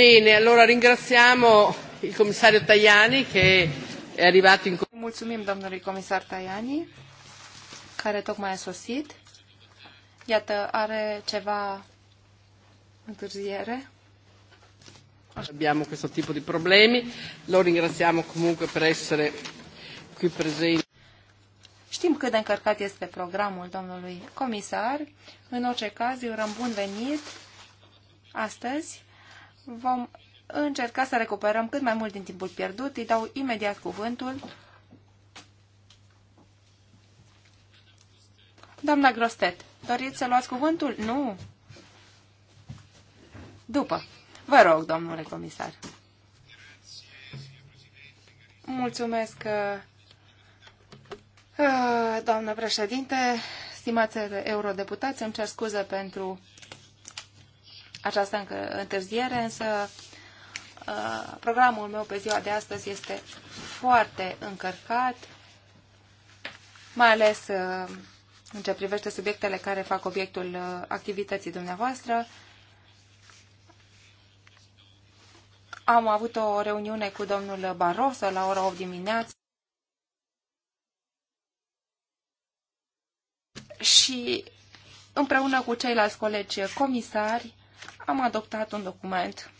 Bine, allora ringraziamo il commissario Tajani che è arrivato in... Mulțumim domnului comisar Tajani, care tocmai a sosit. Iată, are ceva întârziere. Abbiamo questo tipo di problemi, lo ringraziamo comunque per essere qui presente. Știm cât de încărcat este programul domnului comisar. În orice caz, îi urăm bun venit astăzi vom încerca să recuperăm cât mai mult din timpul pierdut. Îi dau imediat cuvântul. Doamna Grostet, doriți să luați cuvântul? Nu. După. Vă rog, domnule comisar. Mulțumesc, uh, uh, doamnă președinte, stimați eurodeputați, îmi cer scuze pentru această întârziere, însă ă, programul meu pe ziua de astăzi este foarte încărcat, mai ales ă, în ce privește subiectele care fac obiectul ă, activității dumneavoastră. Am avut o reuniune cu domnul Barroso la ora 8 dimineață Și împreună cu ceilalți colegi comisari am adoptat un document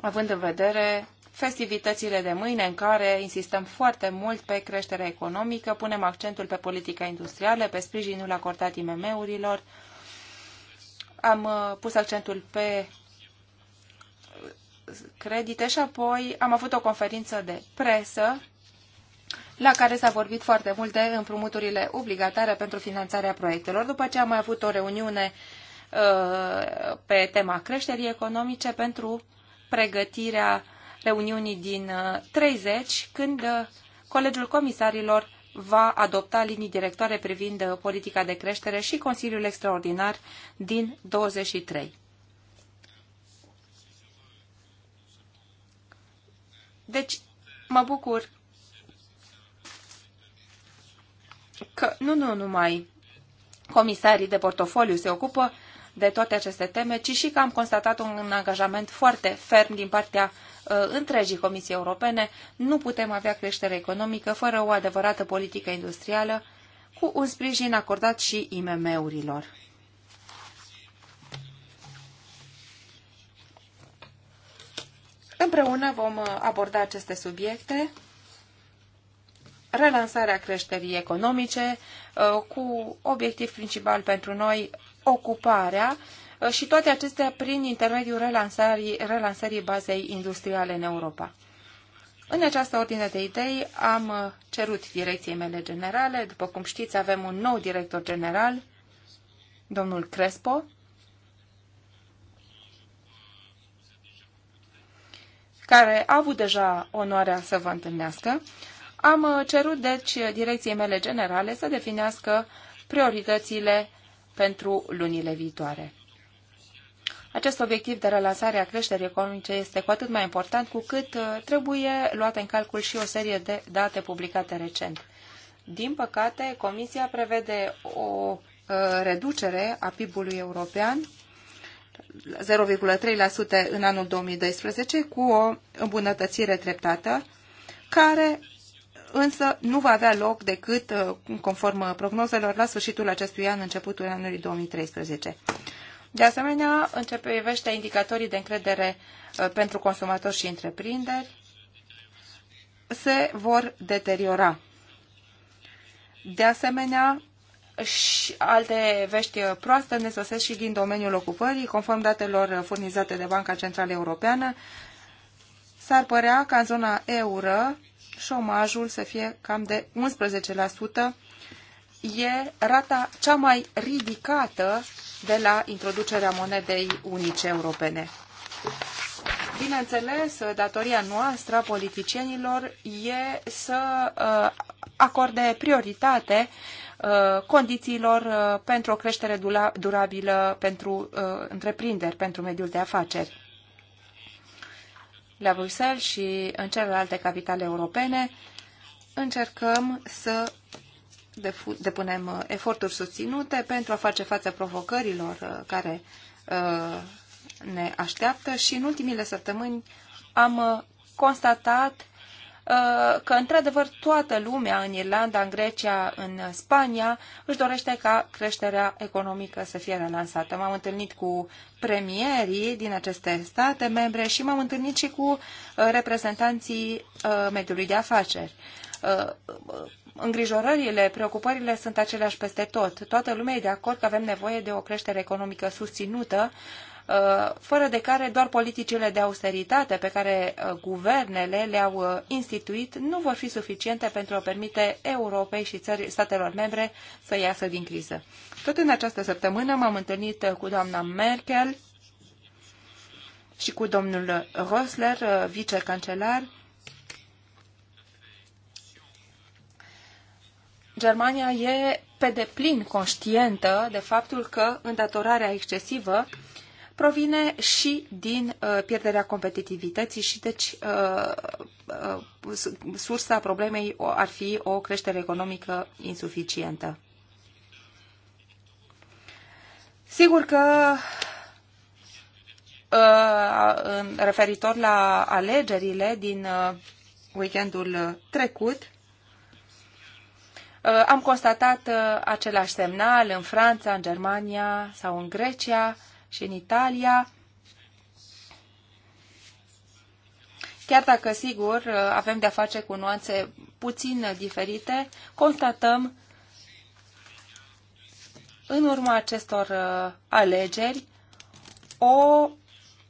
având în vedere festivitățile de mâine în care insistăm foarte mult pe creșterea economică, punem accentul pe politica industrială, pe sprijinul acordat IMM-urilor, am uh, pus accentul pe uh, credite și apoi am avut o conferință de presă la care s-a vorbit foarte mult de împrumuturile obligatare pentru finanțarea proiectelor. După ce am mai avut o reuniune uh, pe tema creșterii economice pentru pregătirea reuniunii din 30, uh, când uh, Colegiul Comisarilor va adopta linii directoare privind politica de creștere și Consiliul Extraordinar din 23. Deci, mă bucur că nu, nu numai comisarii de portofoliu se ocupă de toate aceste teme, ci și că am constatat un angajament foarte ferm din partea uh, întregii Comisii Europene. Nu putem avea creștere economică fără o adevărată politică industrială cu un sprijin acordat și IMM-urilor. Împreună vom uh, aborda aceste subiecte relansarea creșterii economice uh, cu obiectiv principal pentru noi ocuparea uh, și toate acestea prin intermediul relansării, relansării bazei industriale în Europa. În această ordine de idei am uh, cerut direcției mele generale. După cum știți, avem un nou director general, domnul Crespo, care a avut deja onoarea să vă întâlnească. Am uh, cerut, deci, direcției mele generale să definească prioritățile pentru lunile viitoare. Acest obiectiv de relansare a creșterii economice este cu atât mai important cu cât uh, trebuie luate în calcul și o serie de date publicate recent. Din păcate, Comisia prevede o uh, reducere a PIB-ului european 0,3% în anul 2012 cu o îmbunătățire treptată care însă nu va avea loc decât, uh, conform uh, prognozelor, la sfârșitul acestui an, începutul anului 2013. De asemenea, începe privește indicatorii de încredere uh, pentru consumatori și întreprinderi, se vor deteriora. De asemenea, și alte vești proaste ne sosesc și din domeniul ocupării, conform datelor furnizate de Banca Centrală Europeană. S-ar părea ca în zona euro șomajul să fie cam de 11%. E rata cea mai ridicată de la introducerea monedei unice europene. Bineînțeles, datoria noastră, politicienilor, e să uh, acorde prioritate uh, condițiilor uh, pentru o creștere durabilă pentru întreprinderi, pentru mediul de afaceri la Bruxelles și în celelalte capitale europene, încercăm să depunem uh, eforturi susținute pentru a face față provocărilor uh, care uh, ne așteaptă și în ultimile săptămâni am constatat Uh, că, într-adevăr, toată lumea în Irlanda, în Grecia, în Spania își dorește ca creșterea economică să fie relansată. M-am întâlnit cu premierii din aceste state membre și m-am întâlnit și cu uh, reprezentanții uh, mediului de afaceri îngrijorările, preocupările sunt aceleași peste tot. Toată lumea e de acord că avem nevoie de o creștere economică susținută Uh, fără de care doar politicile de austeritate pe care uh, guvernele le-au uh, instituit nu vor fi suficiente pentru a permite Europei și țări, statelor membre să iasă din criză. Tot în această săptămână m-am întâlnit cu doamna Merkel și cu domnul Rosler, vicecancelar, Germania e pe deplin conștientă de faptul că îndatorarea excesivă provine și din uh, pierderea competitivității și deci uh, uh, sursa problemei ar fi o creștere economică insuficientă. Sigur că referitor la alegerile din weekendul trecut, am constatat același semnal în Franța, în Germania sau în Grecia, și în Italia. Chiar dacă, sigur, avem de-a face cu nuanțe puțin diferite, constatăm în urma acestor uh, alegeri o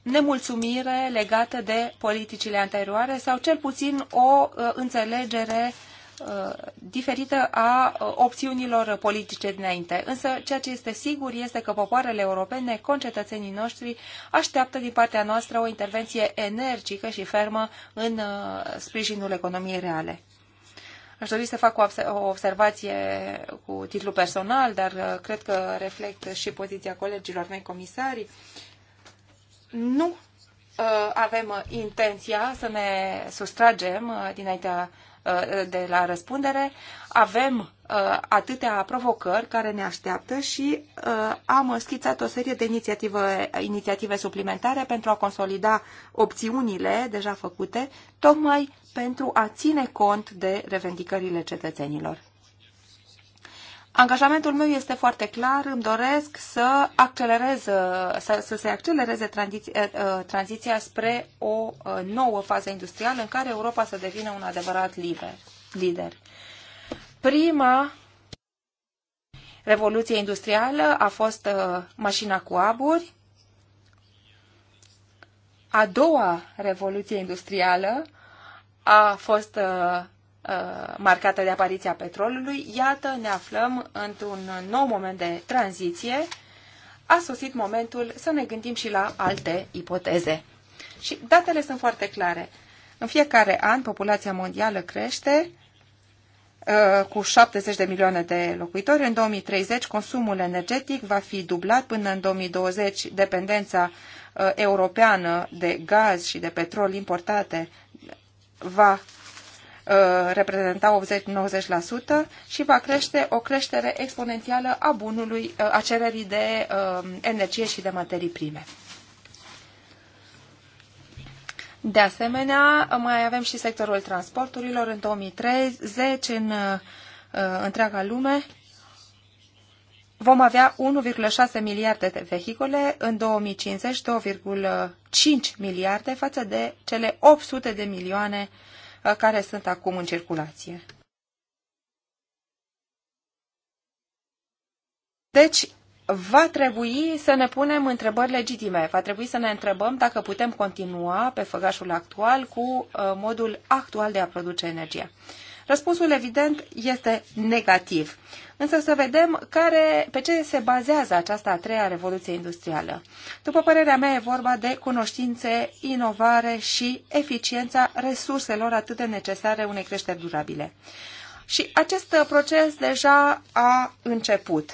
nemulțumire legată de politicile anterioare sau cel puțin o uh, înțelegere Uh, diferită a uh, opțiunilor politice dinainte. Însă, ceea ce este sigur este că popoarele europene, concetățenii noștri, așteaptă din partea noastră o intervenție energică și fermă în uh, sprijinul economiei reale. Aș dori să fac o observație cu titlu personal, dar cred că reflectă și poziția colegilor mei comisari. Nu avem intenția să ne sustragem dinaintea Uh, de la răspundere. Avem uh, atâtea provocări care ne așteaptă și uh, am schițat o serie de inițiative, inițiative suplimentare pentru a consolida opțiunile deja făcute, tocmai pentru a ține cont de revendicările cetățenilor. Angajamentul meu este foarte clar, îmi doresc să, accelerez, să, să se accelereze eh, eh, tranziția, spre o eh, nouă fază industrială în care Europa să devină un adevărat liber, lider. Prima revoluție industrială a fost mașina cu aburi, a doua revoluție industrială a fost Uh, marcată de apariția petrolului, iată, ne aflăm într-un nou moment de tranziție. A sosit momentul să ne gândim și la alte ipoteze. Și datele sunt foarte clare. În fiecare an, populația mondială crește uh, cu 70 de milioane de locuitori. În 2030, consumul energetic va fi dublat până în 2020. Dependența uh, europeană de gaz și de petrol importate va Uh, reprezenta 80-90% și va crește o creștere exponențială a bunului, uh, a cererii de uh, energie și de materii prime. De asemenea, mai avem și sectorul transporturilor în 2030 în întreaga lume. Vom avea 1,6 miliarde de vehicule, în 2050 2,5 miliarde față de cele 800 de milioane uh, Uh, care sunt acum în circulație. Deci, va trebui să ne punem întrebări legitime. Va trebui să ne întrebăm dacă putem continua pe făgașul actual cu uh, modul actual de a produce energie. Răspunsul evident este negativ. Însă să vedem care, pe ce se bazează această a treia revoluție industrială. După părerea mea, e vorba de cunoștințe, inovare și eficiența resurselor atât de necesare unei creșteri durabile. Și acest proces deja a început.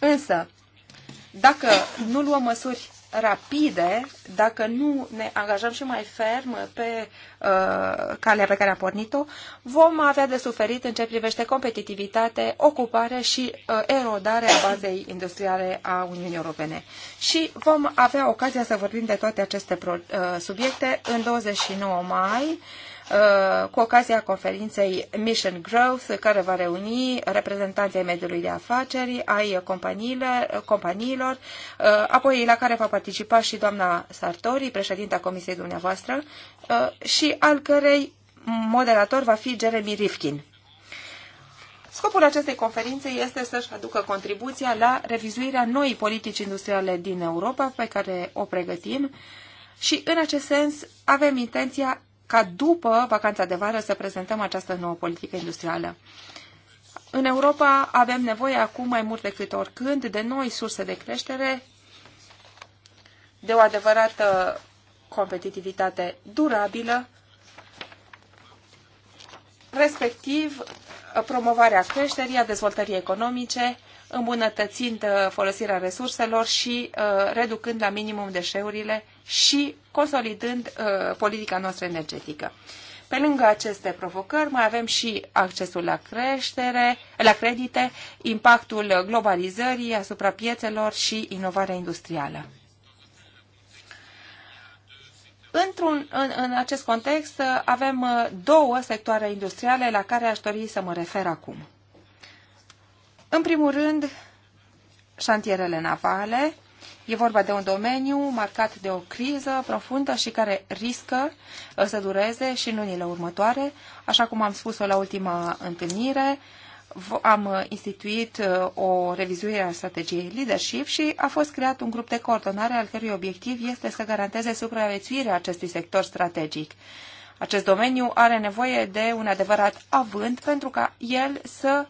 Însă, dacă nu luăm măsuri rapide dacă nu ne angajăm și mai ferm pe uh, calea pe care am pornit-o, vom avea de suferit în ce privește competitivitate, ocupare și uh, erodare a bazei industriale a Uniunii Europene. Și vom avea ocazia să vorbim de toate aceste pro, uh, subiecte în 29 mai Uh, cu ocazia conferinței Mission Growth, care va reuni reprezentanții mediului de afaceri, ai companiilor, uh, apoi la care va participa și doamna Sartori, președinta comisiei dumneavoastră, uh, și al cărei moderator va fi Jeremy Rifkin. Scopul acestei conferințe este să-și aducă contribuția la revizuirea noii politici industriale din Europa pe care o pregătim și, în acest sens, avem intenția ca după vacanța de vară să prezentăm această nouă politică industrială. În Europa avem nevoie acum mai mult decât oricând de noi surse de creștere, de o adevărată competitivitate durabilă, respectiv promovarea creșterii, a dezvoltării economice, îmbunătățind uh, folosirea resurselor și uh, reducând la minimum deșeurile și consolidând uh, politica noastră energetică. Pe lângă aceste provocări, mai avem și accesul la creștere, la credite, impactul globalizării asupra piețelor și inovarea industrială. Într-un, în, în acest context avem două sectoare industriale la care aș dori să mă refer acum. În primul rând, șantierele navale. E vorba de un domeniu marcat de o criză profundă și care riscă uh, să dureze și în lunile următoare. Așa cum am spus-o la ultima întâlnire, am uh, instituit uh, o revizuire a strategiei leadership și a fost creat un grup de coordonare al cărui obiectiv este să garanteze supraviețuirea acestui sector strategic. Acest domeniu are nevoie de un adevărat avânt pentru ca el să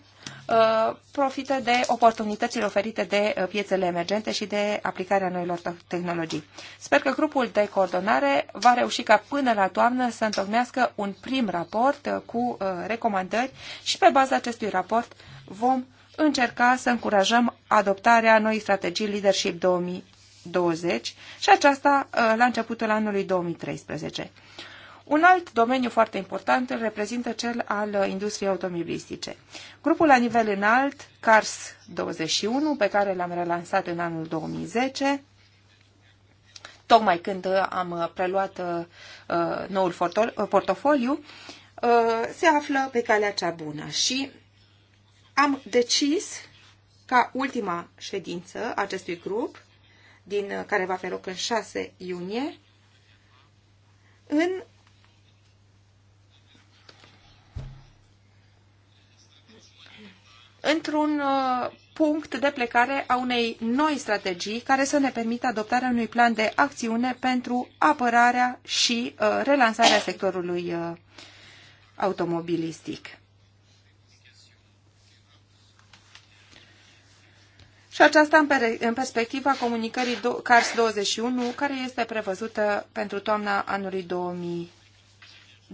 Uh, profită de oportunitățile oferite de uh, piețele emergente și de aplicarea noilor tehnologii. Sper că grupul de coordonare va reuși ca până la toamnă să întocmească un prim raport uh, cu recomandări și pe baza acestui raport vom încerca să încurajăm adoptarea noii strategii Leadership 2020 și aceasta la începutul anului 2013. Un alt domeniu foarte important îl reprezintă cel al industriei automobilistice. Grupul la nivel înalt, CARS 21, pe care l-am relansat în anul 2010, tocmai când am preluat uh, noul uh, portofoliu, uh, se află pe calea cea bună și am decis ca ultima ședință acestui grup, din care va fi loc în 6 iunie, în într-un uh, punct de plecare a unei noi strategii care să ne permită adoptarea unui plan de acțiune pentru apărarea și uh, relansarea sectorului uh, automobilistic. Și aceasta în perspectiva comunicării CARS 21, care este prevăzută pentru toamna anului 2020.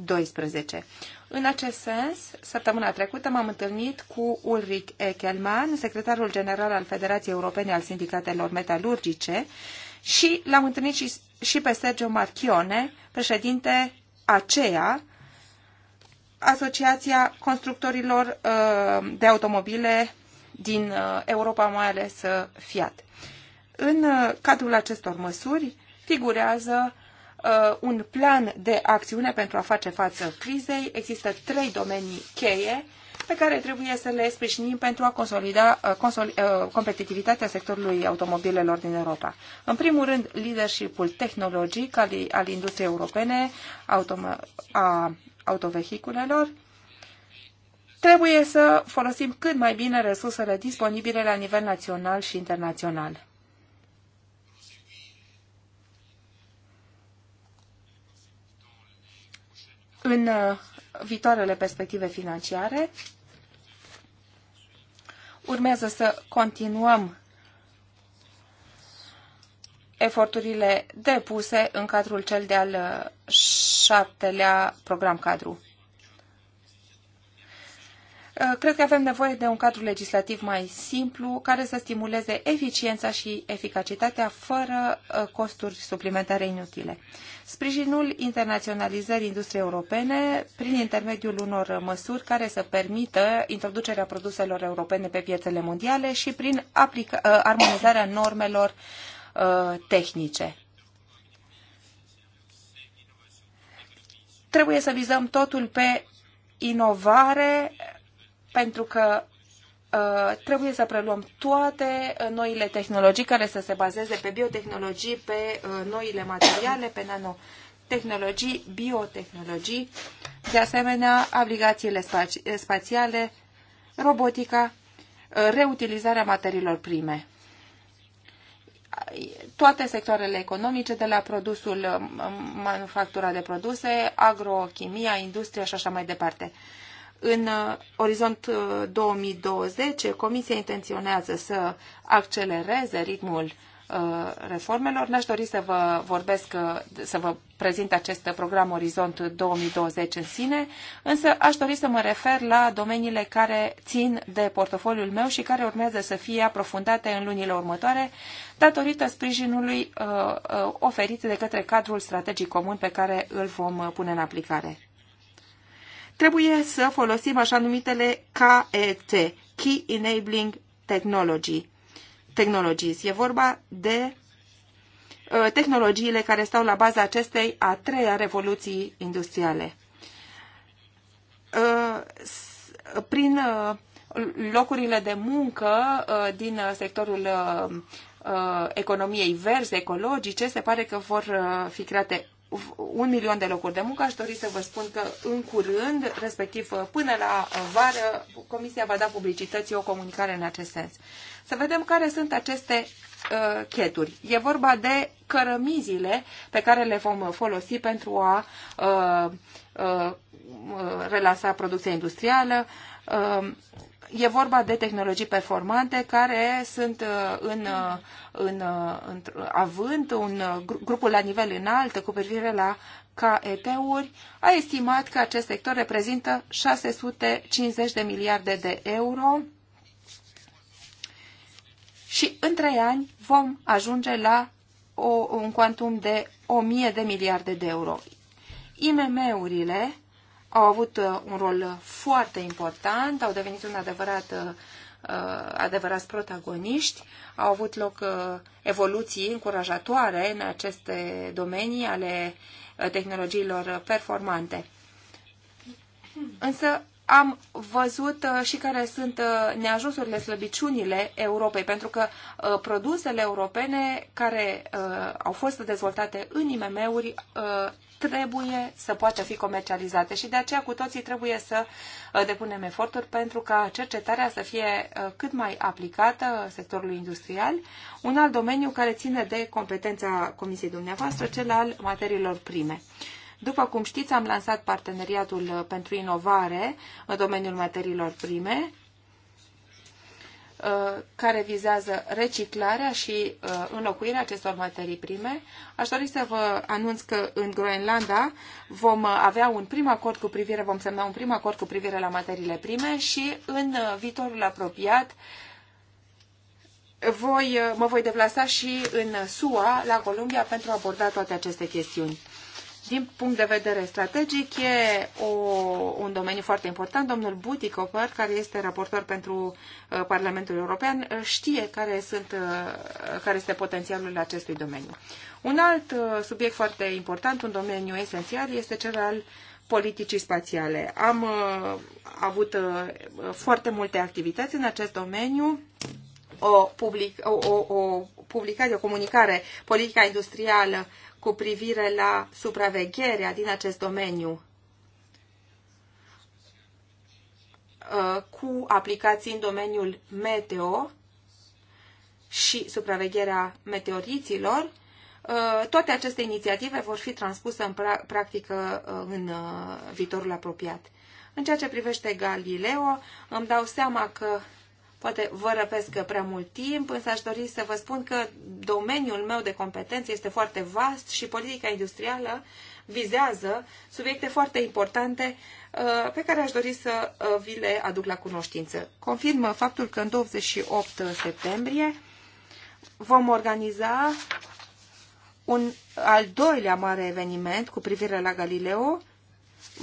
12. În acest sens, săptămâna trecută m-am întâlnit cu Ulrich Eckelmann, secretarul general al Federației Europene al Sindicatelor Metalurgice, și l-am întâlnit și, și pe Sergio Marchione, președinte aceea, Asociația Constructorilor uh, de Automobile din uh, Europa, mai ales uh, Fiat. În uh, cadrul acestor măsuri figurează uh, Uh, un plan de acțiune pentru a face față crizei. Există trei domenii cheie pe care trebuie să le sprijinim pentru a consolida uh, uh competitivitatea sectorului automobilelor din Europa. În primul rând, leadership-ul tehnologic al, al industriei europene autom- a autovehiculelor. Trebuie să folosim cât mai bine resursele disponibile la nivel național și internațional. în uh, viitoarele perspective financiare. Urmează să continuăm eforturile depuse în cadrul cel de-al uh, șaptelea program cadru. Uh, cred că avem nevoie de un cadru legislativ mai simplu, care să stimuleze eficiența și eficacitatea fără uh, costuri suplimentare inutile. Sprijinul internaționalizării industriei europene prin intermediul unor măsuri care să permită introducerea produselor europene pe piețele mondiale și prin aplica- uh, armonizarea normelor tehnice. Trebuie să vizăm totul pe inovare, pentru că uh, trebuie să preluăm toate uh, noile tehnologii care să se bazeze pe biotehnologii, pe uh, noile materiale, pe nanotehnologii, biotehnologii, de asemenea obligațiile spa- spațiale, robotica, reutilizarea materiilor prime. Toate sectoarele economice, de la produsul, manufactura de produse, agrochimia, industria și așa mai departe. În uh, orizont 2020, uh, Comisia intenționează să accelereze ritmul uh, reformelor. N-aș dori să vă vorbesc, să vă prezint acest program Orizont 2020 în sine, însă aș dori să mă refer la domeniile care țin de portofoliul meu și care urmează să fie aprofundate în lunile următoare, datorită sprijinului oferit de către cadrul strategic comun pe care îl vom pune în aplicare. Trebuie să folosim așa numitele KET, Key Enabling Technology, Technologies. E vorba de uh, tehnologiile care stau la baza acestei a treia revoluții industriale. Uh, prin uh, locurile de muncă din sectorul economiei verzi, ecologice, se pare că vor fi create un milion de locuri de muncă. Aș dori să vă spun că în curând, respectiv până la vară, Comisia va da publicității o comunicare în acest sens. Să vedem care sunt aceste uh, cheturi. E vorba de cărămizile pe care le vom folosi pentru a uh, uh, uh relasa producția industrială, uh, e vorba de tehnologii performante care sunt uh, în, uh, în, uh, în având un grupul la nivel înalt cu privire la KET-uri, a estimat că acest sector reprezintă 650 de miliarde de euro și în trei ani vom ajunge la o, un cuantum de 1000 de miliarde de euro. IMM-urile au avut uh, un rol uh, foarte important, au devenit un adevărat uh, adevărați protagoniști, au avut loc evoluții încurajatoare în aceste domenii ale tehnologiilor performante. Însă am văzut și care sunt neajunsurile, slăbiciunile Europei, pentru că produsele europene care au fost dezvoltate în IMM-uri trebuie să poată fi comercializate și de aceea cu toții trebuie să uh, depunem eforturi pentru ca cercetarea să fie uh, cât mai aplicată sectorului industrial. Un alt domeniu care ține de competența Comisiei dumneavoastră, cel al materiilor prime. După cum știți, am lansat parteneriatul uh, pentru inovare în domeniul materiilor prime Uh, care vizează reciclarea și uh, înlocuirea acestor materii prime. Aș dori să vă anunț că în Groenlanda vom uh, avea un prim acord cu privire, vom semna un prim acord cu privire la materiile prime și în viitorul apropiat voi, mă voi deplasa și în SUA, la Columbia, pentru a aborda toate aceste chestiuni. Din punct de vedere strategic, e o, un domeniu foarte important. Domnul Buticopăr, care este raportor pentru uh, Parlamentul European, uh, știe care, sunt, uh, care este potențialul acestui domeniu. Un alt subiect foarte important, un domeniu esențial, este cel al politicii spațiale. Am uh, avut uh, foarte multe activități în acest domeniu. O, public, o, o, o publicare, o comunicare, politica industrială cu privire la supravegherea din acest domeniu uh, cu aplicații în domeniul meteo și supravegherea meteoriților. Uh, toate aceste inițiative vor fi transpuse în practică uh, în viitorul apropiat. În ceea ce privește Galileo, îmi dau seama că Poate vă răpesc prea mult timp, însă aș dori să vă spun că domeniul meu de competență este foarte vast și politica industrială vizează subiecte foarte importante uh, pe care aș dori să uh, vi le aduc la cunoștință. Confirmă faptul că în 28 septembrie vom organiza un al doilea mare eveniment cu privire la Galileo,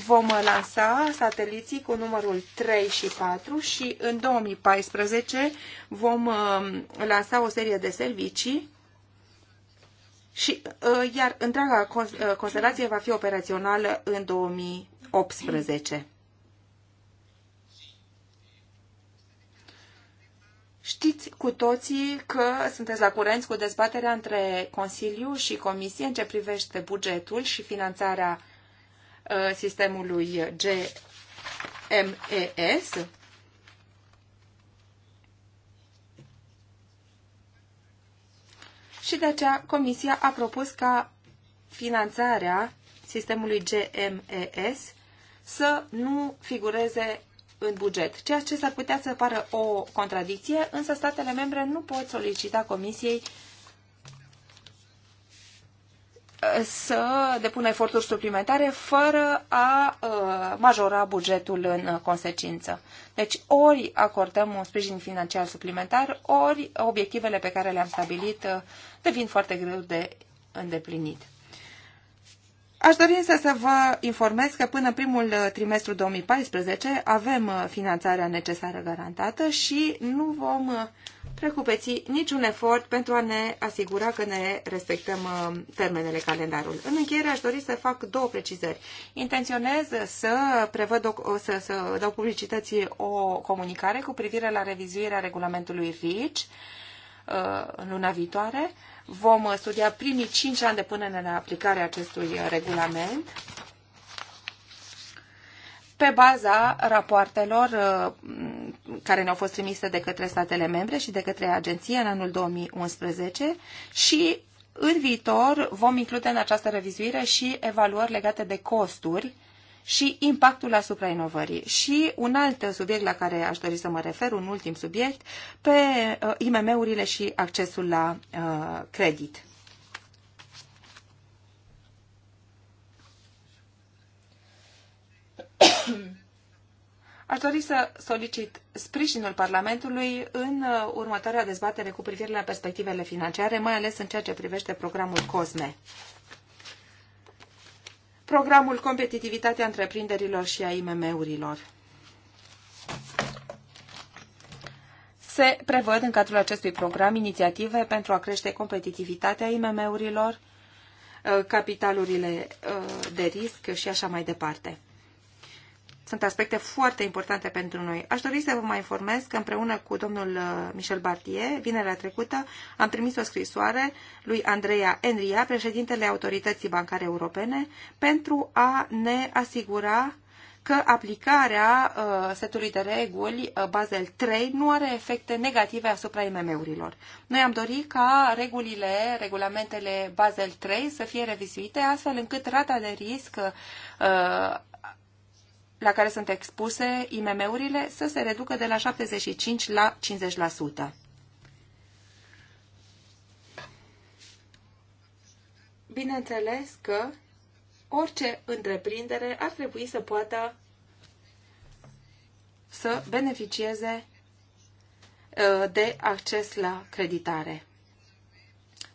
vom lansa sateliții cu numărul 3 și 4 și în 2014 vom uh, lansa o serie de servicii și, uh, iar întreaga uh, constelație va fi operațională în 2018. Știți cu toții că sunteți la curent cu dezbaterea între Consiliu și Comisie în ce privește bugetul și finanțarea uh, Uh, sistemului GMES. Și de aceea Comisia a propus ca finanțarea sistemului GMES să nu figureze în buget, ceea ce s-ar putea să pară o contradicție, însă statele membre nu pot solicita Comisiei să depună eforturi suplimentare fără a majora bugetul în consecință. Deci ori acordăm un sprijin financiar suplimentar, ori obiectivele pe care le-am stabilit devin foarte greu de îndeplinit. Aș dori însă să vă informez că până primul trimestru 2014 avem finanțarea necesară garantată și nu vom precupeți niciun efort pentru a ne asigura că ne respectăm uh, termenele calendarul. În încheiere aș dori să fac două precizări. Intenționez să, prevăd o, să, să dau publicității o comunicare cu privire la revizuirea regulamentului RICH uh, în luna viitoare. Vom uh, studia primii cinci ani de până în aplicare acestui regulament pe baza rapoartelor uh, care ne-au fost trimise de către statele membre și de către agenție în anul 2011 și în viitor vom include în această revizuire și evaluări legate de costuri și impactul asupra inovării. Și un alt subiect la care aș dori să mă refer, un ultim subiect, pe uh, IMM-urile și accesul la uh, credit. Aș dori să solicit sprijinul Parlamentului în uh, următoarea dezbatere cu privire la perspectivele financiare, mai ales în ceea ce privește programul COSME. Programul Competitivitatea întreprinderilor și a IMM-urilor. Se prevăd în cadrul acestui program inițiative pentru a crește competitivitatea IMM-urilor, uh, capitalurile uh, de risc și așa mai departe. Sunt aspecte foarte importante pentru noi. Aș dori să vă mai informez că împreună cu domnul uh, Michel Bartier, vinerea trecută, am trimis o scrisoare lui Andreea Enria, președintele Autorității Bancare Europene, pentru a ne asigura că aplicarea uh, setului de reguli uh, Basel 3 nu are efecte negative asupra IMM-urilor. Noi am dorit ca regulile, regulamentele Basel 3 să fie revizuite astfel încât rata de risc uh, la care sunt expuse IMM-urile să se reducă de la 75 la 50%. Bineînțeles că orice întreprindere ar trebui să poată să beneficieze uh, de acces la creditare.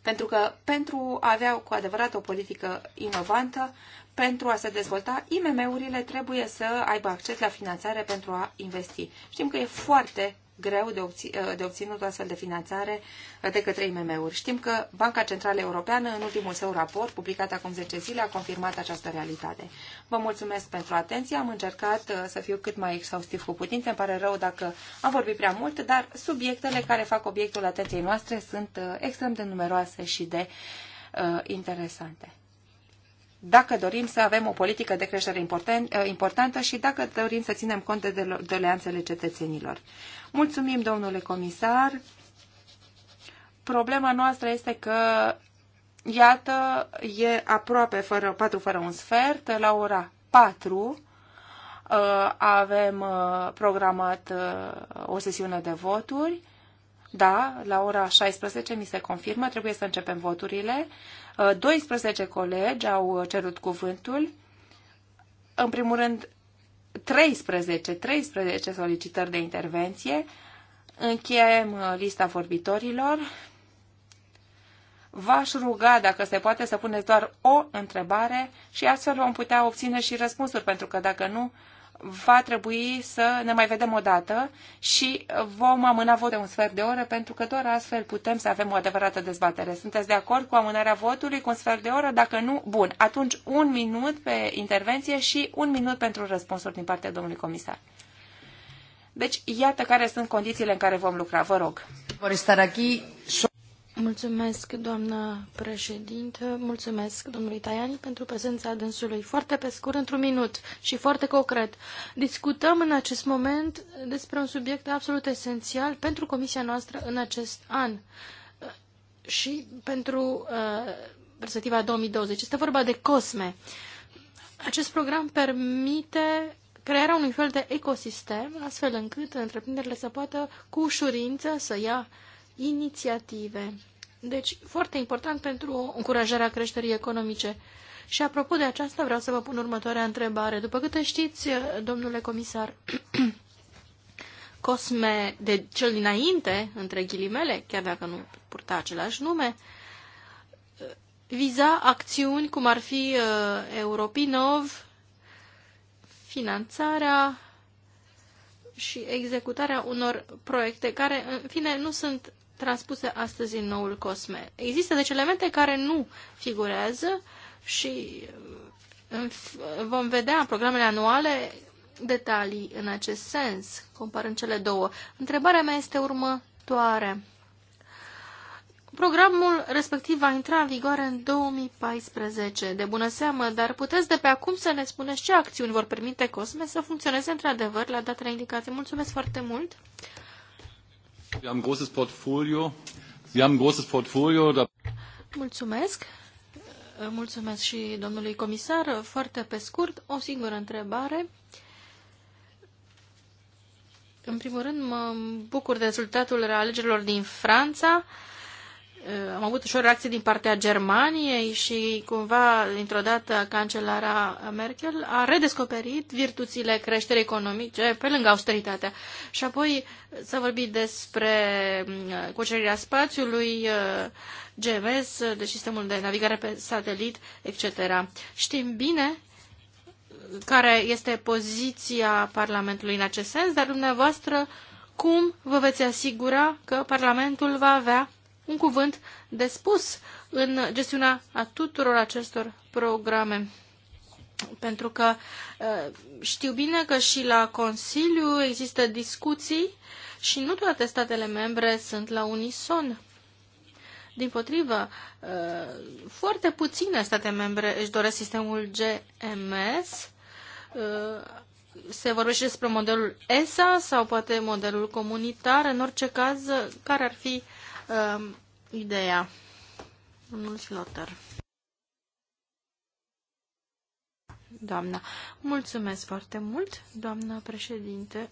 Pentru că pentru a avea cu adevărat o politică inovantă, pentru a se dezvolta, IMM-urile trebuie să aibă acces la finanțare pentru a investi. Știm că e foarte greu de, obț- uh, de obținut o astfel de finanțare uh, de către IMM-uri. Știm că Banca Centrală Europeană, în ultimul său raport, publicat acum 10 zile, a confirmat această realitate. Vă mulțumesc pentru atenție. Am încercat uh, să fiu cât mai exhaustiv cu putință. Îmi pare rău dacă am vorbit prea mult, dar subiectele care fac obiectul atenției noastre sunt extrem de numeroase și de uh, interesante dacă dorim să avem o politică de creștere important, eh, importantă și dacă dorim să ținem cont de doleanțele cetățenilor. Mulțumim, domnule comisar. Problema noastră este că Iată, e aproape fără, 4 fără un sfert, la ora 4 eh, avem eh, programat o sesiune de voturi. Da, la ora 16 mi se confirmă, trebuie să începem voturile. 12 uh, colegi au uh, cerut cuvântul. În primul rând, 13, 13 solicitări de intervenție. Încheiem uh, lista vorbitorilor. V-aș ruga, dacă se poate, să puneți doar o întrebare și astfel vom putea obține și răspunsuri, pentru că dacă nu, va trebui să ne mai vedem o dată și vom amâna votul un sfert de oră pentru că doar astfel putem să avem o adevărată dezbatere. Sunteți de acord cu amânarea votului cu un sfert de oră? Dacă nu, bun. Atunci un minut pe intervenție și un minut pentru răspunsuri din partea domnului comisar. Deci, iată care sunt condițiile în care vom lucra. Vă rog. Vor aici. Mulțumesc, doamnă președintă, mulțumesc domnului Taiani pentru prezența dânsului. Foarte pe scurt, într-un minut și foarte concret. Discutăm în acest moment despre un subiect absolut esențial pentru comisia noastră în acest an și pentru uh, perspectiva 2020. Este vorba de COSME. Acest program permite crearea unui fel de ecosistem, astfel încât întreprinderile să poată cu ușurință să ia inițiative. Deci, foarte important pentru încurajarea creșterii economice. Și apropo de aceasta, vreau să vă pun următoarea întrebare. După câte știți, domnule comisar, Cosme, de cel dinainte, între ghilimele, chiar dacă nu purta același nume, viza acțiuni cum ar fi uh, Europinov, finanțarea și executarea unor proiecte care, în fine, nu sunt transpuse astăzi în noul COSME. Există deci elemente care nu figurează și vom vedea în programele anuale detalii în acest sens, comparând cele două. Întrebarea mea este următoare. Programul respectiv va intra în vigoare în 2014. De bună seamă, dar puteți de pe acum să ne spuneți ce acțiuni vor permite COSME să funcționeze într-adevăr la datele indicate. Mulțumesc foarte mult! Wir haben großes portfolio. haben großes portfolio. Da- mulțumesc. Ă, mulțumesc și domnului comisar. Foarte pe scurt, o singură întrebare. În primul rând, mă bucur de rezultatul alegerilor din Franța. Eh, am avut și o reacție din partea Germaniei și cumva, dintr-o dată, cancelara Merkel a redescoperit virtuțile creșterii economice pe lângă austeritatea. Și apoi s-a vorbit despre mm, cucerirea spațiului, eh, GMS, de sistemul de navigare pe satelit, etc. Știm bine care este poziția Parlamentului în acest sens, dar dumneavoastră cum vă veți asigura că Parlamentul va avea un cuvânt de spus în gestiunea a tuturor acestor programe. Pentru că ă, știu bine că și la Consiliu există discuții și nu toate statele membre sunt la unison. Din potrivă, ă, foarte puține state membre își doresc sistemul GMS. Ă, se vorbește despre modelul ESA sau poate modelul comunitar. În orice caz, care ar fi uh, uh, ideea. Domnul Flotter. Doamna, mulțumesc foarte mult, doamna președinte.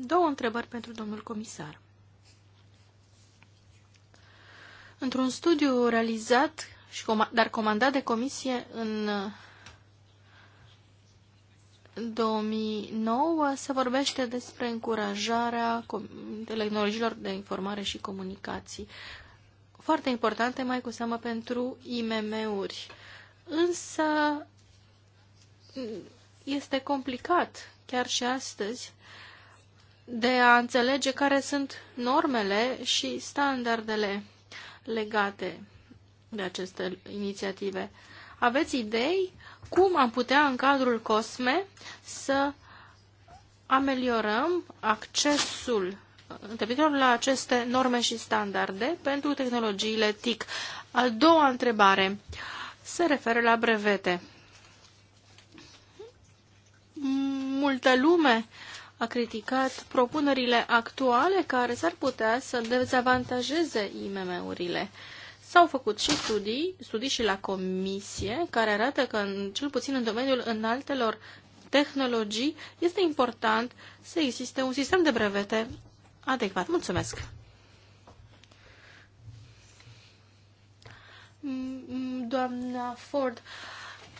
Două întrebări pentru domnul comisar. Într-un studiu realizat, dar comandat de comisie în 2009 se vorbește despre încurajarea tehnologiilor de informare și comunicații. Foarte importante, mai cu seamă, pentru IMM-uri. Însă este complicat, chiar și astăzi, de a înțelege care sunt normele și standardele legate de aceste inițiative. Aveți idei cum am putea în cadrul COSME să ameliorăm accesul întreprinderilor la aceste norme și standarde pentru tehnologiile TIC. A doua întrebare se referă la brevete. Multă lume a criticat propunerile actuale care s-ar putea să dezavantajeze IMM-urile. Uh, S-au făcut și studii, studii și la comisie, care arată că, în, cel puțin în domeniul înaltelor tehnologii, este important să existe un sistem de brevete adecvat. Mulțumesc! Mm, doamna Ford,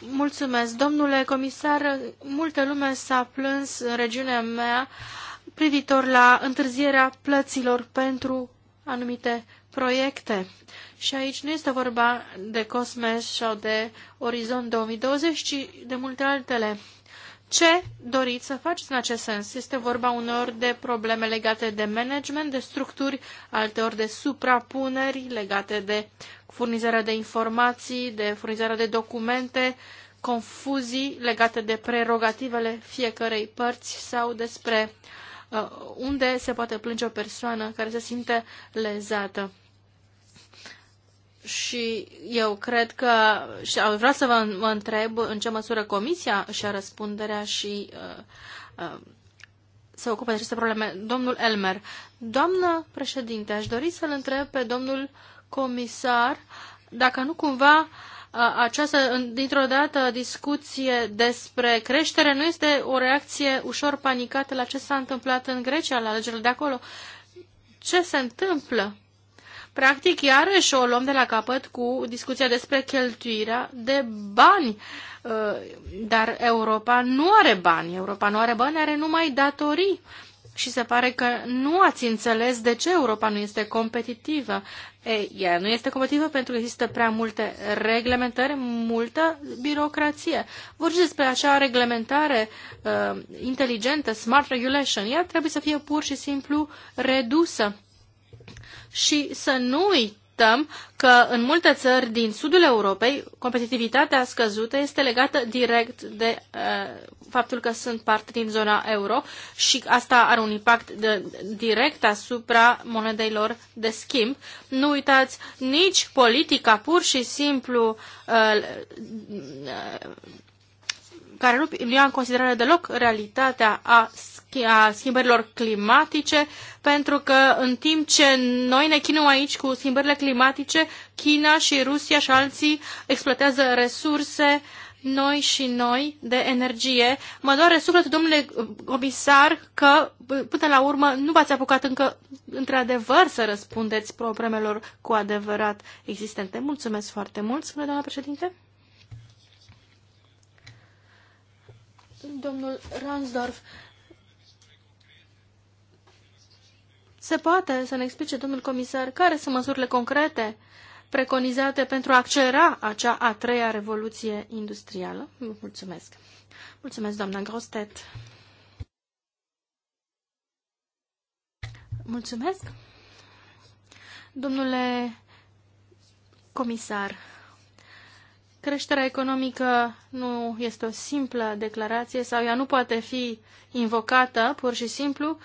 mulțumesc. Domnule comisar, multă lume s-a plâns în regiunea mea privitor la întârzierea plăților pentru anumite proiecte. Și aici nu este vorba de COSMES sau de Orizont 2020, ci de multe altele. Ce doriți să faceți în acest sens? Este vorba uneori de probleme legate de management, de structuri, alteori de suprapuneri legate de furnizarea de informații, de furnizarea de documente, confuzii legate de prerogativele fiecărei părți sau despre uh, Uh, unde se poate plânge o persoană care se simte lezată. Și eu cred că, și vreau să vă, vă întreb în ce măsură Comisia și a răspunderea și uh, uh, se ocupă de aceste probleme. Domnul Elmer, doamnă președinte, aș dori să-l întreb pe domnul comisar dacă nu cumva uh, această, dintr-o dată, discuție despre creștere nu este o reacție ușor panicată la ce s-a întâmplat în Grecia, la alegerile de acolo. Ce se întâmplă? Practic, iarăși o luăm de la capăt cu discuția despre cheltuirea de bani. Uh, dar Europa nu are bani. Europa nu are bani, are numai datorii și se pare că nu ați înțeles de ce Europa nu este competitivă. Ei, ea nu este competitivă pentru că există prea multe reglementări, multă birocrație. Vorbiți despre acea reglementare uh, inteligentă, smart regulation. Ea trebuie să fie pur și simplu redusă și să nu uit uităm că în multe țări din sudul Europei competitivitatea scăzută este legată direct de uh, faptul că sunt parte din zona euro și asta are un impact de, direct asupra monedeilor de schimb. Nu uitați nici politica pur și simplu uh, uh, care nu ia în considerare deloc realitatea a a schimbărilor climatice, pentru că în timp ce noi ne chinuim aici cu schimbările climatice, China și Rusia și alții exploatează resurse noi și noi de energie. Mă doare suflet, domnule comisar, că până la urmă nu v-ați apucat încă într-adevăr să răspundeți problemelor cu adevărat existente. Mulțumesc foarte mult, spune doamna președinte. Domnul Ransdorf, Se poate să ne explice, domnul comisar, care sunt măsurile concrete preconizate pentru a accelera acea a treia revoluție industrială? Mulțumesc. Mulțumesc, doamna Grostet. Mulțumesc. Domnule comisar, creșterea economică nu este o simplă declarație sau ea nu poate fi invocată pur și simplu.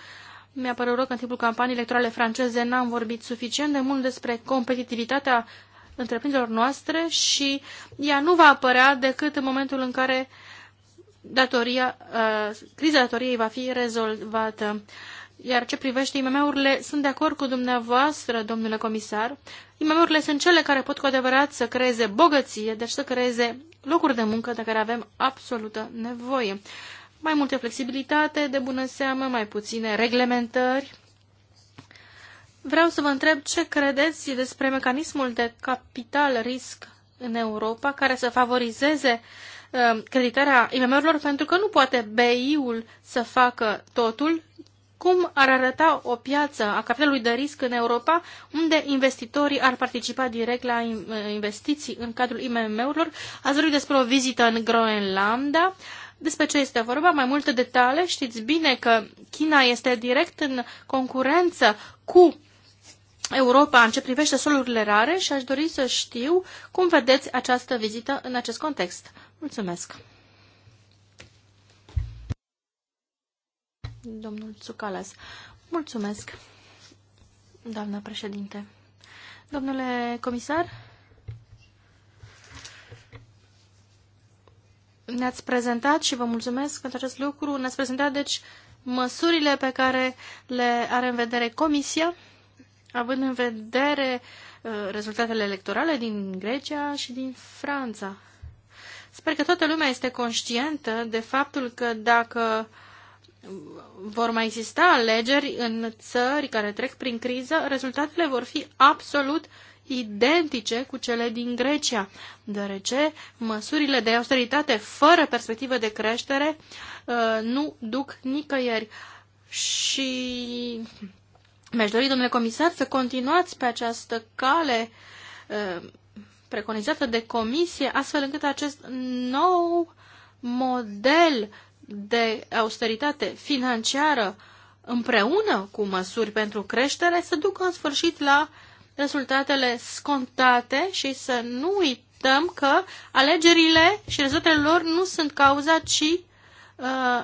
Mi-a părut rău că în timpul campaniei electorale franceze n-am vorbit suficient de mult despre competitivitatea întreprinderilor noastre și ea nu va apărea decât în momentul în care datoria, uh, criza datoriei va fi rezolvată. Iar ce privește IMM-urile, sunt de acord cu dumneavoastră, domnule comisar. IMM-urile sunt cele care pot cu adevărat să creeze bogăție, deci să creeze locuri de muncă de care avem absolută nevoie mai multe flexibilitate, de bună seamă, mai puține reglementări. Vreau să vă întreb ce credeți despre mecanismul de capital risc în Europa care să favorizeze um, creditarea IMM-urilor pentru că nu poate BI-ul să facă totul. Cum ar arăta o piață a capitalului de risc în Europa unde investitorii ar participa direct la uh, investiții în cadrul IMM-urilor? Ați vorbit despre o vizită în Groenlanda. Uh, despre ce este vorba? Mai multe detalii. Știți bine că China este direct în concurență cu Europa în ce privește solurile rare și aș dori să știu cum vedeți această vizită în acest context. Mulțumesc! Domnul Tsukalas. Mulțumesc, doamna președinte. Domnule comisar, Ne-ați prezentat și vă mulțumesc pentru acest lucru. Ne-ați prezentat, deci, măsurile pe care le are în vedere Comisia, având în vedere uh, rezultatele electorale din Grecia și din Franța. Sper că toată lumea este conștientă de faptul că dacă vor mai exista alegeri în țări care trec prin criză, rezultatele vor fi absolut identice cu cele din Grecia, deoarece măsurile de austeritate fără perspectivă de creștere uh, nu duc nicăieri. Și mi-aș dori, domnule comisar, să continuați pe această cale uh, preconizată de comisie, astfel încât acest nou model de austeritate financiară împreună cu măsuri pentru creștere să ducă în sfârșit la uh, rezultatele scontate și să nu uităm că alegerile și rezultatele lor nu sunt cauza, ci uh,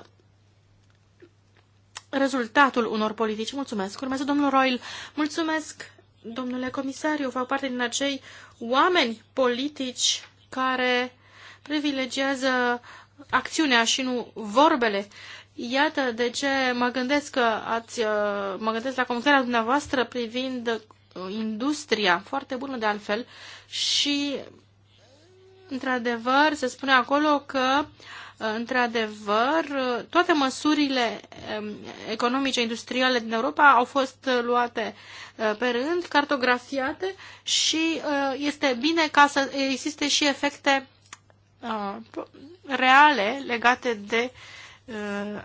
rezultatul unor politici. Mulțumesc. Urmează domnul Roil. Mulțumesc, domnule comisar. Eu fac parte din acei oameni politici care privilegiază acțiunea și nu vorbele. Iată de ce mă gândesc că ați, uh, mă gândesc la comunicarea dumneavoastră privind industria, foarte bună de altfel, și într-adevăr se spune acolo că într-adevăr toate măsurile um, economice industriale din Europa au fost uh, luate uh, pe rând, cartografiate și uh, este bine ca să existe și efecte reale legate de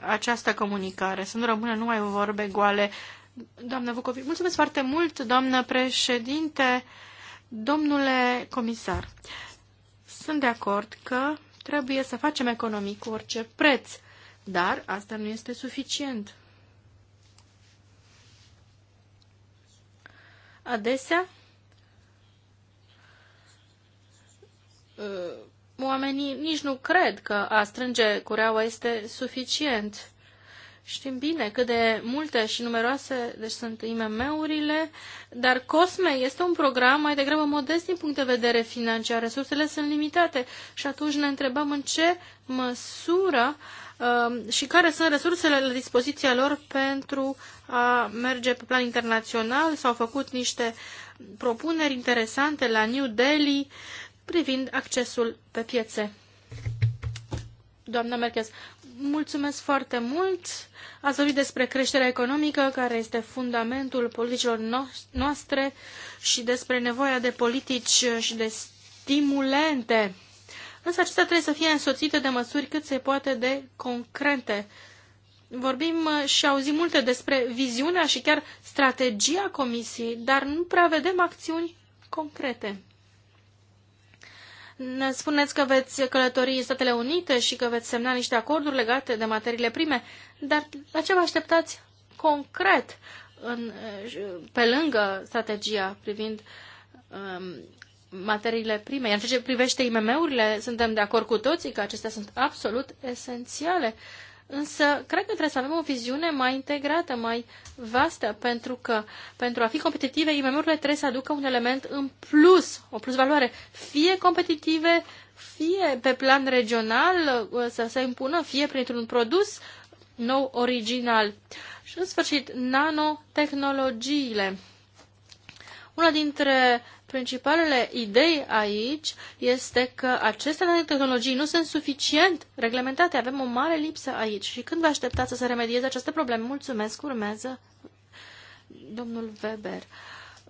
această comunicare, să nu rămână numai vorbe goale doamnă Vucovi. Mulțumesc foarte mult, doamnă președinte, domnule comisar. Sunt de acord că trebuie să facem economii cu orice preț, dar asta nu este suficient. Adesea, ă, oamenii nici nu cred că a strânge cureaua este suficient. Știm bine cât de multe și numeroase deci sunt IMM-urile, dar COSME este un program mai degrabă modest din punct de vedere financiar. Resursele sunt limitate și atunci ne întrebăm în ce măsură um, și care sunt resursele la dispoziția lor pentru a merge pe plan internațional. S-au făcut niște propuneri interesante la New Delhi privind accesul pe piețe. Doamna Merkez, Mulțumesc foarte mult. Ați vorbit despre creșterea economică, care este fundamentul politicilor noastre și despre nevoia de politici și de stimulente. Însă acestea trebuie să fie însoțite de măsuri cât se poate de concrete. Vorbim uh, și auzim multe despre viziunea și chiar strategia Comisiei, dar nu prea vedem acțiuni concrete. Ne spuneți că veți călători în Statele Unite și că veți semna niște acorduri legate de materiile prime, dar la ce vă așteptați concret în, pe lângă strategia privind um, materiile prime? Iar ce privește IMM-urile, suntem de acord cu toții că acestea sunt absolut esențiale. Uh, Însă, cred că trebuie să avem o viziune mai integrată, mai vastă, pentru că pentru a fi competitive, IMM-urile trebuie să aducă un element în plus, o plus valoare, fie competitive, fie pe plan regional uh, să se impună, fie printr-un produs nou original. Și, în sfârșit, nanotehnologiile. Una dintre Principalele idei aici este că aceste tehnologii nu sunt suficient reglementate. Avem o mare lipsă aici. Și când vă așteptați să se remedieze aceste probleme? Mulțumesc. Urmează domnul Weber.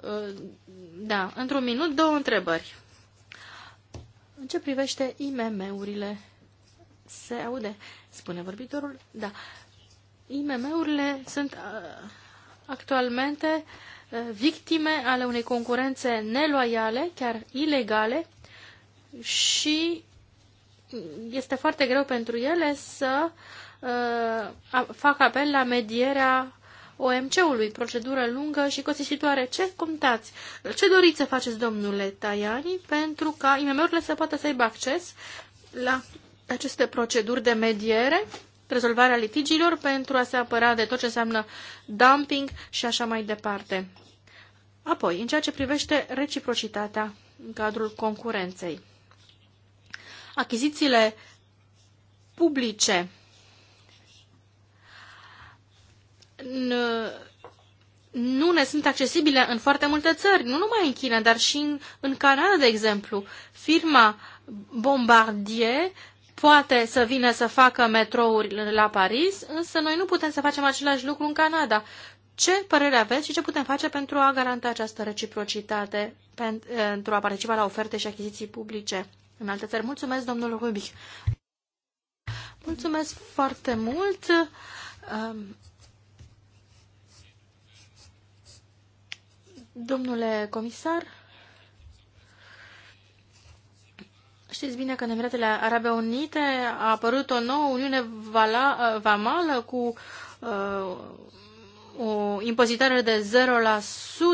Uh, da, într-un minut, două întrebări. În ce privește IMM-urile? Se aude, spune vorbitorul. Da. IMM-urile sunt uh, actualmente uh, victime ale unei concurențe neloiale, chiar ilegale, și este foarte greu pentru ele să uh, facă apel la medierea OMC-ului, procedură lungă și costisitoare. Ce contați? Ce doriți să faceți, domnule Tajani, pentru ca IMM-urile să poată să aibă acces la aceste proceduri de mediere, rezolvarea litigiilor pentru a se apăra de tot ce înseamnă dumping și așa mai departe? Apoi, în ceea ce privește reciprocitatea în cadrul concurenței, achizițiile publice nu ne sunt accesibile în foarte multe țări, nu numai în China, dar și în, în Canada, de exemplu. Firma Bombardier poate să vină să facă metrouri la Paris, însă noi nu putem să facem același lucru în Canada. Ce părere aveți și ce putem face pentru a garanta această reciprocitate pentru a participa la oferte și achiziții publice în alte țări? Mulțumesc, domnul Rubic. Mulțumesc foarte mult. Um, domnule comisar, știți bine că în Emiratele Arabe Unite a apărut o nouă uniune vala, vamală cu uh, o impozitare de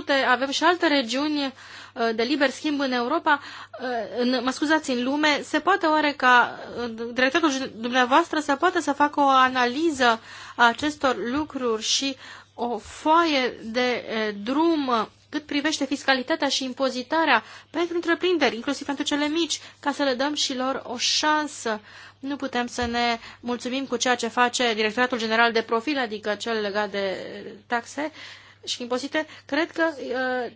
0%, avem și alte regiuni uh, de liber schimb în Europa, uh, în, mă scuzați, în lume, se poate oare ca uh, directorul dumneavoastră să poată să facă o analiză a acestor lucruri și o foaie de drum cât privește fiscalitatea și impozitarea pentru întreprinderi, inclusiv pentru cele mici, ca să le dăm și lor o șansă nu putem să ne mulțumim cu ceea ce face Directoratul General de Profil, adică cel legat de taxe și impozite. Cred că uh,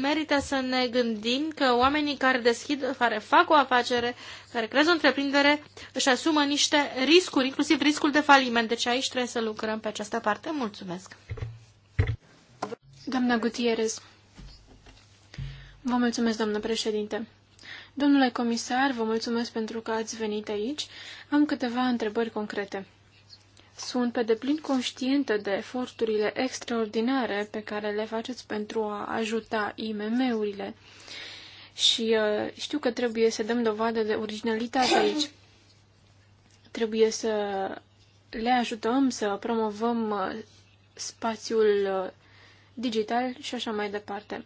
merită să ne gândim că oamenii care deschid, care fac o afacere, care creează o întreprindere, își asumă niște riscuri, inclusiv riscul de faliment. Deci aici trebuie să lucrăm pe această parte. Mulțumesc! Doamna Gutierrez. Vă mulțumesc, doamnă președinte. Domnule comisar, vă mulțumesc pentru că ați venit aici. Am câteva întrebări concrete. Sunt pe deplin conștientă de eforturile extraordinare pe care le faceți pentru a ajuta IMM-urile și uh, știu că trebuie să dăm dovadă de originalitate aici. Trebuie să le ajutăm să promovăm uh, spațiul uh, digital și așa mai departe.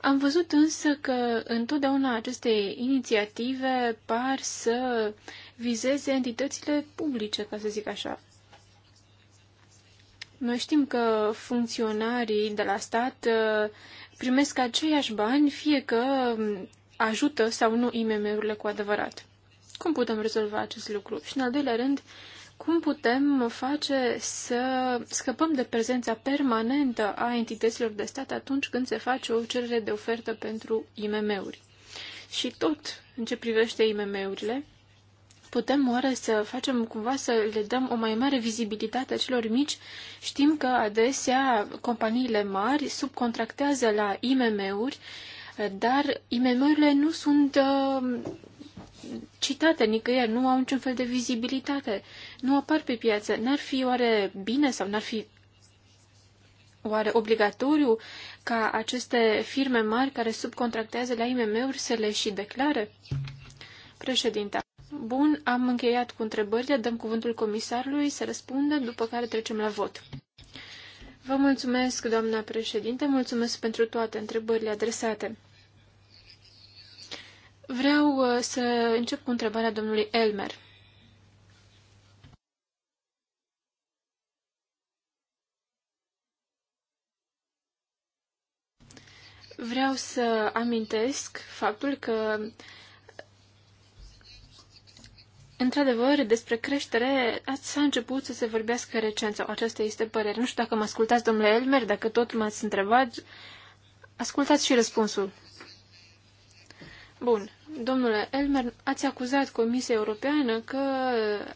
Am văzut însă că întotdeauna aceste inițiative par să vizeze entitățile publice, ca să zic așa. Noi știm că funcționarii de la stat uh, primesc aceiași bani, fie că um, ajută sau nu IMM-urile cu adevărat. Cum putem rezolva acest lucru? Și în al doilea rând, cum putem face să scăpăm de prezența permanentă a entităților de stat atunci când se face o cerere de ofertă pentru IMM-uri? Și tot în ce privește IMM-urile, putem oare să facem cumva să le dăm o mai mare vizibilitate celor mici? Știm că adesea companiile mari subcontractează la IMM-uri, dar IMM-urile nu sunt uh, citate nicăieri, nu au niciun fel de vizibilitate, nu apar pe piață. N-ar fi oare bine sau n-ar fi oare obligatoriu ca aceste firme mari care subcontractează la IMM-uri să le și declare? Președinta. Bun, am încheiat cu întrebările, dăm cuvântul comisarului să răspundă, după care trecem la vot. Vă mulțumesc, doamna președinte, mulțumesc pentru toate întrebările adresate. Vreau uh, să încep cu întrebarea domnului Elmer. Vreau să amintesc faptul că Într-adevăr, despre creștere s-a început să se vorbească recent, sau aceasta este părerea. Nu știu dacă mă ascultați, domnule Elmer, dacă tot m-ați întrebat, ascultați și răspunsul. Bun. Domnule Elmer, ați acuzat Comisia Europeană că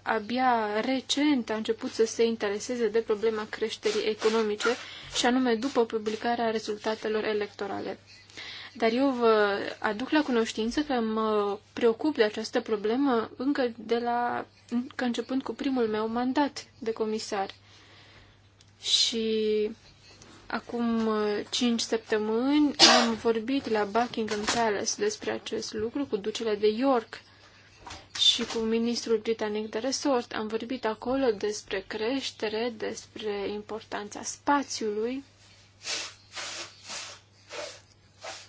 abia recent a început să se intereseze de problema creșterii economice și anume după publicarea rezultatelor electorale. Dar eu vă aduc la cunoștință că mă preocup de această problemă încă de la încă începând cu primul meu mandat de comisar. Și Acum 5 uh, săptămâni am vorbit la Buckingham Palace despre acest lucru cu ducele de York și cu ministrul britanic de resort. Am vorbit acolo despre creștere, despre importanța spațiului.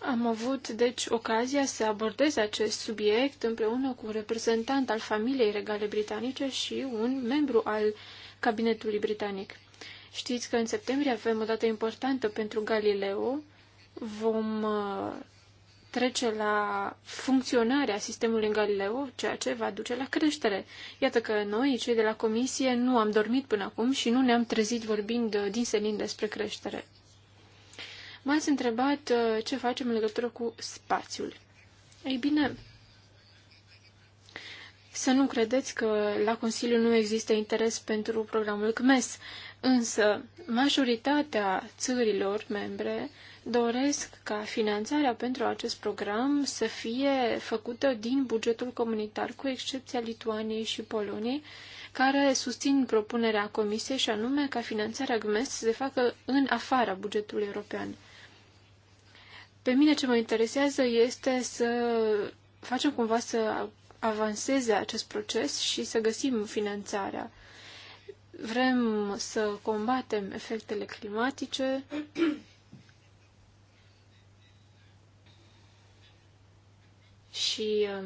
Am avut, deci, ocazia să abordez acest subiect împreună cu un reprezentant al familiei regale britanice și un membru al cabinetului britanic. Știți că în septembrie avem o dată importantă pentru Galileo. Vom uh, trece la funcționarea sistemului Galileo, ceea ce va duce la creștere. Iată că noi, cei de la comisie, nu am dormit până acum și nu ne-am trezit vorbind uh, din senin despre creștere. M-ați întrebat uh, ce facem în legătură cu spațiul. Ei bine, să nu credeți că la Consiliu nu există interes pentru programul CMES. Însă, majoritatea țărilor membre doresc ca finanțarea pentru acest program să fie făcută din bugetul comunitar, cu excepția Lituaniei și Poloniei, care susțin propunerea Comisiei și anume ca finanțarea GMES să se facă în afara bugetului european. Pe mine ce mă interesează este să facem cumva să avanseze acest proces și să găsim finanțarea Vrem să combatem efectele climatice. Și um,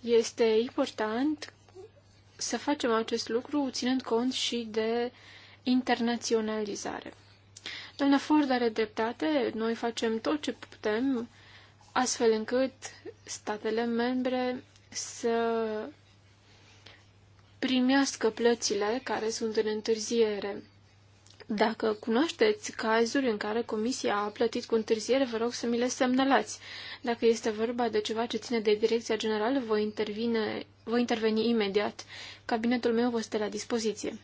este important să facem acest lucru ținând cont și de internaționalizare. Doamna Ford are dreptate, noi facem tot ce putem astfel încât statele membre să primească plățile care sunt în întârziere. Dacă cunoașteți cazuri în care comisia a plătit cu întârziere, vă rog să mi le semnalați. Dacă este vorba de ceva ce ține de direcția generală, voi, intervine, voi interveni imediat. Cabinetul meu vă stă la dispoziție.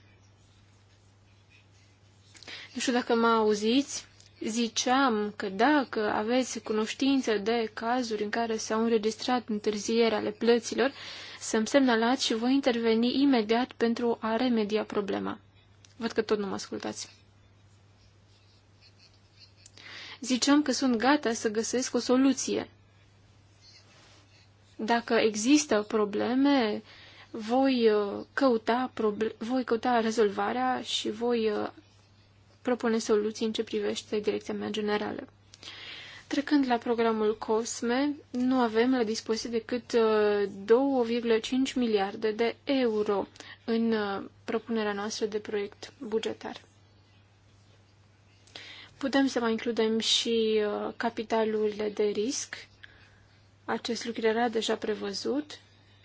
Nu știu dacă mă auziți ziceam că dacă aveți cunoștință de cazuri în care s-au înregistrat întârzieri ale plăților, să-mi semnalați și voi interveni imediat pentru a remedia problema. Văd că tot nu mă ascultați. Ziceam că sunt gata să găsesc o soluție. Dacă există probleme, voi uh, căuta, proble- voi căuta rezolvarea și voi uh, propune soluții în ce privește direcția mea generală. Trecând la programul COSME, nu avem la dispoziție decât 2,5 uh, miliarde de euro în uh, propunerea noastră de proiect bugetar. Putem să mai includem și uh, capitalurile de risc. Acest lucru era deja prevăzut.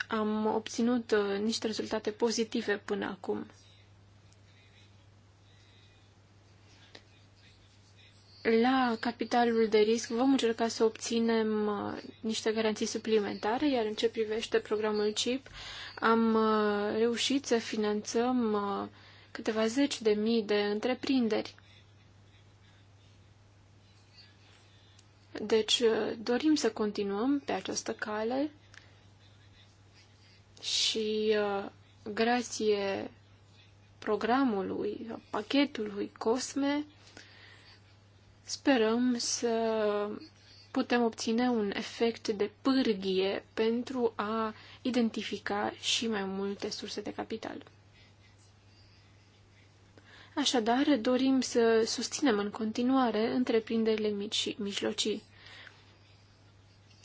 Am obținut niște rezultate pozitive până acum. La capitalul de risc vom încerca să obținem uh, niște garanții suplimentare, iar în ce privește programul CIP, am uh, reușit să finanțăm uh, câteva zeci de mii de întreprinderi. Deci dorim să continuăm pe această cale și grație programului, pachetului COSME, Sperăm să putem obține un efect de pârghie pentru a identifica și mai multe surse de capital. Așadar, dorim să susținem în continuare întreprinderile mici și mijlocii.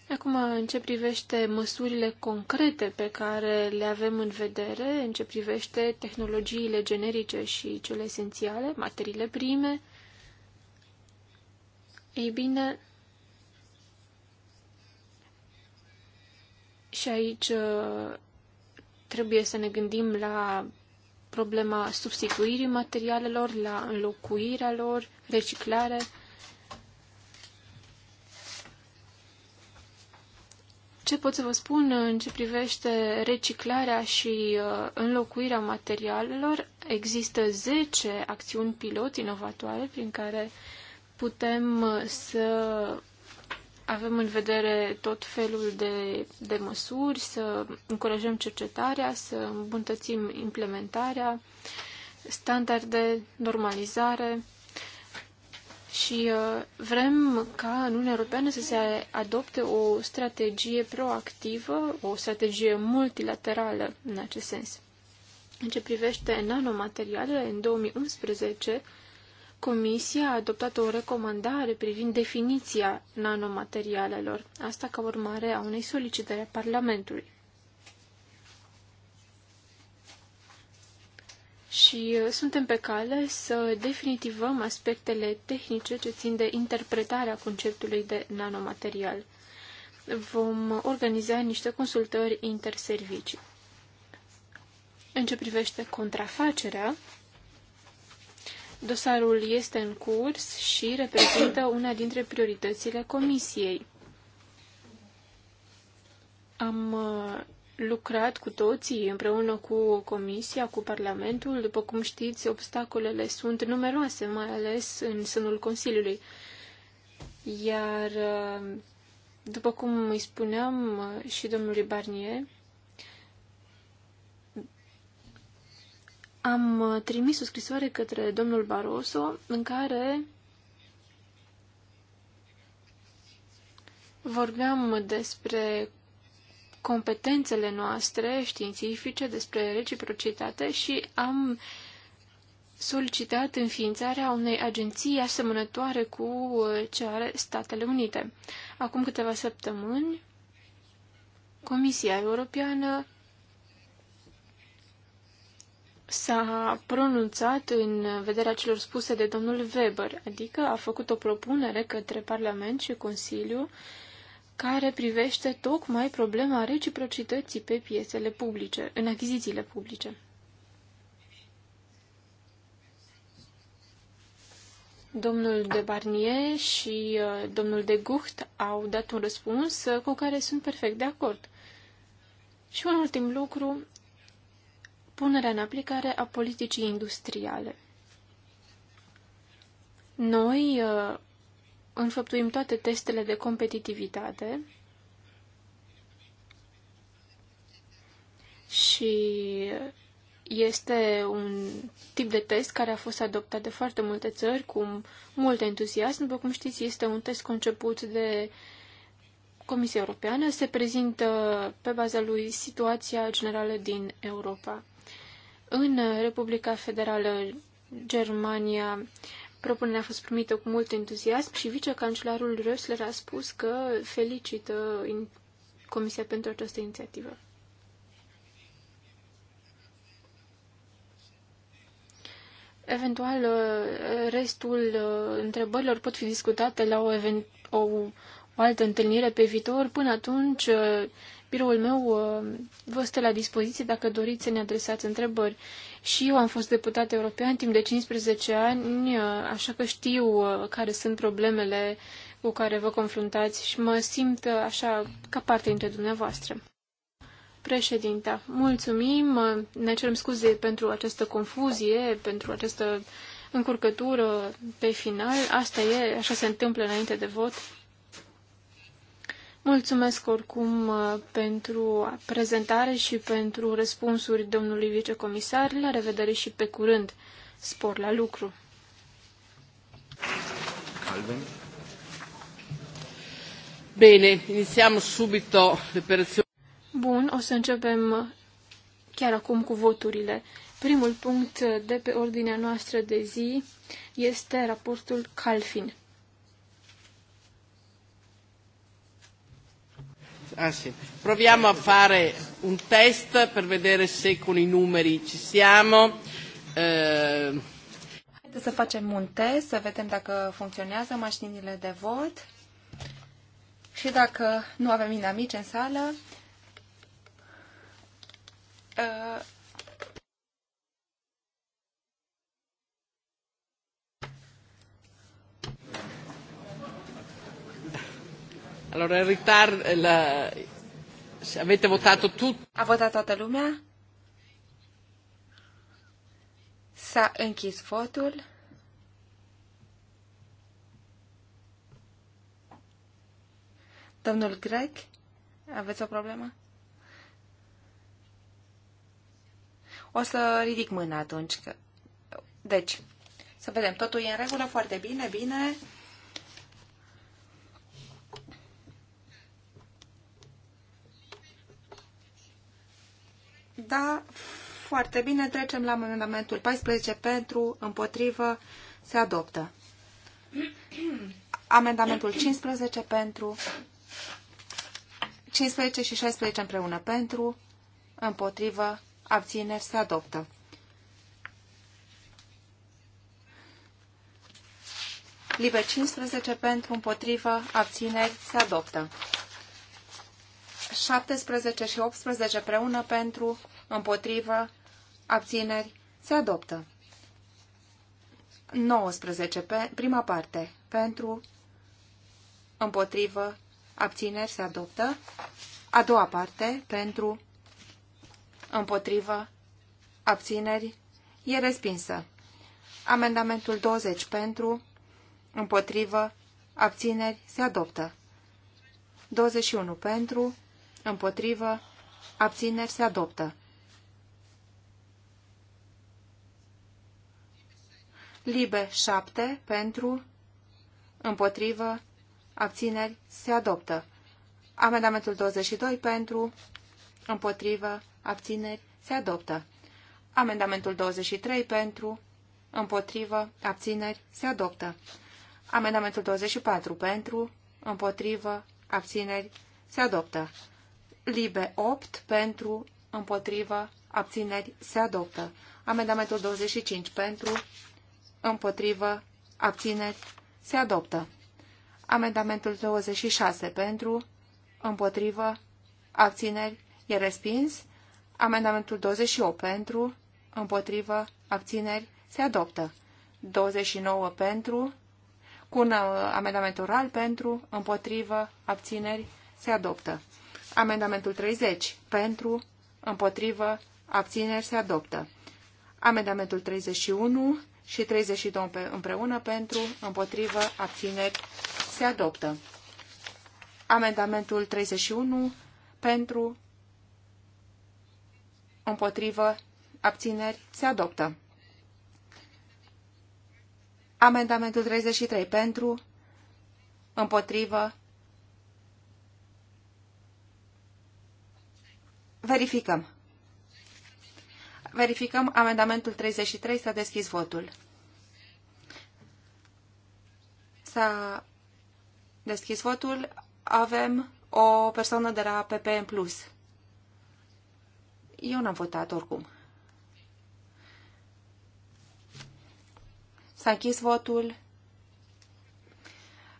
Acum, în ce privește măsurile concrete pe care le avem în vedere, în ce privește tehnologiile generice și cele esențiale, materiile prime, ei bine, și aici uh, trebuie să ne gândim la problema substituirii materialelor, la înlocuirea lor, reciclare. Ce pot să vă spun în ce privește reciclarea și uh, înlocuirea materialelor? Există 10 acțiuni pilot inovatoare prin care uh, putem uh, să avem în vedere tot felul de, de măsuri, să încurajăm cercetarea, să îmbunătățim implementarea, standarde, normalizare și uh, vrem ca în Uniunea Europeană să se adopte o strategie proactivă, o strategie multilaterală în acest sens. În ce privește nanomaterialele, în 2011 Comisia a adoptat o recomandare privind definiția nanomaterialelor, asta ca urmare a unei solicitări a Parlamentului. Și uh, suntem pe cale să definitivăm aspectele tehnice ce țin de interpretarea conceptului de nanomaterial. Vom organiza niște consultări interservicii. În ce privește contrafacerea, Dosarul este în curs și reprezintă una dintre prioritățile comisiei. Am uh, lucrat cu toții, împreună cu Comisia, cu Parlamentul. După cum știți, obstacolele sunt numeroase, mai ales în sânul Consiliului. Iar, uh, după cum îi spuneam uh, și domnului Barnier, am uh, trimis o scrisoare către domnul Barroso în care vorbeam despre competențele noastre științifice, despre reciprocitate și am solicitat înființarea unei agenții asemănătoare cu uh, ce are Statele Unite. Acum câteva săptămâni, Comisia Europeană s-a pronunțat în vederea celor spuse de domnul Weber, adică a făcut o propunere către Parlament și Consiliu care privește tocmai problema reciprocității pe piesele publice, în achizițiile publice. Domnul de Barnier și uh, domnul de Gucht au dat un răspuns uh, cu care sunt perfect de acord. Și un ultim lucru, punerea în aplicare a politicii industriale. Noi uh, înfăptuim toate testele de competitivitate și este un tip de test care a fost adoptat de foarte multe țări cu mult entuziasm. După cum știți, este un test conceput de Comisia Europeană. Se prezintă pe baza lui situația generală din Europa. În Republica Federală Germania, propunerea a fost primită cu mult entuziasm și vicecancelarul Rösler a spus că felicită Comisia pentru această inițiativă. Eventual, restul întrebărilor pot fi discutate la o, o, o altă întâlnire pe viitor. Până atunci, biroul meu uh, vă stă la dispoziție dacă doriți să ne adresați întrebări. Și eu am fost deputat european timp de 15 ani, uh, așa că știu uh, care sunt problemele cu care vă confruntați și mă simt așa ca parte dintre dumneavoastră. Președinta, mulțumim, ne cerem scuze pentru această confuzie, pentru această încurcătură pe final. Asta e, așa se întâmplă înainte de vot. Mulțumesc oricum uh, pentru prezentare și pentru răspunsuri domnului vicecomisar. La revedere și pe curând. Spor la lucru. Calvin. Bine, iniziamo subito l'operazione. Bun, o să începem chiar acum cu voturile. Primul punct de pe ordinea noastră de zi este raportul Calfin. anzi, ah, proviamo a fare un test per vedere se con i numeri ci siamo. Eh... Haideți să facem un test, să vedem dacă funcționează mașinile de vot. Și dacă nu avem inamici în sală, eh, Allora, in ritardo, la... avete votato tutti? A votat toată lumea? S-a închis votul. Domnul Greg, aveți o problemă? O să ridic mâna atunci. Că... Deci, să vedem. Totul e în regulă, foarte bine, bine. Da, foarte bine. Trecem la amendamentul 14 pentru, împotrivă, se adoptă. Amendamentul 15 pentru, 15 și 16 împreună pentru, împotrivă, abțineri, se adoptă. Liber 15 pentru, împotrivă, abțineri, se adoptă. 17 și 18 împreună pentru, împotrivă, abțineri, se adoptă. 19. Pe, prima parte. Pentru, împotrivă, abțineri, se adoptă. A doua parte. Pentru, împotrivă, abțineri, e respinsă. Amendamentul 20. Pentru, împotrivă, abțineri, se adoptă. 21. Pentru, împotrivă, abțineri, se adoptă. Libe 7 pentru, împotrivă, abțineri, se adoptă. Amendamentul 22 pentru, împotrivă, abțineri, se adoptă. Amendamentul 23 pentru, împotrivă, abțineri, se adoptă. Amendamentul 24 pentru, împotrivă, abțineri, se adoptă. Libe 8 pentru, împotrivă, abțineri, se adoptă. Amendamentul 25 pentru, împotrivă, abțineri, se adoptă. Amendamentul 26 pentru, împotrivă, abțineri, e respins. Amendamentul 28 pentru, împotrivă, abțineri, se adoptă. 29 pentru, cu un uh, amendament oral pentru, împotrivă, abțineri, se adoptă. Amendamentul 30 pentru, împotrivă, abțineri, se adoptă. Amendamentul 31 și 32 împreună pentru, împotrivă, abțineri, se adoptă. Amendamentul 31 pentru, împotrivă, abțineri, se adoptă. Amendamentul 33 pentru, împotrivă, verificăm. Verificăm amendamentul 33, s-a deschis votul. S-a deschis votul, avem o persoană de la PP în plus. Eu n-am votat oricum. S-a închis votul.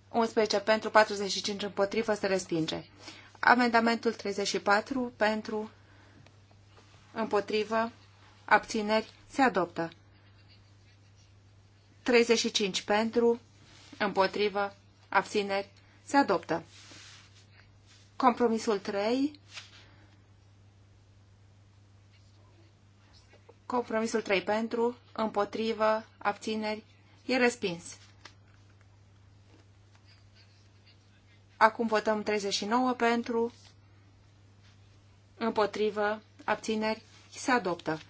11 pentru, 45 împotrivă, se respinge. Amendamentul 34 pentru, împotrivă, abțineri, se adoptă. 35 pentru, împotrivă, abțineri, se adoptă. Compromisul 3, compromisul 3 pentru, împotrivă, abțineri, e respins. Acum votăm 39 pentru, împotrivă, abțineri, se adoptă.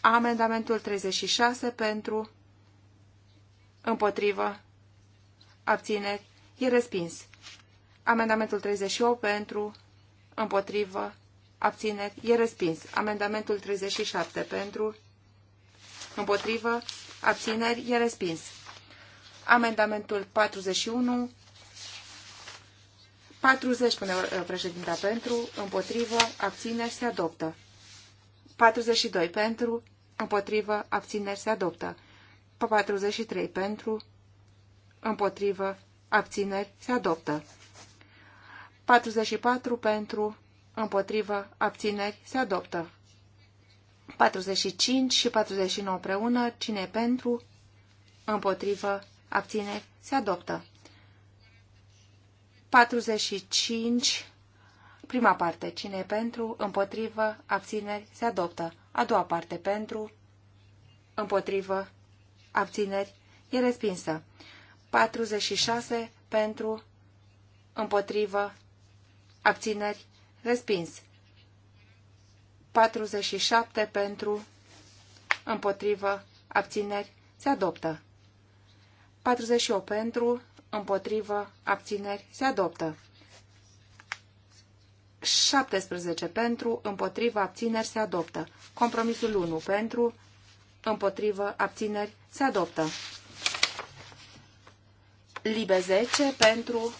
Amendamentul 36 pentru, împotrivă, abțineri, e respins. Amendamentul 38 pentru, împotrivă, abțineri, e respins. Amendamentul 37 pentru, împotrivă, abțineri, e respins. Amendamentul 41, 40 până președinta pentru, împotrivă, abțineri, se adoptă. 42 pentru, împotrivă, abțineri se adoptă. 43 pentru, împotrivă, abțineri se adoptă. 44 pentru, împotrivă, abțineri se adoptă. 45 și 49 împreună, cine pentru, împotrivă, abțineri se adoptă. 45 Prima parte, cine e pentru, împotrivă, abțineri, se adoptă. A doua parte, pentru, împotrivă, abțineri, e respinsă. 46, pentru, împotrivă, abțineri, respins. 47 pentru, împotrivă, abțineri, se adoptă. 48 pentru, împotrivă, abțineri, se adoptă. 17 pentru, împotriva abțineri se adoptă. Compromisul 1 pentru, împotriva abțineri se adoptă. Libe 10 pentru,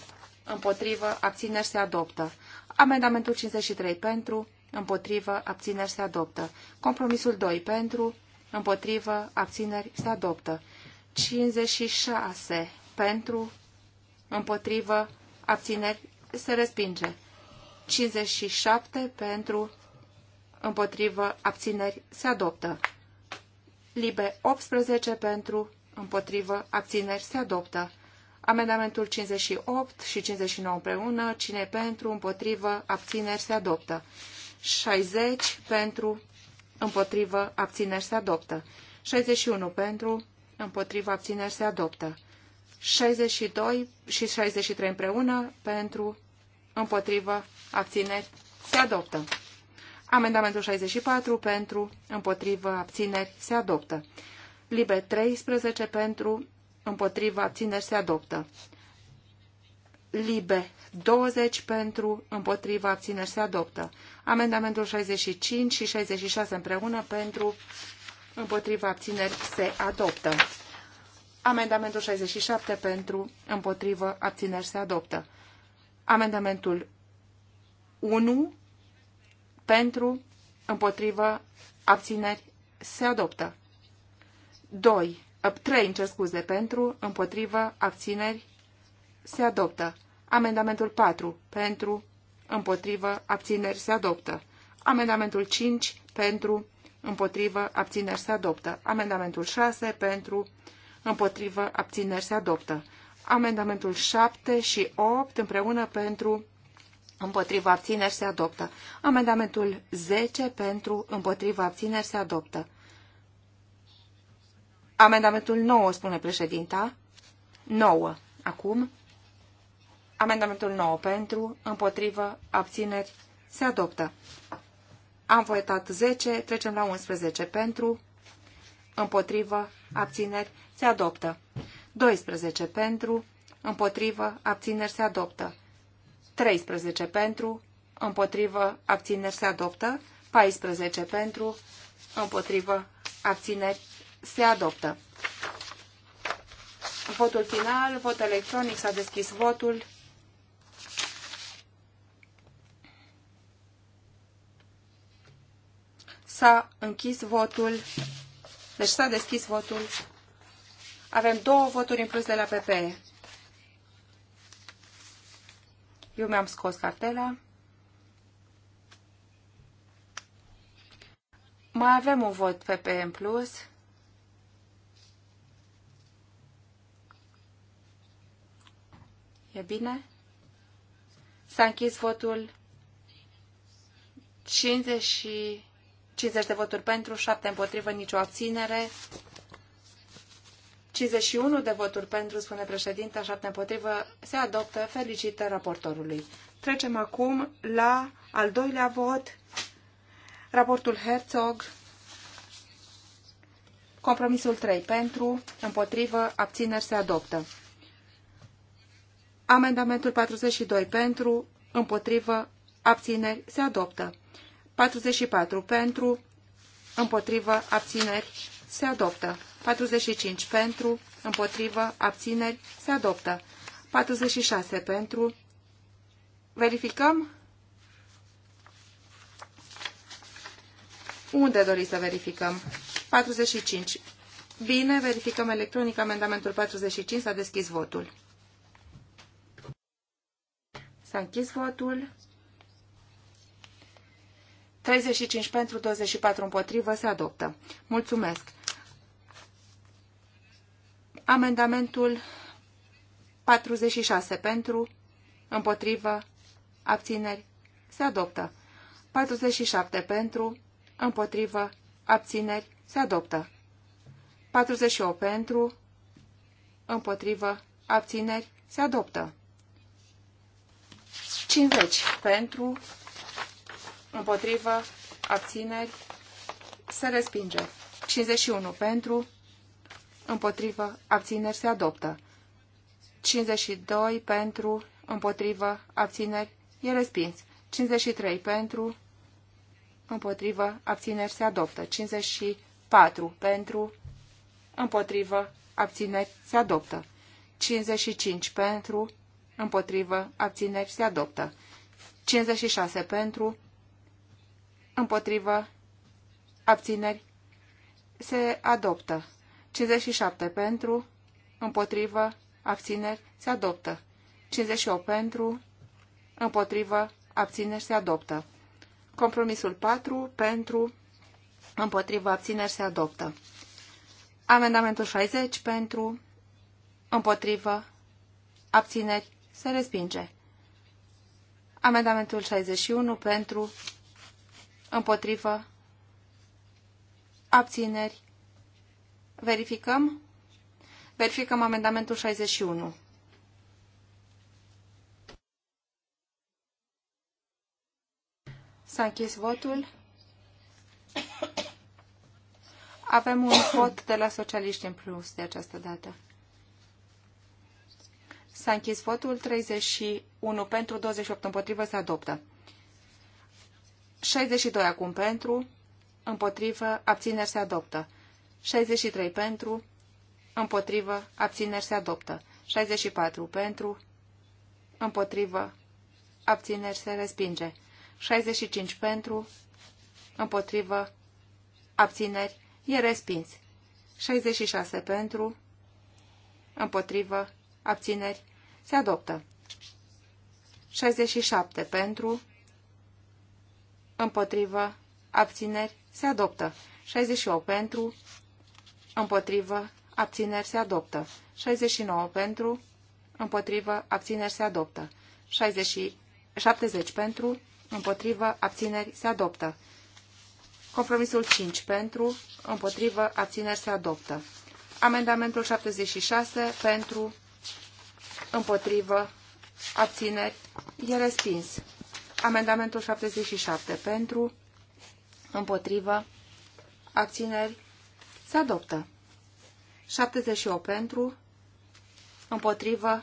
împotriva abțineri se adoptă. Amendamentul 53 pentru, împotriva abțineri se adoptă. Compromisul 2 pentru, împotriva abțineri se adoptă. 56 pentru, împotriva abțineri se respinge. 57 pentru, împotrivă, abțineri, se adoptă. Libe 18 pentru, împotrivă, abțineri, se adoptă. Amendamentul 58 și 59 împreună, cine pentru, împotrivă, abțineri, se adoptă. 60 pentru, împotrivă, abțineri, se adoptă. 61 pentru, împotrivă, abțineri, se adoptă. 62 și 63 împreună, pentru, împotrivă, abțineri, se adoptă. Amendamentul 64 pentru, împotrivă, abțineri, se adoptă. Libe 13 pentru, împotrivă, abțineri, se adoptă. Libe 20 pentru, împotrivă, abțineri, se adoptă. Amendamentul 65 și 66 împreună pentru, împotrivă, abțineri, se adoptă. Amendamentul 67 pentru, împotrivă, abțineri, se adoptă. Amendamentul 1 pentru, împotrivă, abțineri se adoptă. 2. 3, îmi cer scuze, pentru, împotrivă, abțineri se adoptă. Amendamentul 4 pentru, împotrivă, abțineri se adoptă. Amendamentul 5 pentru, împotrivă, abțineri se adoptă. Amendamentul 6 pentru, împotrivă, abțineri se adoptă. Amendamentul 7 și 8 împreună pentru împotriva abțineri se adoptă. Amendamentul 10 pentru împotriva abțineri se adoptă. Amendamentul 9, spune președinta. 9. Acum. Amendamentul 9 pentru, împotriva abțineri, se adoptă. Am votat 10, trecem la 11 pentru, împotriva abțineri, se adoptă. 12 pentru, împotrivă, abțineri se adoptă. 13 pentru, împotrivă, abțineri se adoptă. 14 pentru, împotrivă, abțineri se adoptă. Votul final, vot electronic, s-a deschis votul. S-a închis votul, deci s-a deschis votul. Avem două voturi în plus de la PPE. Eu mi-am scos cartela. Mai avem un vot PP în plus. E bine? S-a închis votul 50, și 50 de voturi pentru, 7 împotrivă, nicio abținere. 51 de voturi pentru, spune președinte, 7 împotrivă, se adoptă. Felicită raportorului. Trecem acum la al doilea vot, raportul Herzog, compromisul 3, pentru, împotrivă, abțineri, se adoptă. Amendamentul 42, pentru, împotrivă, abțineri, se adoptă. 44, pentru, împotrivă, abțineri, se adoptă. 45 pentru, împotrivă, abțineri, se adoptă. 46 pentru. Verificăm? Unde doriți să verificăm? 45. Bine, verificăm electronic amendamentul 45, s-a deschis votul. S-a închis votul. 35 pentru, 24 împotrivă, se adoptă. Mulțumesc. Amendamentul 46 pentru, împotrivă, abțineri, se adoptă. 47 pentru, împotrivă, abțineri, se adoptă. 48 pentru, împotrivă, abțineri, se adoptă. 50 pentru, împotrivă, abțineri, se respinge. 51 pentru, împotrivă, abțineri se adoptă. 52 pentru, împotrivă, abțineri, e respins. 53 pentru, împotrivă, abțineri se adoptă. 54 pentru, împotrivă, abțineri se adoptă. 55 pentru, împotrivă, abțineri se adoptă. 56 pentru, împotrivă, abțineri se adoptă. 57 pentru, împotrivă, abțineri, se adoptă. 58 pentru, împotrivă, abțineri, se adoptă. Compromisul 4 pentru, împotrivă, abțineri, se adoptă. Amendamentul 60 pentru, împotrivă, abțineri, se respinge. Amendamentul 61 pentru, împotrivă, abțineri, Verificăm? Verificăm amendamentul 61. S-a închis votul. Avem un vot de la socialiști în plus de această dată. S-a închis votul, 31 pentru, 28 împotrivă, se adoptă. 62 acum pentru, împotrivă, abțineri se adoptă. 63 pentru, împotrivă, abțineri se adoptă. 64 pentru, împotrivă, abțineri se respinge. 65 pentru, împotrivă, abțineri, e respins. 66 pentru, împotrivă, abțineri, se adoptă. 67 pentru, împotrivă, abțineri, se adoptă. 68 pentru, împotrivă, abțineri se adoptă. 69 pentru, împotrivă, abțineri se adoptă. 60, 70 pentru, împotrivă, abțineri se adoptă. Compromisul 5 pentru, împotrivă, abțineri se adoptă. Amendamentul 76 pentru, împotrivă, abțineri, e respins. Amendamentul 77 pentru, împotrivă, abțineri, se adoptă. 78 pentru, împotrivă,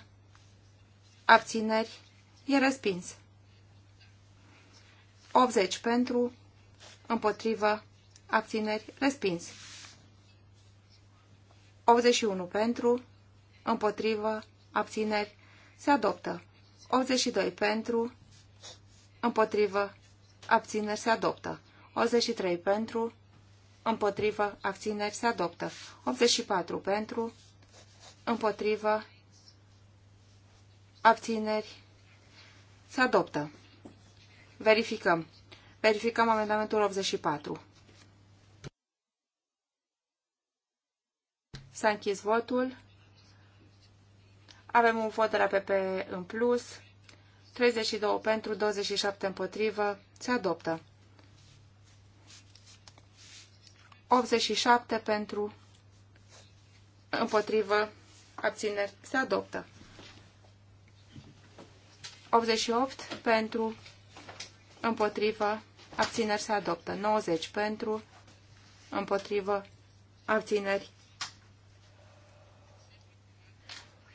abțineri, e respins. 80 pentru, împotrivă, abțineri, respins. 81 pentru, împotrivă, abțineri, se adoptă. 82 pentru, împotrivă, abțineri, se adoptă. 83 pentru, împotrivă, abțineri, se adoptă. 84 pentru, împotrivă, abțineri, se adoptă. Verificăm. Verificăm amendamentul 84. S-a închis votul. Avem un vot de la PP în plus. 32 pentru, 27 împotrivă. Se adoptă. 87 pentru, împotrivă, abțineri, se adoptă. 88 pentru, împotrivă, abțineri, se adoptă. 90 pentru, împotrivă, abțineri.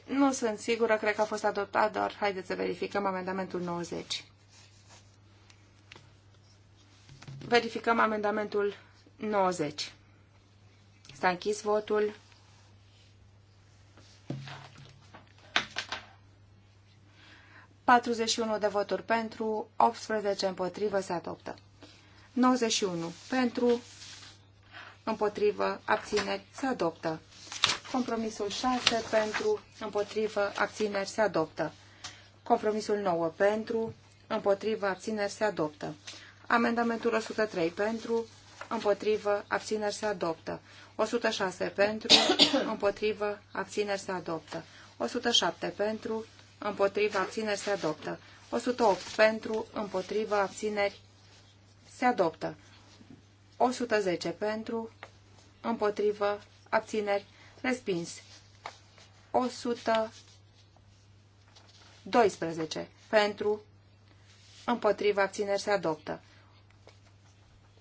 Nu sunt sigură, cred că a fost adoptat, dar haideți să verificăm amendamentul 90. Verificăm amendamentul 90. S-a închis votul. 41 de voturi pentru, 18 împotrivă se adoptă. 91 pentru, împotrivă, abțineri se adoptă. Compromisul 6 pentru, împotrivă, abțineri se adoptă. Compromisul 9 pentru, împotrivă, abțineri se adoptă. Amendamentul 103 pentru, împotrivă, abțineri se adoptă. 106 pentru, împotrivă, abțineri se adoptă. 107 pentru, împotrivă, abțineri se adoptă. 108 pentru, împotrivă, abțineri se adoptă. 110 pentru, împotrivă, abțineri, respins. 112 pentru, împotrivă, abțineri se adoptă.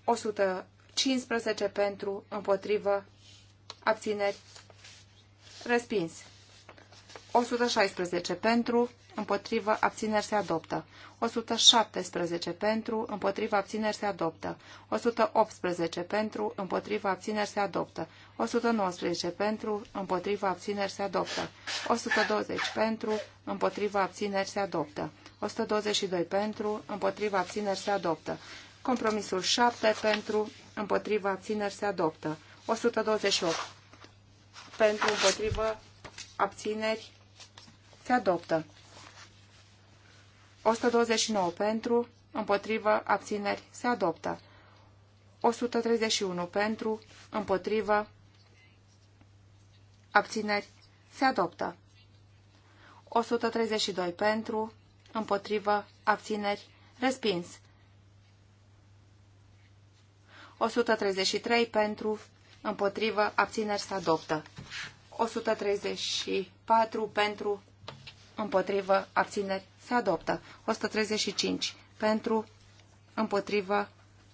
100 15 pentru, împotrivă, abțineri, respins. 116 pentru, împotrivă, abțineri se adoptă. 117 pentru, împotrivă, abțineri se adoptă. 118 pentru, împotrivă, abțineri se adoptă. 119 pentru, împotrivă, abțineri se adoptă. 120 pentru, împotrivă, abțineri se adoptă. 122 pentru, împotrivă, abțineri se adoptă. Compromisul 7 pentru, împotriva abțineri, se adoptă. 128. Pentru, împotriva abțineri, se adoptă. 129. Pentru, împotriva abțineri, se adoptă. 131. Pentru, împotriva abțineri, se adoptă. 132. Pentru, împotriva abțineri, respins. 133 pentru, împotrivă, abțineri se adoptă. 134 pentru, împotrivă, abțineri se adoptă. 135 pentru, împotrivă,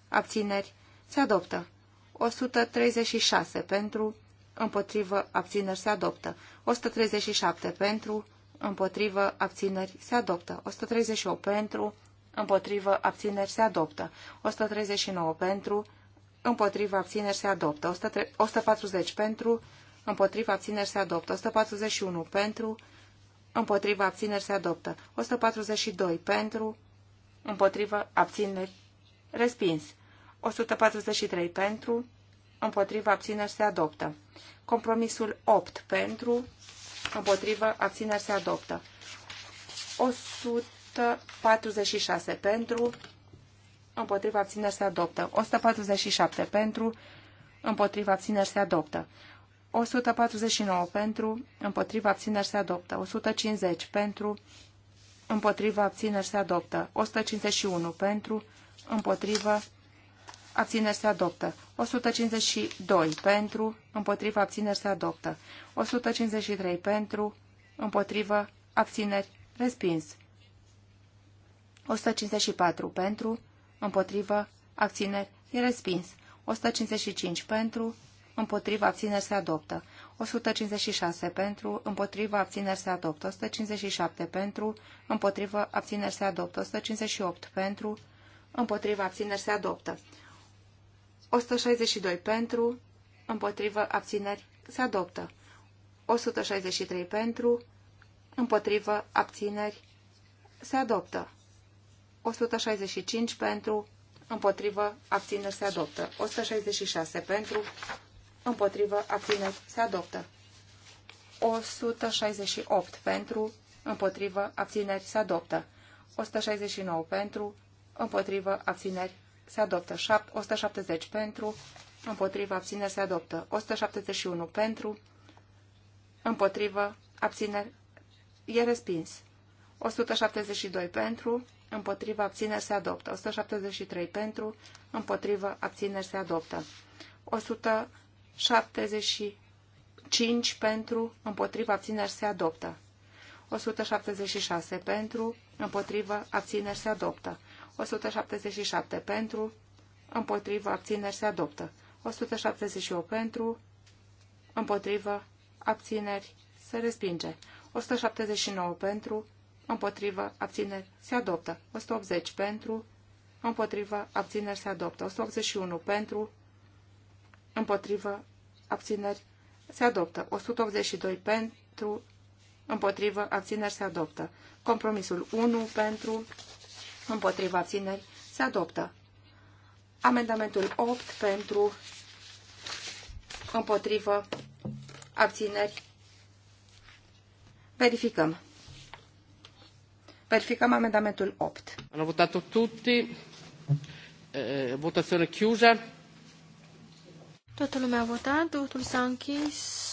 abțineri se adoptă. 136 pentru, împotrivă, abțineri se adoptă. 137 pentru, împotrivă, abțineri se adoptă. 138 pentru, împotrivă, abțineri se adoptă. 139 pentru, împotriva abțineri se adoptă. 140 pentru, împotriva abțineri se adoptă. 141 pentru, împotriva abțineri se adoptă. 142 pentru, împotriva abțineri respins. 143 pentru, împotriva abțineri se adoptă. Compromisul 8 pentru, împotriva abțineri se adoptă. 146 pentru, împotriva abțineri se adoptă. 147 pentru, împotriva abțineri se adoptă. 149 pentru, împotriva abțineri se adoptă. 150 pentru, împotriva abțineri se adoptă. 151 pentru, împotriva abțineri se adoptă. 152 pentru, împotriva abțineri se adoptă. 153 pentru, împotriva abțineri respins. 154 pentru, împotrivă, abțineri, e respins. 155 pentru, împotrivă, abțineri se adoptă. 156 pentru, împotrivă, abțineri se adoptă. 157 pentru, împotrivă, abțineri se adoptă. 158 pentru, împotrivă, abțineri se adoptă. 162 pentru, împotrivă, abțineri se adoptă. 163 pentru, împotrivă, abțineri se adoptă. 165 pentru, împotrivă, abțineri se adoptă. 166 pentru, împotrivă, abțineri se adoptă. 168 pentru, împotrivă, abțineri se adoptă. 169 pentru, împotrivă, abțineri se adoptă. 170 pentru, împotrivă, abțineri se adoptă. 171 pentru, împotrivă, abțineri, e respins. 172 pentru, împotrivă, abțineri se adoptă. 173 pentru, împotrivă, abțineri se adoptă. 175 pentru, împotrivă, abțineri se adoptă. 176 pentru, împotrivă, abțineri se adoptă. 177 pentru, împotrivă, abțineri se adoptă. 178 pentru, împotrivă, abțineri se respinge. 179 pentru, împotrivă, abțineri, se adoptă. 180 pentru, împotrivă, abțineri, se adoptă. 181 pentru, împotrivă, abțineri, se adoptă. 182 pentru, împotrivă, abțineri, se adoptă. Compromisul 1 pentru, împotrivă, abțineri, se adoptă. Amendamentul 8 pentru, împotrivă, abțineri, verificăm. Verificăm amendamentul 8. Hanno votato tutti. Eh, votazione chiusa. Toată lumea a votat, votul s-a închis.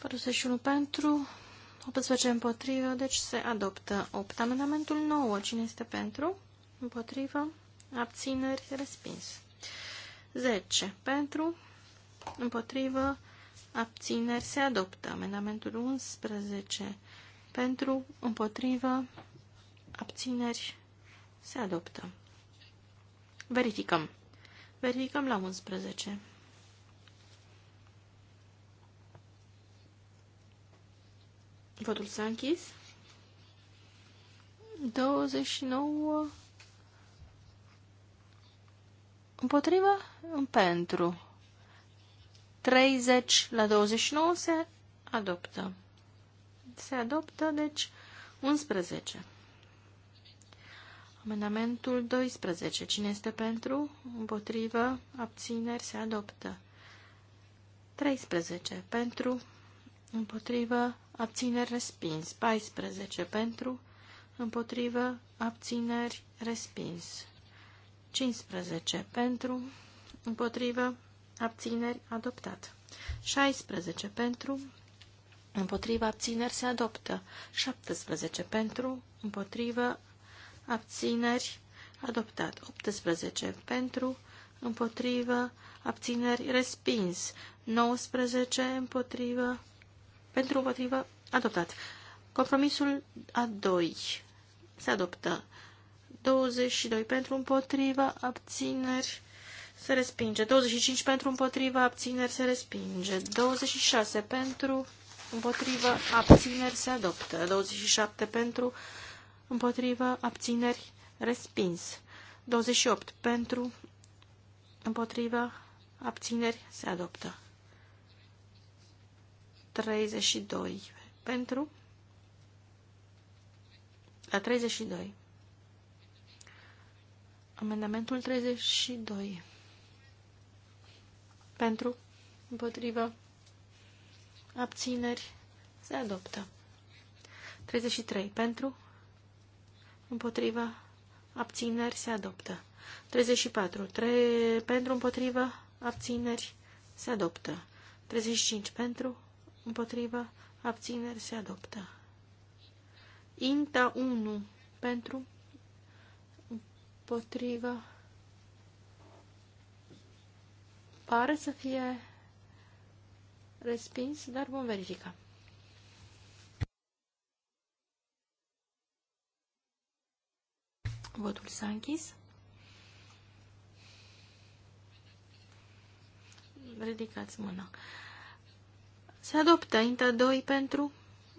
41 pentru, 18 împotrivă, deci se adoptă 8. Amendamentul 9, cine este pentru? Împotrivă, abțineri, respins. 10 pentru, împotrivă, abțineri, se adoptă. Amendamentul 11 pentru, împotrivă, abțineri, se adoptă. Verificăm. Verificăm la 11. Votul s-a închis. 29 împotriva, pentru. 30 la 29 se adoptă. Se adoptă, deci, 11. Amendamentul 12. Cine este pentru? Împotrivă? Abțineri? Se adoptă. 13. Pentru? Împotrivă? Abțineri? Respins. 14. Pentru? Împotrivă? Abțineri? Respins. 15. Pentru? Împotrivă? Abțineri? Adoptat. 16. Pentru? Împotriva abțineri se adoptă. 17 pentru, împotrivă, abțineri, adoptat. 18 pentru, împotrivă, abțineri, respins. 19 împotrivă, pentru împotrivă, adoptat. Compromisul a 2 se adoptă. 22 pentru împotrivă, abțineri, se respinge. 25 pentru împotrivă, abțineri, se respinge. 26 pentru împotrivă, abțineri se adoptă. 27 pentru, împotrivă, abțineri respins. 28 pentru, împotrivă, abțineri se adoptă. 32 pentru, la 32. Amendamentul 32. Pentru, împotrivă, abțineri, se adoptă. 33. Pentru, Împotrivă. abțineri, se adoptă. 34. tre pentru, Împotrivă. abțineri, se adoptă. 35. Pentru, Împotrivă. abțineri, se adoptă. Inta 1. Pentru, Împotrivă. pare să fie Respins, dar vom verifica. Votul s-a închis. Ridicați mâna. Se adoptă. Inta 2 pentru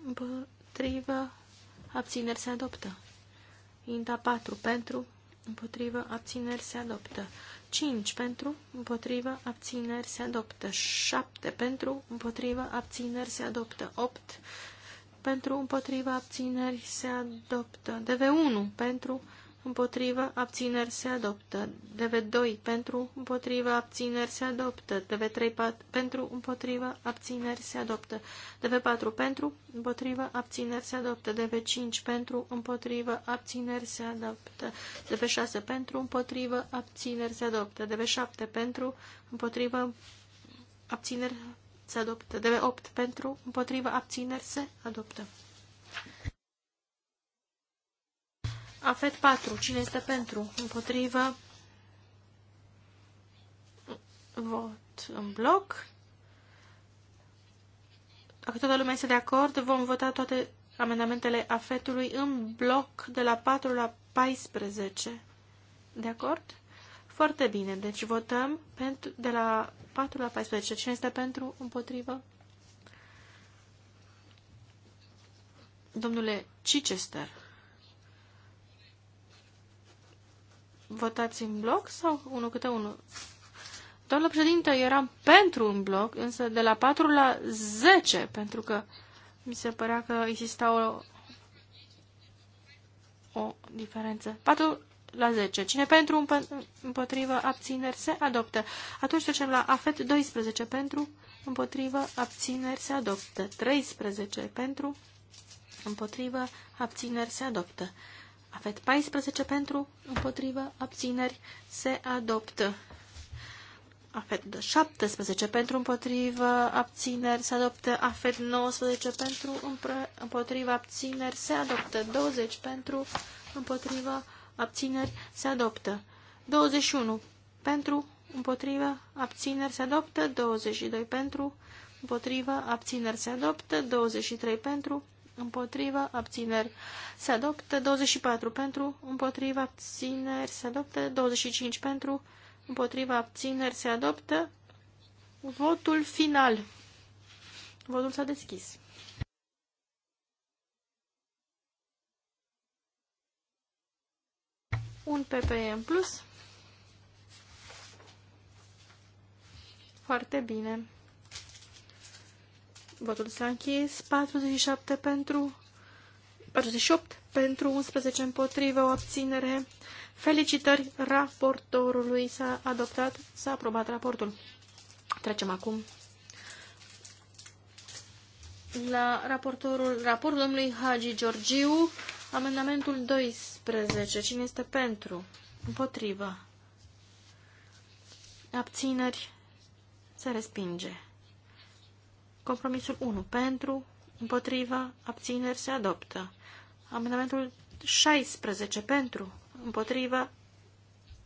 împotrivă. Abțineri se adoptă. Inta 4 pentru împotrivă. Abțineri se adoptă. 5 pentru, împotrivă, abțineri se adoptă. 7 pentru, împotrivă, abțineri se adoptă. 8 pentru, împotrivă, abțineri se adoptă. DV1 pentru, împotrivă, abțineri se adoptă. DV2 pentru, împotrivă, abțineri se adoptă. DV3 pentru, împotrivă, abțineri se adoptă. DV4 pentru, împotrivă, abțineri se adoptă. DV5 pentru, împotrivă, abțineri se adoptă. DV6 pentru, împotrivă, abțineri se adoptă. DV7 pentru, împotrivă, abțineri se adoptă. DV8 pentru, împotrivă, abțineri se adoptă. Afet 4. Cine este pentru? Împotrivă. Vot în bloc. Dacă toată lumea este de acord, vom vota toate amendamentele afetului în bloc de la 4 la 14. De acord? Foarte bine. Deci votăm pentru, de la 4 la 14. Cine este pentru? Împotrivă? Domnule Chichester. votați în bloc sau unul câte unul? Doamnă președinte, eram pentru un bloc, însă de la 4 la 10, pentru că mi se părea că exista o, o diferență. 4 la 10. Cine pentru, împotrivă, abțineri, se adoptă. Atunci trecem la afet 12 pentru, împotrivă, abțineri, se adoptă. 13 pentru, împotrivă, abțineri, se adoptă. Afet 14 pentru, împotrivă, abțineri, se adoptă. Afet 17 pentru, împotrivă, abțineri, se adoptă. Afet 19 pentru, împotrivă, abțineri, se adoptă. 20 pentru, împotrivă, abțineri, se adoptă. 21 pentru, împotrivă, abțineri, se adoptă. 22 pentru, împotrivă, abțineri, se adoptă. 23 pentru, împotriva, abțineri, se adoptă 24 pentru, împotriva, abțineri, se adoptă 25 pentru, împotriva, abțineri, se adoptă votul final. Votul s-a deschis. Un PPE în plus. Foarte bine. Votul s-a închis. 47 pentru, 48 pentru, 11 împotrivă, o abținere. Felicitări raportorului. S-a adoptat, s-a aprobat raportul. Trecem acum la raportorul, raportul domnului Hagi Georgiu, amendamentul 12. Cine este pentru? Împotrivă. Abțineri. Se respinge. Compromisul 1 pentru, împotriva, abțineri se adoptă. Amendamentul 16 pentru, împotriva,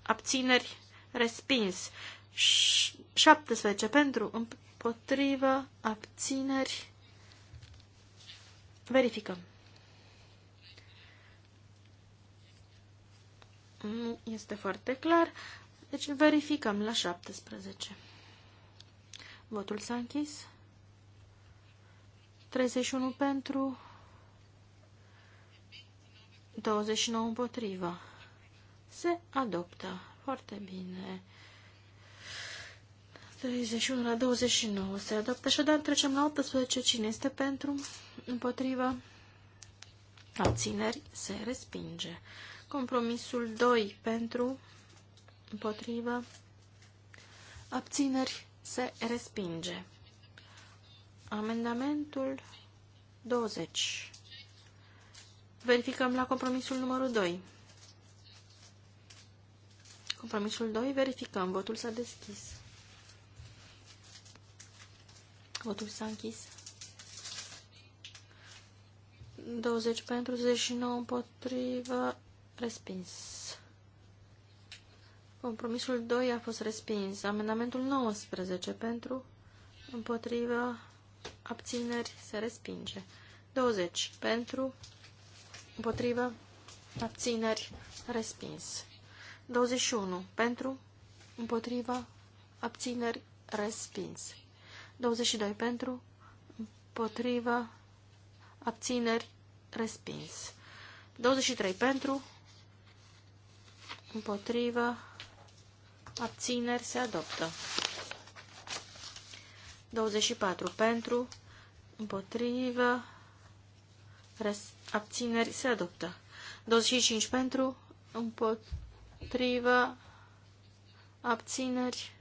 abțineri respins. 17 pentru, împotriva, abțineri. Verificăm. Nu este foarte clar. Deci verificăm la 17. Votul s-a închis. 31 pentru, 29 împotriva. Se adoptă. Foarte bine. 31 la 29 se adoptă. Așadar, trecem la 18. Cine este pentru? Împotriva. Abțineri se respinge. Compromisul 2 pentru. Împotriva. Abțineri se respinge. Amendamentul 20. Verificăm la compromisul numărul 2. Compromisul 2, verificăm. Votul s-a deschis. Votul s-a închis. 20 pentru 39 împotrivă, respins. Compromisul 2 a fost respins. Amendamentul 19 pentru împotrivă, abțineri, se respinge. 20 pentru, împotrivă, abțineri, respins. 21 pentru, împotrivă, abțineri, respins. 22 pentru, împotrivă, abțineri, respins. 23 pentru, împotrivă, abțineri, se adoptă. 24 pentru, împotrivă, abțineri, se adoptă. 25 pentru, împotrivă, abțineri,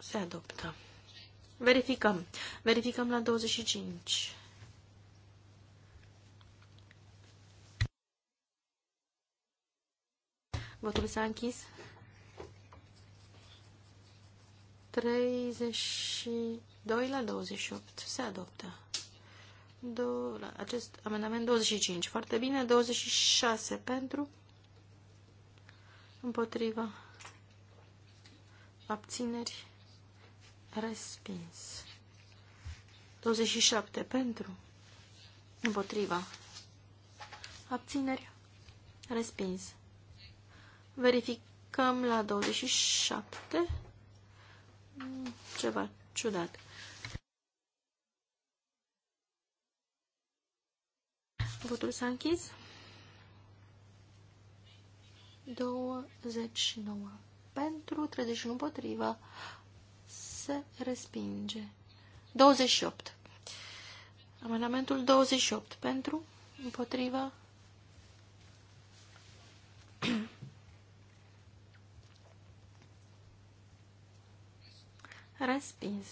se adoptă. Verificăm. Verificăm la 25. Votul s-a închis. 32 la 28 se adoptă. Do la acest amendament 25. Foarte bine. 26 pentru. Împotriva. Abțineri. Respins. 27 pentru. Împotriva. Abțineri. Respins. Verificăm la 27. Ceva ciudat. Votul s-a închis. 29 pentru, 31 împotriva. Se respinge. 28. Amendamentul 28 pentru, împotriva, Respins.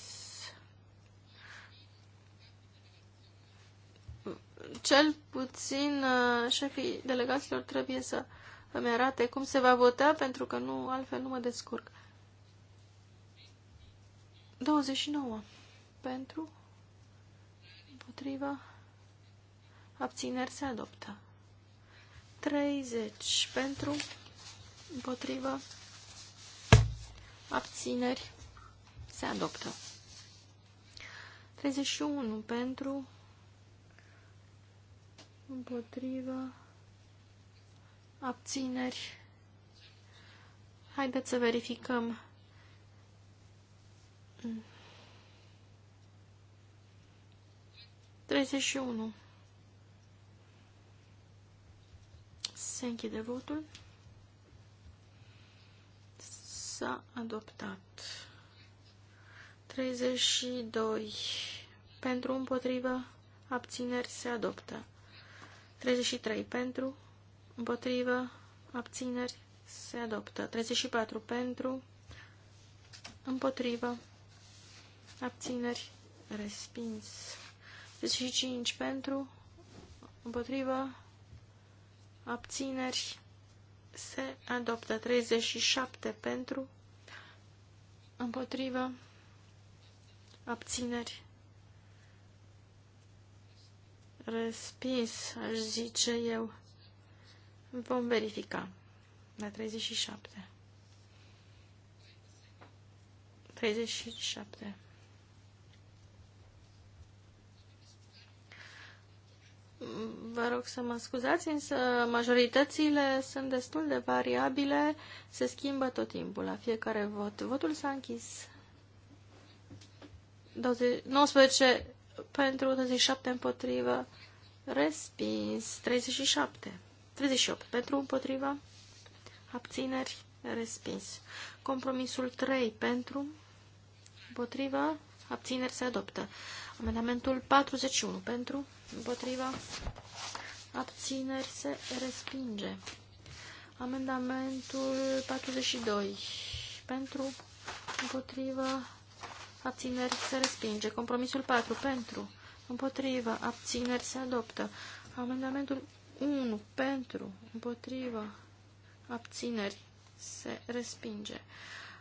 Cel puțin uh, șefii delegaților trebuie să îmi arate cum se va vota, pentru că nu, altfel nu mă descurc. 29. Pentru. Împotriva. Abțineri se adoptă. 30. Pentru. Împotriva. Abțineri se adoptă. 31 pentru, împotrivă, abțineri. Haideți să verificăm. Treizeci și unu. Se închide votul. S-a adoptat. 32. Pentru împotrivă, abțineri se adoptă. 33. Pentru împotrivă, abțineri se adoptă. 34. Pentru împotrivă, abțineri respins. 35. Pentru împotrivă, abțineri se adoptă. 37. Pentru împotrivă, abțineri, respins, aș zice eu. Vom verifica. La 37. 37. Vă rog să mă scuzați, însă majoritățile sunt destul de variabile, se schimbă tot timpul la fiecare vot. Votul s-a închis. 20, 19 pentru 27 împotrivă, respins 37, 38 pentru împotrivă, abțineri, respins. Compromisul 3 pentru împotrivă, abțineri se adoptă. Amendamentul 41 pentru împotrivă, abțineri se respinge. Amendamentul 42 pentru împotrivă, abțineri, se respinge. Compromisul 4 pentru, împotrivă, abțineri, se adoptă. Amendamentul 1 pentru, împotrivă, abțineri, se respinge.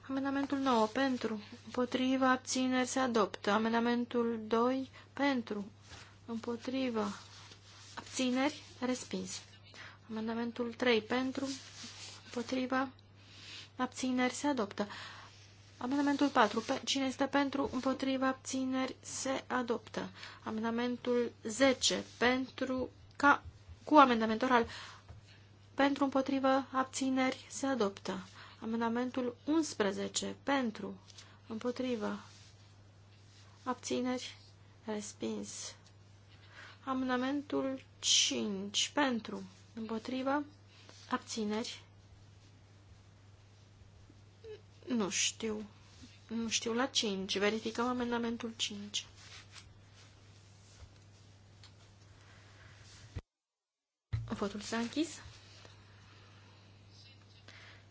Amendamentul 9 pentru, împotrivă, abțineri, se adoptă. Amendamentul 2 pentru, împotrivă, abțineri, respins. Amendamentul 3 pentru, Împotrivă. abțineri se adoptă. Amendamentul 4. Pe, cine este pentru? Împotriva abțineri se adoptă. Amendamentul 10. Pentru, ca, cu amendament oral. Pentru împotriva abțineri se adoptă. Amendamentul 11. Pentru împotriva abțineri respins. Amendamentul 5. Pentru împotriva abțineri nu știu. Nu știu, la 5. Verificăm amendamentul 5. Votul s-a închis.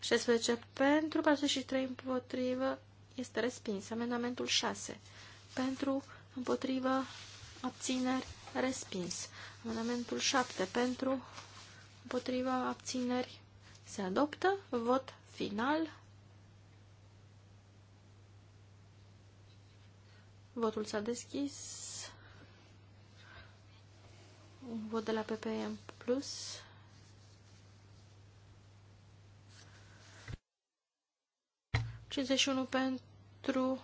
16 pentru, 43 împotrivă, este respins. Amendamentul 6 pentru, împotrivă, abțineri, respins. Amendamentul 7 pentru, împotrivă, abțineri, se adoptă. Vot final Votul s-a deschis. Un vot de la PPM plus. unu pentru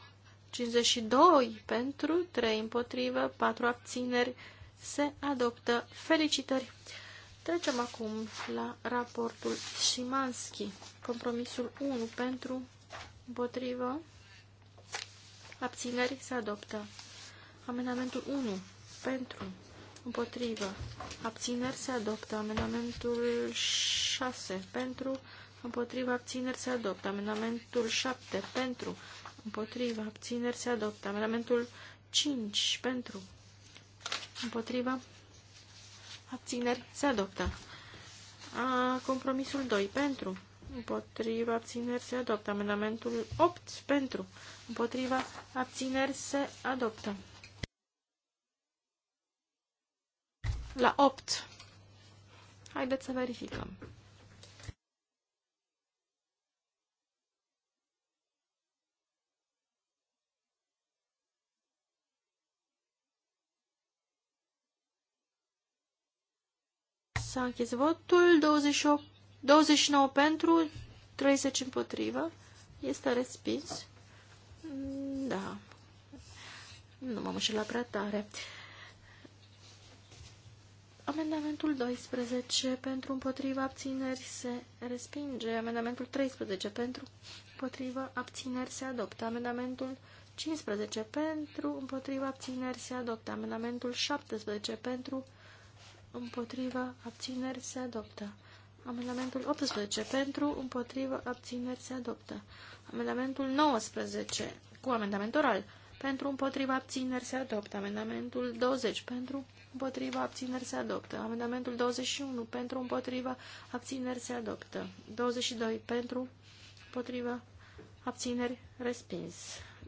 52 pentru, 3 împotrivă, 4 abțineri, se adoptă. Felicitări! Trecem acum la raportul Simanski. Compromisul 1 pentru, împotrivă, abțineri, se adoptă. Amendamentul 1, pentru, împotrivă, abțineri, se adoptă. Amendamentul 6, pentru, împotrivă, abțineri, se adoptă. Amendamentul 7, pentru, împotrivă, abțineri, se adoptă. Amendamentul 5, pentru, împotrivă, abțineri, se adoptă. A, compromisul 2, pentru, Împotriva abțineri se adoptă. Amendamentul 8 pentru. Împotriva abțineri se adoptă. La 8. Haideți să verificăm. S-a închis votul 28 29 pentru, 30 împotrivă. Este respins. Da. Nu m-am la prea tare. Amendamentul 12 pentru împotriva abțineri se respinge. Amendamentul 13 pentru împotriva abțineri se adoptă. Amendamentul 15 pentru împotriva abțineri se adoptă. Amendamentul 17 pentru împotriva abțineri se adoptă. Amendamentul 18 pentru, împotrivă, abțineri se adoptă. Amendamentul 19 cu amendament oral. Pentru, împotrivă, abțineri se adoptă. Amendamentul 20 pentru, împotrivă, abțineri se adoptă. Amendamentul 21 pentru, împotrivă, abțineri se adoptă. 22 pentru, împotrivă, abțineri respins.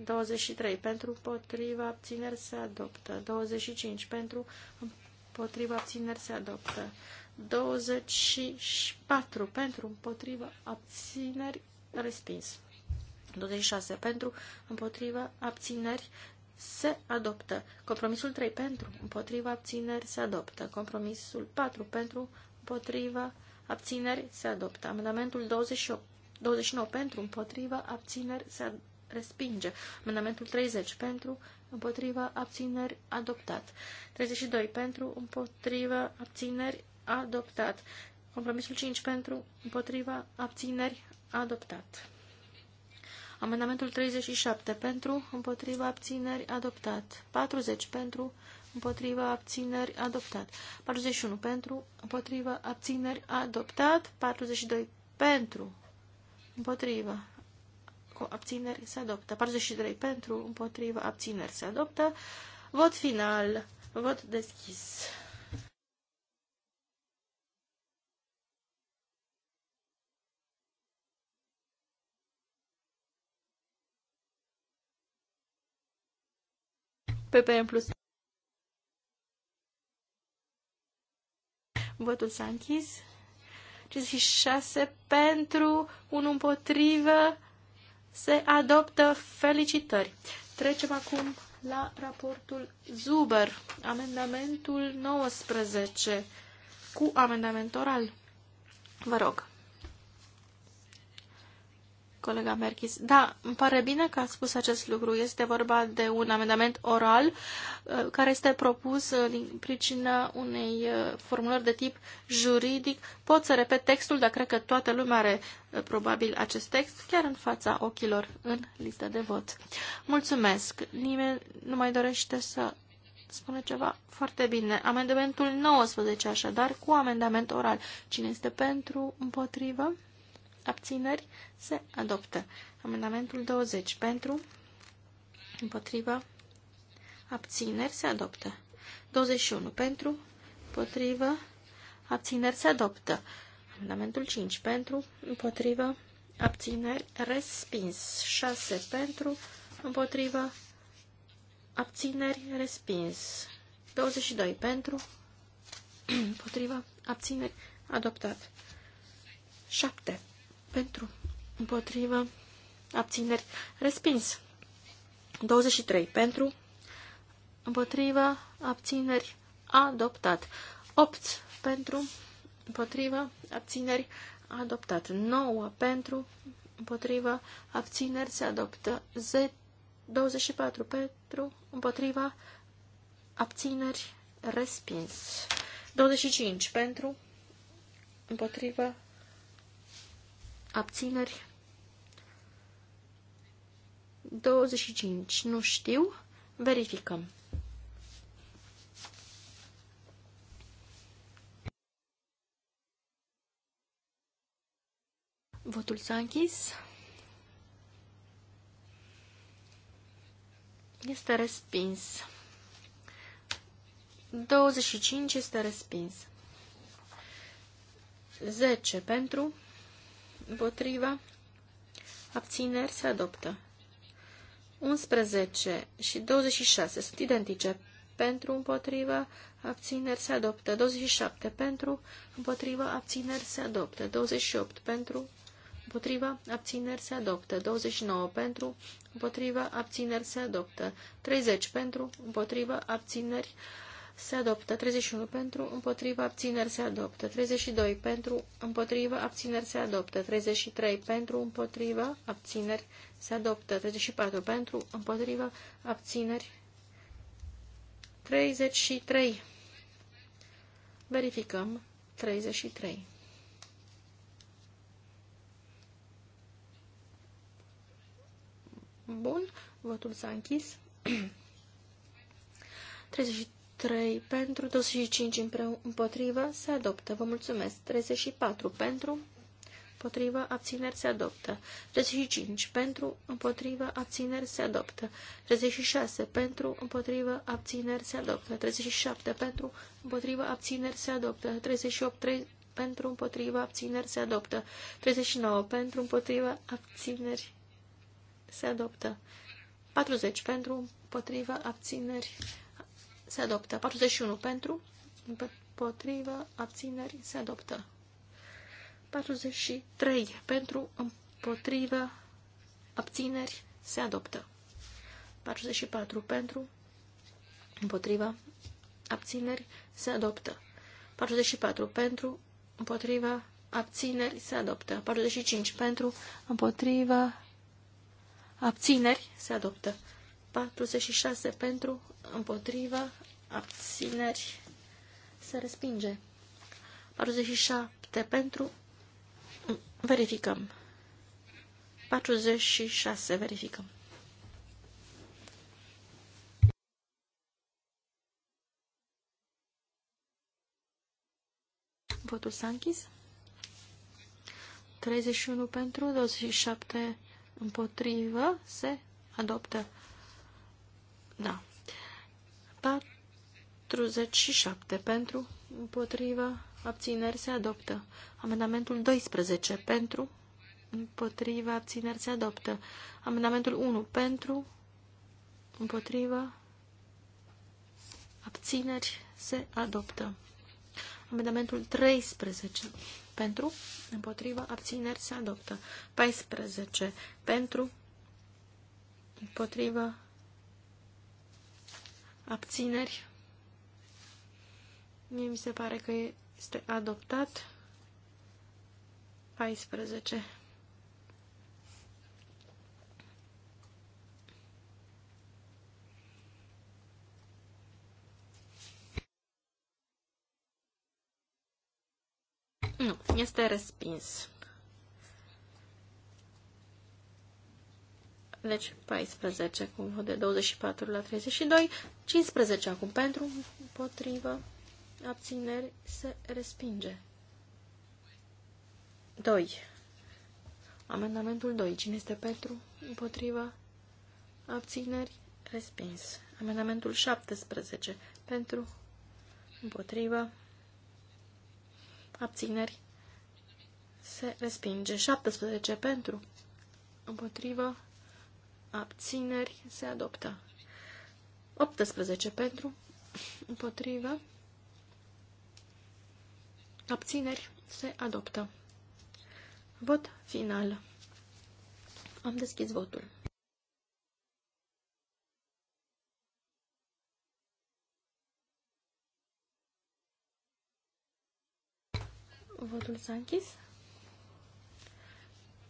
23 pentru, împotrivă, abțineri se adoptă. 25 pentru, împotrivă, abțineri se adoptă. 24 pentru, împotrivă, abțineri, respins. 26 pentru, împotrivă, abțineri, se adoptă. Compromisul 3 pentru, împotriva abțineri, se adoptă. Compromisul 4 pentru, împotriva abțineri, se adoptă. Amendamentul 28, 29 pentru, împotriva abțineri, se respinge. Amendamentul 30 pentru, împotriva abțineri, adoptat. 32 pentru, împotriva abțineri, adoptat. Compromisul 5 pentru, împotriva, abțineri, adoptat. Amendamentul 37 pentru, împotriva, abțineri, adoptat. 40 pentru, împotriva, abțineri, adoptat. 41 pentru, împotriva, abțineri, adoptat. 42 pentru, împotriva, abțineri, se adoptă. 43 pentru, împotriva, abțineri, se adoptă. Vot final, vot deschis. în plus. Votul s-a închis. 56 pentru, 1 împotrivă. Se adoptă. Felicitări. Trecem acum la raportul Zuber, amendamentul 19, cu amendament oral. Vă rog colega Merchis. Da, îmi pare bine că a spus acest lucru. Este vorba de un amendament oral uh, care este propus uh, din pricina unei uh, formulări de tip juridic. Pot să repet textul, dar cred că toată lumea are probabil acest text chiar în fața ochilor în lista de vot. Mulțumesc. Nimeni nu mai dorește să spune ceva foarte bine. Amendamentul 19, așadar, cu amendament oral. Cine este pentru, împotrivă? abțineri, se adoptă. Amendamentul 20 pentru, împotrivă, abțineri, se adoptă. 21 pentru, împotrivă, abțineri, se adoptă. Amendamentul 5 pentru, împotrivă, abțineri, respins. 6 pentru, împotrivă, abțineri, respins. 22 pentru, împotriva, abțineri, adoptat. 7 pentru, împotrivă, abțineri, respins. 23 pentru, împotrivă, abțineri, adoptat. 8 pentru, împotrivă, abțineri, adoptat. 9 pentru, împotrivă, abțineri, se adoptă. 10, 24 pentru, împotriva, abțineri, respins. 25 pentru, împotrivă, abțineri, 25, nu știu, verificăm. Votul s-a închis. Este respins. 25 este respins. 10 pentru, împotriva, abțineri se adoptă. 11 și 26 sunt identice. Pentru, împotriva, abțineri se adoptă. 27 pentru, împotriva, abțineri se adoptă. 28 pentru, împotriva, abțineri se adoptă. 29 pentru, împotriva, abțineri se adoptă. 30 pentru, împotriva, abțineri se adoptă se adoptă. 31 pentru, împotriva, abțineri, se adoptă. 32 pentru, împotriva, abțineri, se adoptă. 33 pentru, împotriva, abțineri, se adoptă. 34 pentru, împotriva, abțineri. 33. Verificăm. 33. Bun, votul s-a închis. 33. 3 pentru, 25 împotrivă, se adoptă. Vă mulțumesc. 34 pentru, împotrivă, abțineri, se adoptă. 35 pentru, împotrivă, abțineri, se adoptă. 36 pentru, împotrivă, abțineri, se adoptă. 37 pentru, împotrivă, abțineri, se adoptă. 38 3, pentru, împotrivă, abțineri, se adoptă. 39 pentru, împotrivă, abțineri, se adoptă. 40 pentru, împotrivă, abțineri, se adoptă se adoptă. 41 pentru, împotrivă, abțineri, se adoptă. 43 pentru, împotrivă, abțineri, se adoptă. 44 pentru, împotrivă, abțineri, se adoptă. 44 pentru, împotrivă, abțineri, se adoptă. 45 pentru, împotrivă, abțineri, se adoptă. 46 pentru, împotrivă, abțineri, se respinge. 47 pentru, verificăm. 46, verificăm. Votul s-a închis. 31 pentru, 27 împotrivă, se adoptă. Da. 47 pentru, împotrivă, abțineri se adoptă. Amendamentul 12 pentru, împotrivă, abțineri se adoptă. Amendamentul 1 pentru, împotrivă, abțineri se adoptă. Amendamentul 13 pentru, împotrivă, abțineri se adoptă. 14 pentru, împotrivă, abțineri. Mie mi se pare că este adoptat 14. Nu, este respins. Deci 14 cu de 24 la 32, 15 acum pentru, împotrivă, abțineri, se respinge. 2. Amendamentul 2. Cine este pentru? împotrivă, Abțineri? Respins. Amendamentul 17. Pentru? împotrivă, Abțineri? Se respinge. 17. Pentru? împotrivă, abțineri, se adoptă. 18 pentru, împotrivă, abțineri, se adoptă. Vot final. Am deschis votul. Votul s-a închis.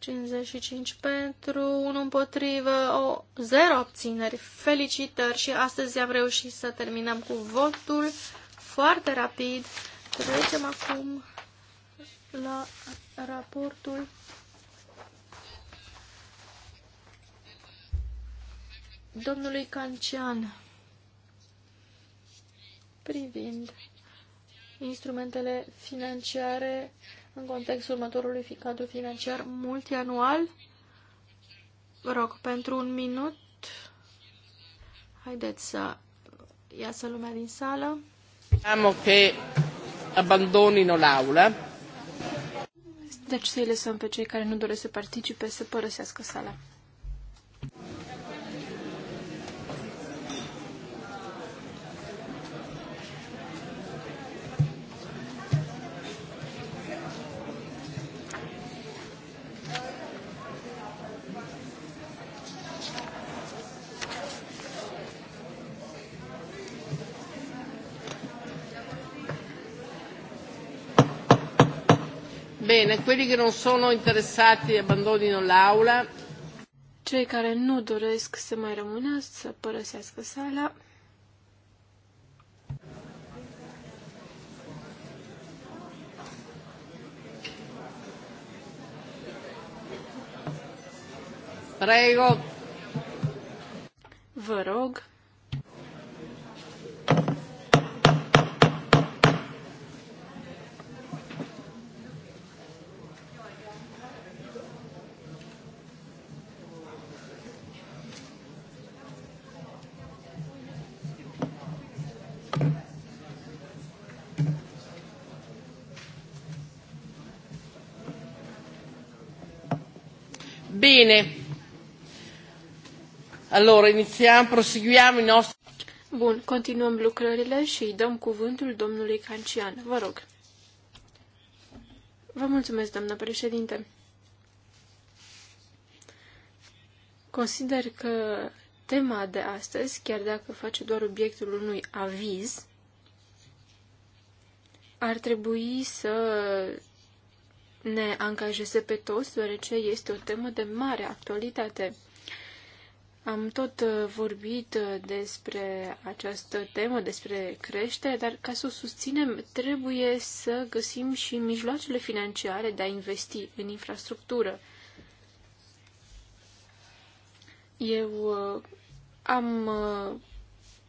55 pentru, 1 împotrivă, o 0 obțineri. Felicitări și astăzi am reușit să terminăm cu votul foarte rapid. Trecem acum la raportul domnului Cancian privind instrumentele financiare în contextul următorului cadru financiar multianual. Vă rog, pentru un minut, haideți să iasă lumea din sală. Am că abandonino l'aula. Deci să-i lăsăm pe cei care nu doresc să participe să părăsească sala. Bene, quelli che non sono interessati abbandonino l'aula. Cei care nu doresc să mai rămână să părăsească sala. Prego. Vă rog. Bene, Allora, iniziamo, proseguiamo i nostri... Bun, continuăm lucrările și îi dăm cuvântul domnului Cancian. Vă rog. Vă mulțumesc, doamnă președinte. Consider că tema de astăzi, chiar dacă face doar obiectul unui aviz, ar trebui să ne angajeze pe toți, deoarece este o temă de mare actualitate. Am tot uh, vorbit uh, despre această temă, despre creștere, dar ca să o susținem trebuie să găsim și mijloacele financiare de a investi în infrastructură. Eu uh, am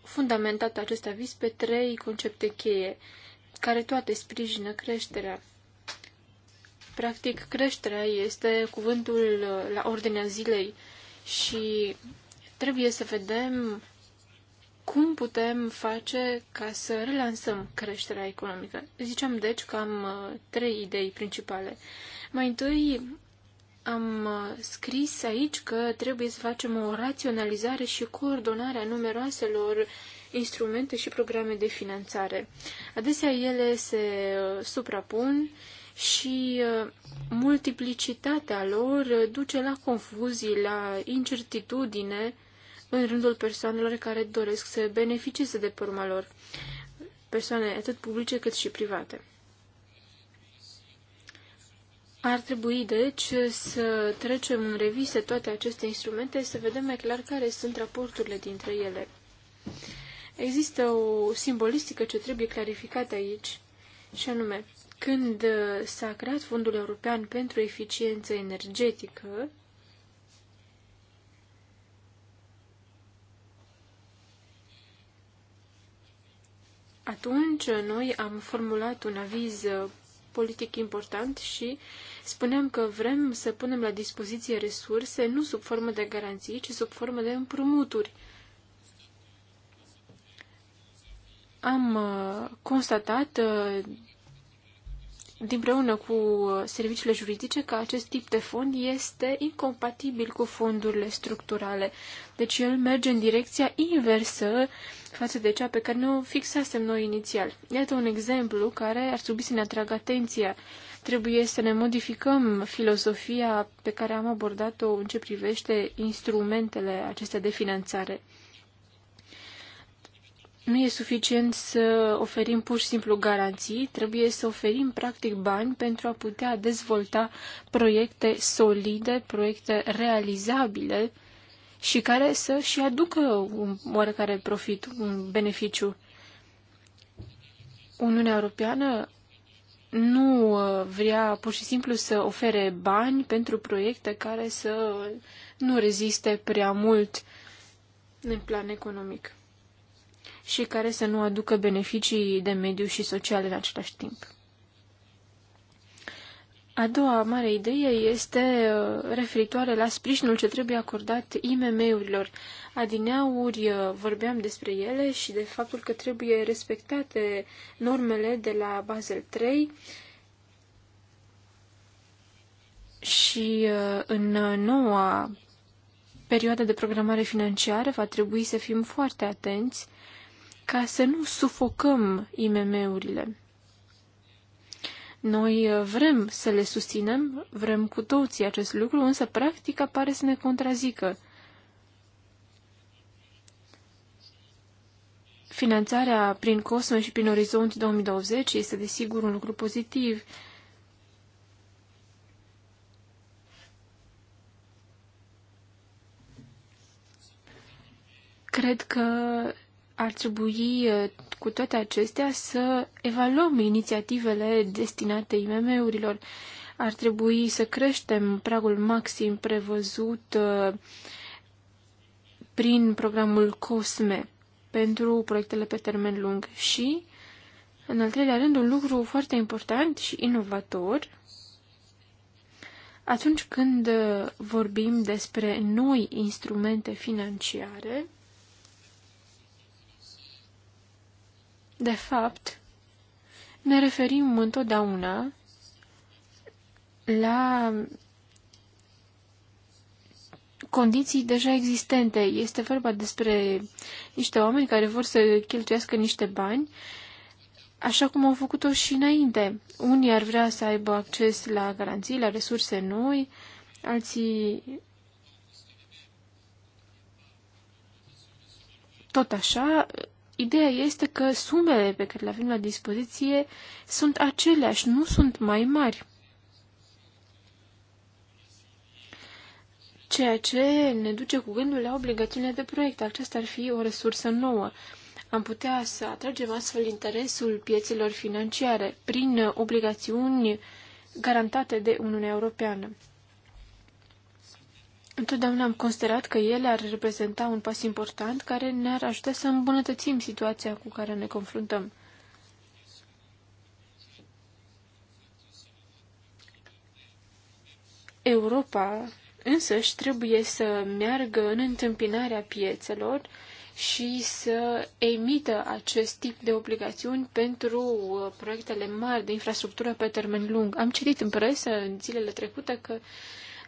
fundamentat acest avis pe trei concepte cheie, care toate sprijină creșterea. Practic, creșterea este cuvântul uh, la ordinea zilei și trebuie să vedem cum putem face ca să relansăm creșterea economică. Ziceam, deci, că am uh, trei idei principale. Mai întâi, am uh, scris aici că trebuie să facem o raționalizare și coordonare a numeroaselor instrumente și programe de finanțare. Adesea ele se suprapun și uh, multiplicitatea lor duce la confuzii, la incertitudine în rândul persoanelor care doresc să beneficieze de pe urma lor, persoane atât publice cât și private. Ar trebui, deci, să trecem în reviste toate aceste instrumente, să vedem mai clar care sunt raporturile dintre ele. Există o simbolistică ce trebuie clarificată aici, și anume, când uh, s-a creat Fondul European pentru Eficiență Energetică, atunci noi am formulat un aviz uh, politic important și spuneam că vrem să punem la dispoziție resurse nu sub formă de garanții, ci sub formă de împrumuturi. Am uh, constatat împreună cu serviciile juridice că acest tip de fond este incompatibil cu fondurile structurale. Deci el merge în direcția inversă față de cea pe care nu fixasem noi inițial. Iată un exemplu care ar trebui să ne atragă atenția. Trebuie să ne modificăm filozofia pe care am abordat-o în ce privește instrumentele acestea de finanțare. Nu e suficient să oferim pur și simplu garanții, trebuie să oferim practic bani pentru a putea dezvolta proiecte solide, proiecte realizabile și care să și aducă un oarecare profit, un beneficiu. Uniunea Europeană nu uh, vrea pur și simplu să ofere bani pentru proiecte care să nu reziste prea mult în plan economic și care să nu aducă beneficii de mediu și sociale în același timp. A doua mare idee este uh, referitoare la sprijinul ce trebuie acordat IMM-urilor. Adineauri uh, vorbeam despre ele și de faptul că trebuie respectate normele de la Basel 3 și uh, în noua perioadă de programare financiară va trebui să fim foarte atenți ca să nu sufocăm IMM-urile. Noi uh, vrem să le susținem, vrem cu toții acest lucru, însă practica pare să ne contrazică. Finanțarea prin Cosme și prin Orizont 2020 este desigur un lucru pozitiv. Cred că ar trebui uh, cu toate acestea să evaluăm inițiativele destinate IMM-urilor. Ar trebui să creștem pragul maxim prevăzut uh, prin programul COSME pentru proiectele pe termen lung și, în al treilea rând, un lucru foarte important și inovator atunci când uh, vorbim despre noi instrumente financiare, De fapt, ne referim întotdeauna la condiții deja existente. Este vorba despre niște oameni care vor să cheltuiască niște bani, așa cum au făcut-o și înainte. Unii ar vrea să aibă acces la garanții, la resurse noi, alții tot așa, Ideea este că sumele pe care le avem la dispoziție sunt aceleași, nu sunt mai mari. Ceea ce ne duce cu gândul la obligațiunea de proiect. Aceasta ar fi o resursă nouă. Am putea să atragem astfel interesul piețelor financiare prin obligațiuni garantate de Uniunea Europeană. Întotdeauna am considerat că ele ar reprezenta un pas important care ne-ar ajuta să îmbunătățim situația cu care ne confruntăm. Europa însăși trebuie să meargă în întâmpinarea piețelor și să emită acest tip de obligațiuni pentru uh, proiectele mari de infrastructură pe termen lung. Am citit în presă în zilele trecute că uh,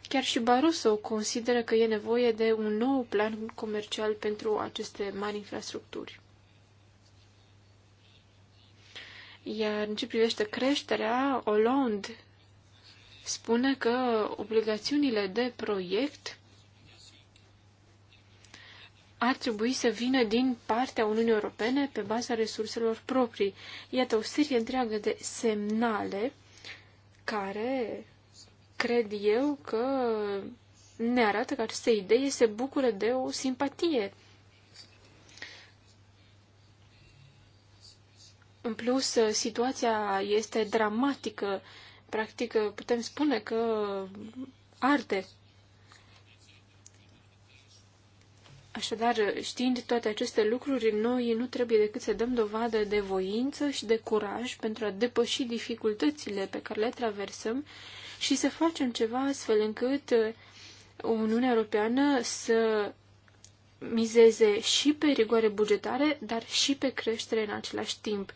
Chiar și Barroso consideră că e nevoie de un nou plan comercial pentru aceste mari infrastructuri. Iar în ce privește creșterea, Hollande spune că obligațiunile de proiect ar trebui să vină din partea Uniunii Europene pe baza resurselor proprii. Iată o serie întreagă de semnale care cred eu că ne arată că această idee se bucură de o simpatie. În plus, situația este dramatică. Practic, putem spune că arde. Așadar, știind toate aceste lucruri, noi nu trebuie decât să dăm dovadă de voință și de curaj pentru a depăși dificultățile pe care le traversăm și să facem ceva astfel încât uh, Uniunea Europeană să mizeze și pe rigoare bugetare, dar și pe creștere în același timp.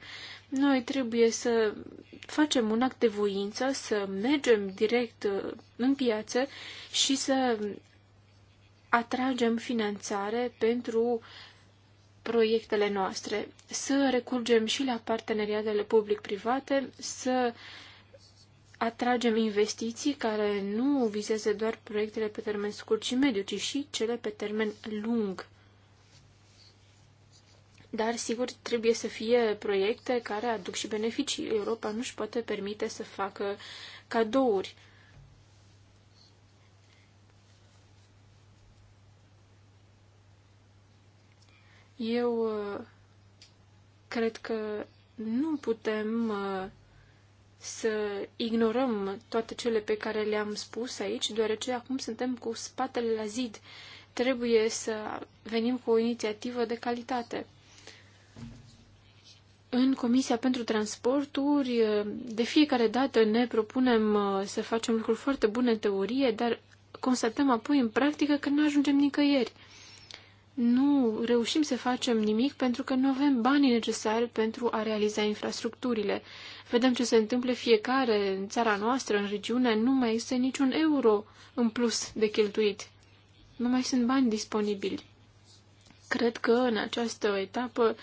Noi trebuie să facem un act de voință, să mergem direct uh, în piață și să atragem finanțare pentru proiectele noastre, să recurgem și la parteneriatele public-private, să uh, atragem investiții care nu vizeze doar proiectele pe termen scurt și mediu, ci și cele pe termen lung. Dar, sigur, trebuie să fie proiecte care aduc și beneficii. Europa nu își poate permite să facă cadouri. Eu uh, cred că nu putem uh, să ignorăm toate cele pe care le-am spus aici, deoarece acum suntem cu spatele la zid. Trebuie să venim cu o inițiativă de calitate. În Comisia pentru Transporturi, de fiecare dată ne propunem uh, să facem lucruri foarte bune în teorie, dar constatăm apoi în practică că nu ajungem nicăieri nu reușim să facem nimic pentru că nu avem banii necesari pentru a realiza infrastructurile. Vedem ce se întâmplă fiecare în țara noastră, în regiune, nu mai este niciun euro în plus de cheltuit. Nu mai sunt bani disponibili. Cred că în această etapă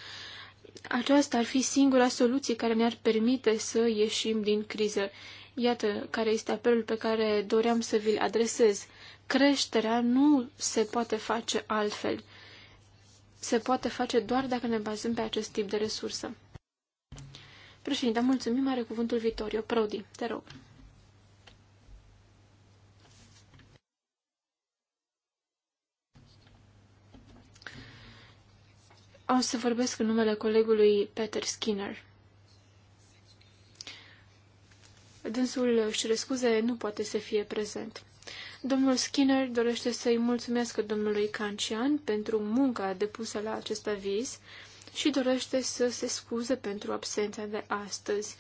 aceasta ar fi singura soluție care ne-ar permite să ieșim din criză. Iată care este apelul pe care doream să vi-l adresez. Creșterea nu se poate face altfel se poate face doar dacă ne bazăm pe acest tip de resursă. Președinte, mulțumim, are cuvântul Vitorio Prodi, te rog. O să vorbesc în numele colegului Peter Skinner. Dânsul își scuze, nu poate să fie prezent. Domnul Skinner dorește să-i mulțumesc domnului Cancian pentru munca depusă la acest aviz și dorește să se scuze pentru absența de astăzi.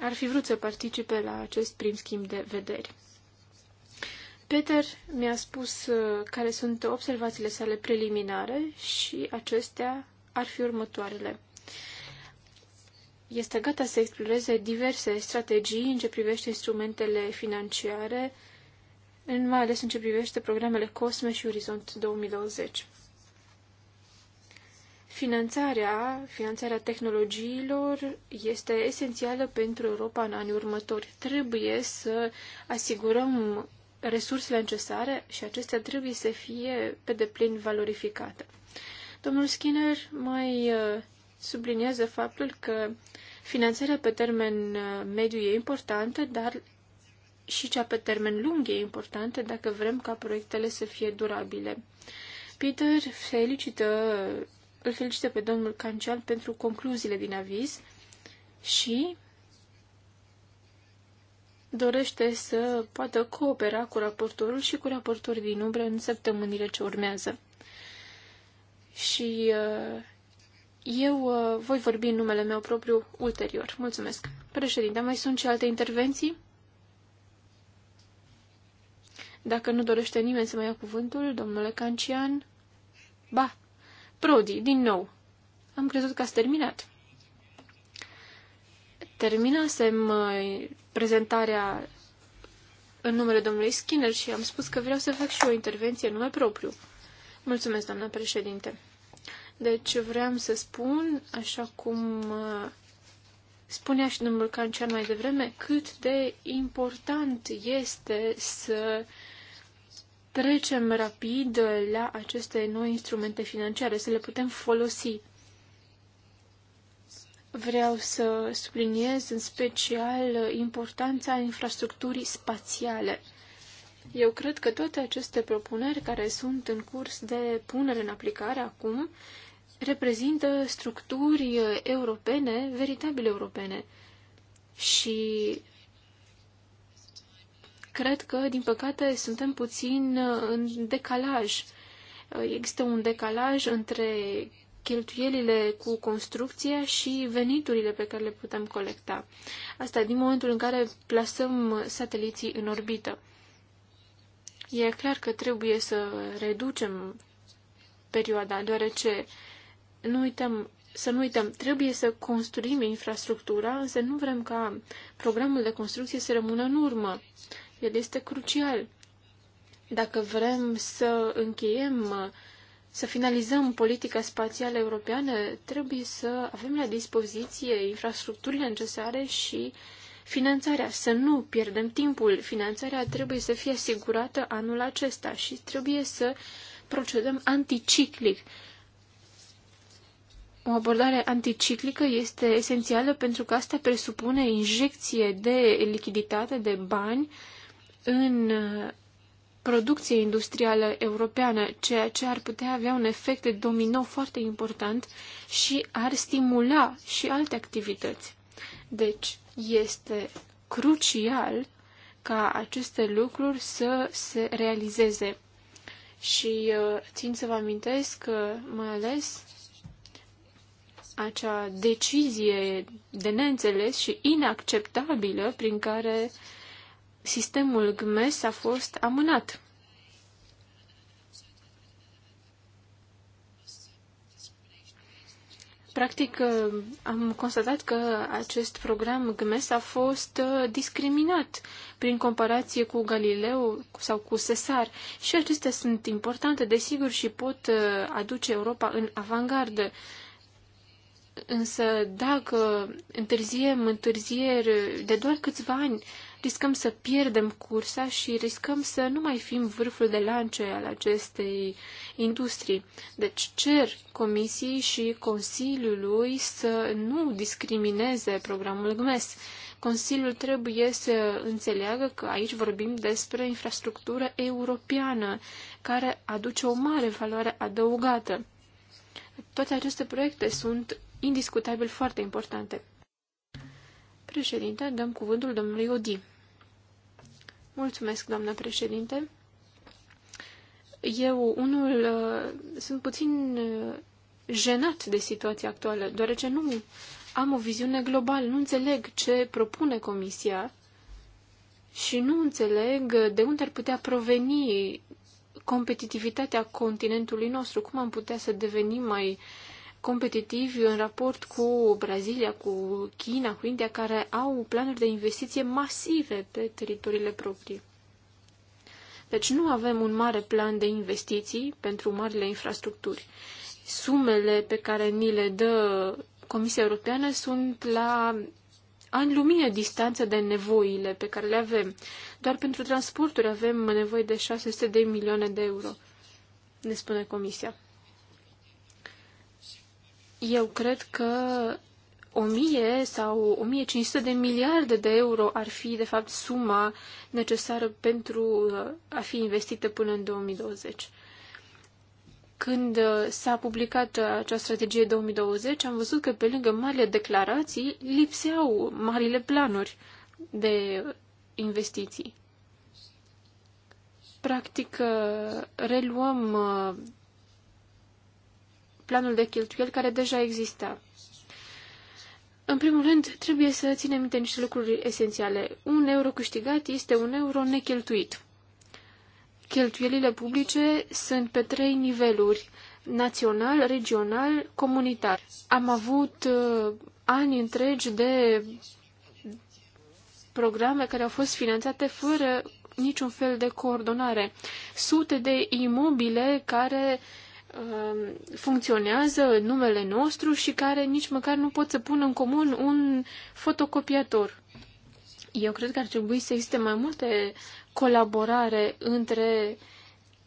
Ar fi vrut să participe la acest prim schimb de vederi. Peter mi-a spus uh, care sunt observațiile sale preliminare și acestea ar fi următoarele este gata să exploreze diverse strategii în ce privește instrumentele financiare, în mai ales în ce privește programele COSME și Orizont 2020. Finanțarea, finanțarea tehnologiilor este esențială pentru Europa în anii următori. Trebuie să asigurăm resursele necesare și acestea trebuie să fie pe deplin valorificate. Domnul Skinner mai uh, subliniază faptul că finanțarea pe termen uh, mediu e importantă, dar și cea pe termen lung e importantă dacă vrem ca proiectele să fie durabile. Peter felicită, îl felicită pe domnul Cancian pentru concluziile din aviz și dorește să poată coopera cu raportorul și cu raportorii din umbră în săptămânile ce urmează. Și uh, eu uh, voi vorbi în numele meu propriu ulterior. Mulțumesc. Președinte, mai sunt și alte intervenții? Dacă nu dorește nimeni să mai ia cuvântul, domnule Cancian... Ba, Prodi, din nou. Am crezut că ați terminat. Terminasem uh, prezentarea în numele domnului Skinner și am spus că vreau să fac și o intervenție în nume propriu. Mulțumesc, doamna președinte. Deci vreau să spun, așa cum uh, spunea și domnul Cancian mai devreme, cât de important este să trecem rapid la aceste noi instrumente financiare, să le putem folosi. Vreau să subliniez în special importanța infrastructurii spațiale. Eu cred că toate aceste propuneri care sunt în curs de punere în aplicare acum reprezintă structuri uh, europene, veritabile europene. Și cred că, din păcate, suntem puțin uh, în decalaj. Uh, există un decalaj între cheltuielile cu construcția și veniturile pe care le putem colecta. Asta din momentul în care plasăm sateliții în orbită. E clar că trebuie să reducem perioada, deoarece uh, nu uităm, să nu uităm, trebuie să construim infrastructura, însă nu vrem ca programul de construcție să rămână în urmă. El este crucial. Dacă vrem să încheiem, să finalizăm politica spațială europeană, trebuie să avem la dispoziție infrastructurile necesare și finanțarea. Să nu pierdem timpul. Finanțarea trebuie să fie asigurată anul acesta și trebuie să procedăm anticiclic o abordare anticiclică este esențială pentru că asta presupune injecție de lichiditate, de bani, în producție industrială europeană, ceea ce ar putea avea un efect de domino foarte important și ar stimula și alte activități. Deci, este crucial ca aceste lucruri să se realizeze. Și uh, țin să vă amintesc că, mai ales, acea decizie de neînțeles și inacceptabilă prin care sistemul GMES a fost amânat. Practic, am constatat că acest program GMES a fost uh, discriminat prin comparație cu Galileo sau cu Cesar și acestea sunt importante, desigur, și pot uh, aduce Europa în avangardă Însă dacă întârziem întârzieri de doar câțiva ani, riscăm să pierdem cursa și riscăm să nu mai fim vârful de lance al acestei industrii. Deci cer Comisiei și Consiliului să nu discrimineze programul GMES. Consiliul trebuie să înțeleagă că aici vorbim despre infrastructură europeană, care aduce o mare valoare adăugată. Toate aceste proiecte sunt indiscutabil foarte importante. Președinte, dăm cuvântul domnului Odi. Mulțumesc, doamnă președinte. Eu, unul, uh, sunt puțin uh, jenat de situația actuală, deoarece nu am o viziune globală, nu înțeleg ce propune Comisia și nu înțeleg de unde ar putea proveni competitivitatea continentului nostru, cum am putea să devenim mai uh, competitivi în raport cu Brazilia, cu China, cu India, care au planuri de investiție masive pe teritoriile proprii. Deci nu avem un mare plan de investiții pentru marile infrastructuri. Sumele pe care ni le dă Comisia Europeană sunt la ani lumină distanță de nevoile pe care le avem. Doar pentru transporturi avem nevoie de 600 de milioane de euro, ne spune Comisia. Eu cred că 1000 sau 1500 de miliarde de euro ar fi, de fapt, suma necesară pentru uh, a fi investită până în 2020. Când uh, s-a publicat uh, acea strategie 2020, am văzut că pe lângă marile declarații lipseau marile planuri de investiții. Practic, reluăm planul de cheltuieli care deja exista. În primul rând, trebuie să ținem minte niște lucruri esențiale. Un euro câștigat este un euro necheltuit. Cheltuielile publice sunt pe trei niveluri, național, regional, comunitar. Am avut uh, ani întregi de programe care au fost finanțate fără niciun fel de coordonare. Sute de imobile care uh, Um, funcționează în numele nostru și care nici măcar nu pot să pună în comun un fotocopiator. Eu cred că ar trebui să existe mai multe colaborare între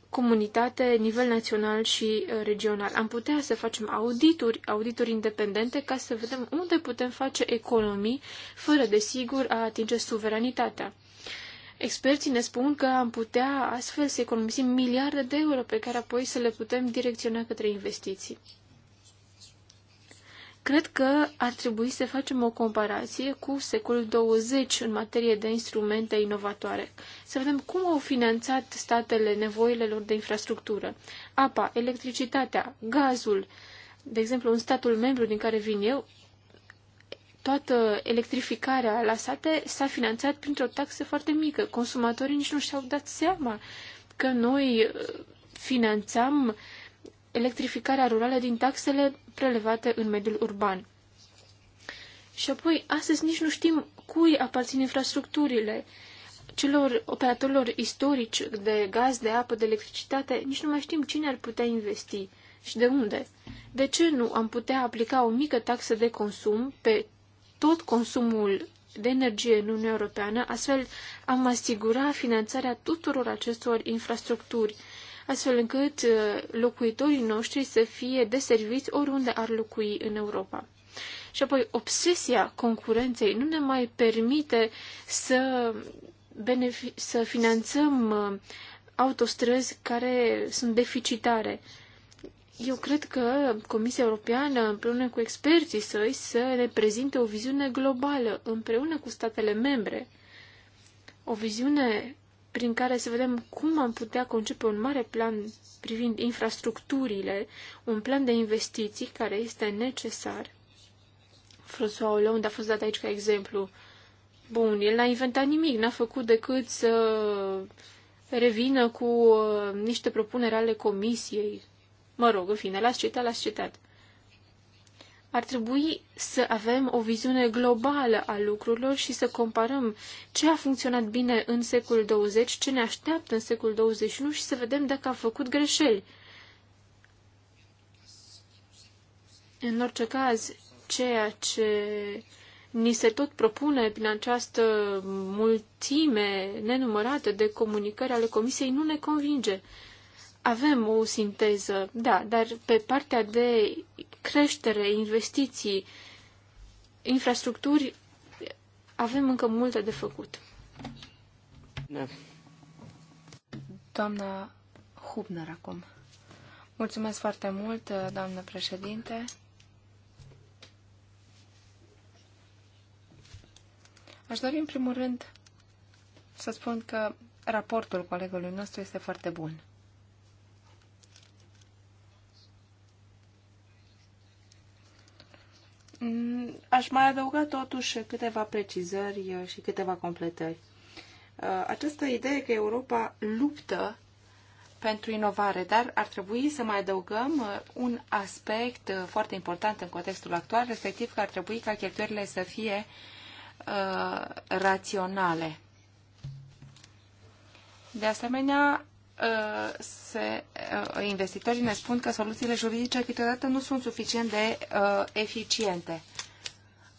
comunitate, nivel național și uh, regional. Am putea să facem audituri, audituri independente, ca să vedem unde putem face economii, fără, desigur, a atinge suveranitatea. Experții ne spun că am putea astfel să economisim miliarde de euro pe care apoi să le putem direcționa către investiții. Cred că ar trebui să facem o comparație cu secolul 20 în materie de instrumente inovatoare. Să vedem cum au finanțat statele nevoile lor de infrastructură. Apa, electricitatea, gazul. De exemplu, în statul membru din care vin eu, toată electrificarea la sate s-a finanțat printr-o taxă foarte mică. Consumatorii nici nu și-au dat seama că noi uh, finanțam electrificarea rurală din taxele prelevate în mediul urban. Și apoi, astăzi nici nu știm cui aparțin infrastructurile celor operatorilor istorici de gaz, de apă, de electricitate, nici nu mai știm cine ar putea investi și de unde. De ce nu am putea aplica o mică taxă de consum pe tot consumul de energie în Uniunea Europeană, astfel am asigura finanțarea tuturor acestor infrastructuri, astfel încât uh, locuitorii noștri să fie deserviți oriunde ar locui în Europa. Și apoi, obsesia concurenței nu ne mai permite să, să finanțăm uh, autostrăzi care sunt deficitare. Eu cred că Comisia Europeană, împreună cu experții săi, să ne prezinte o viziune globală, împreună cu statele membre. O viziune prin care să vedem cum am putea concepe un mare plan privind infrastructurile, un plan de investiții care este necesar. François Hollande a fost dat aici ca exemplu. Bun, el n-a inventat nimic, n-a făcut decât să revină cu uh, niște propuneri ale comisiei Mă rog, în fine, l-ați citat, l-ați citat. Ar trebui să avem o viziune globală a lucrurilor și să comparăm ce a funcționat bine în secolul 20, ce ne așteaptă în secolul 21 și să vedem dacă a făcut greșeli. În orice caz, ceea ce ni se tot propune prin această mulțime nenumărată de comunicări ale Comisiei nu ne convinge avem o sinteză, da, dar pe partea de creștere, investiții, infrastructuri, avem încă multe de făcut. Da. Doamna Hubner acum. Mulțumesc foarte mult, doamnă președinte. Aș dori, în primul rând, să spun că raportul colegului nostru este foarte bun. Mm, aș mai adăuga totuși câteva precizări uh, și câteva completări. Uh, această idee că Europa luptă pentru inovare, dar ar trebui să mai adăugăm uh, un aspect foarte important în contextul actual, respectiv că ar trebui ca cheltuielile să fie uh, raționale. De asemenea, se, uh, investitorii ne spun că soluțiile juridice câteodată nu sunt suficient de uh, eficiente.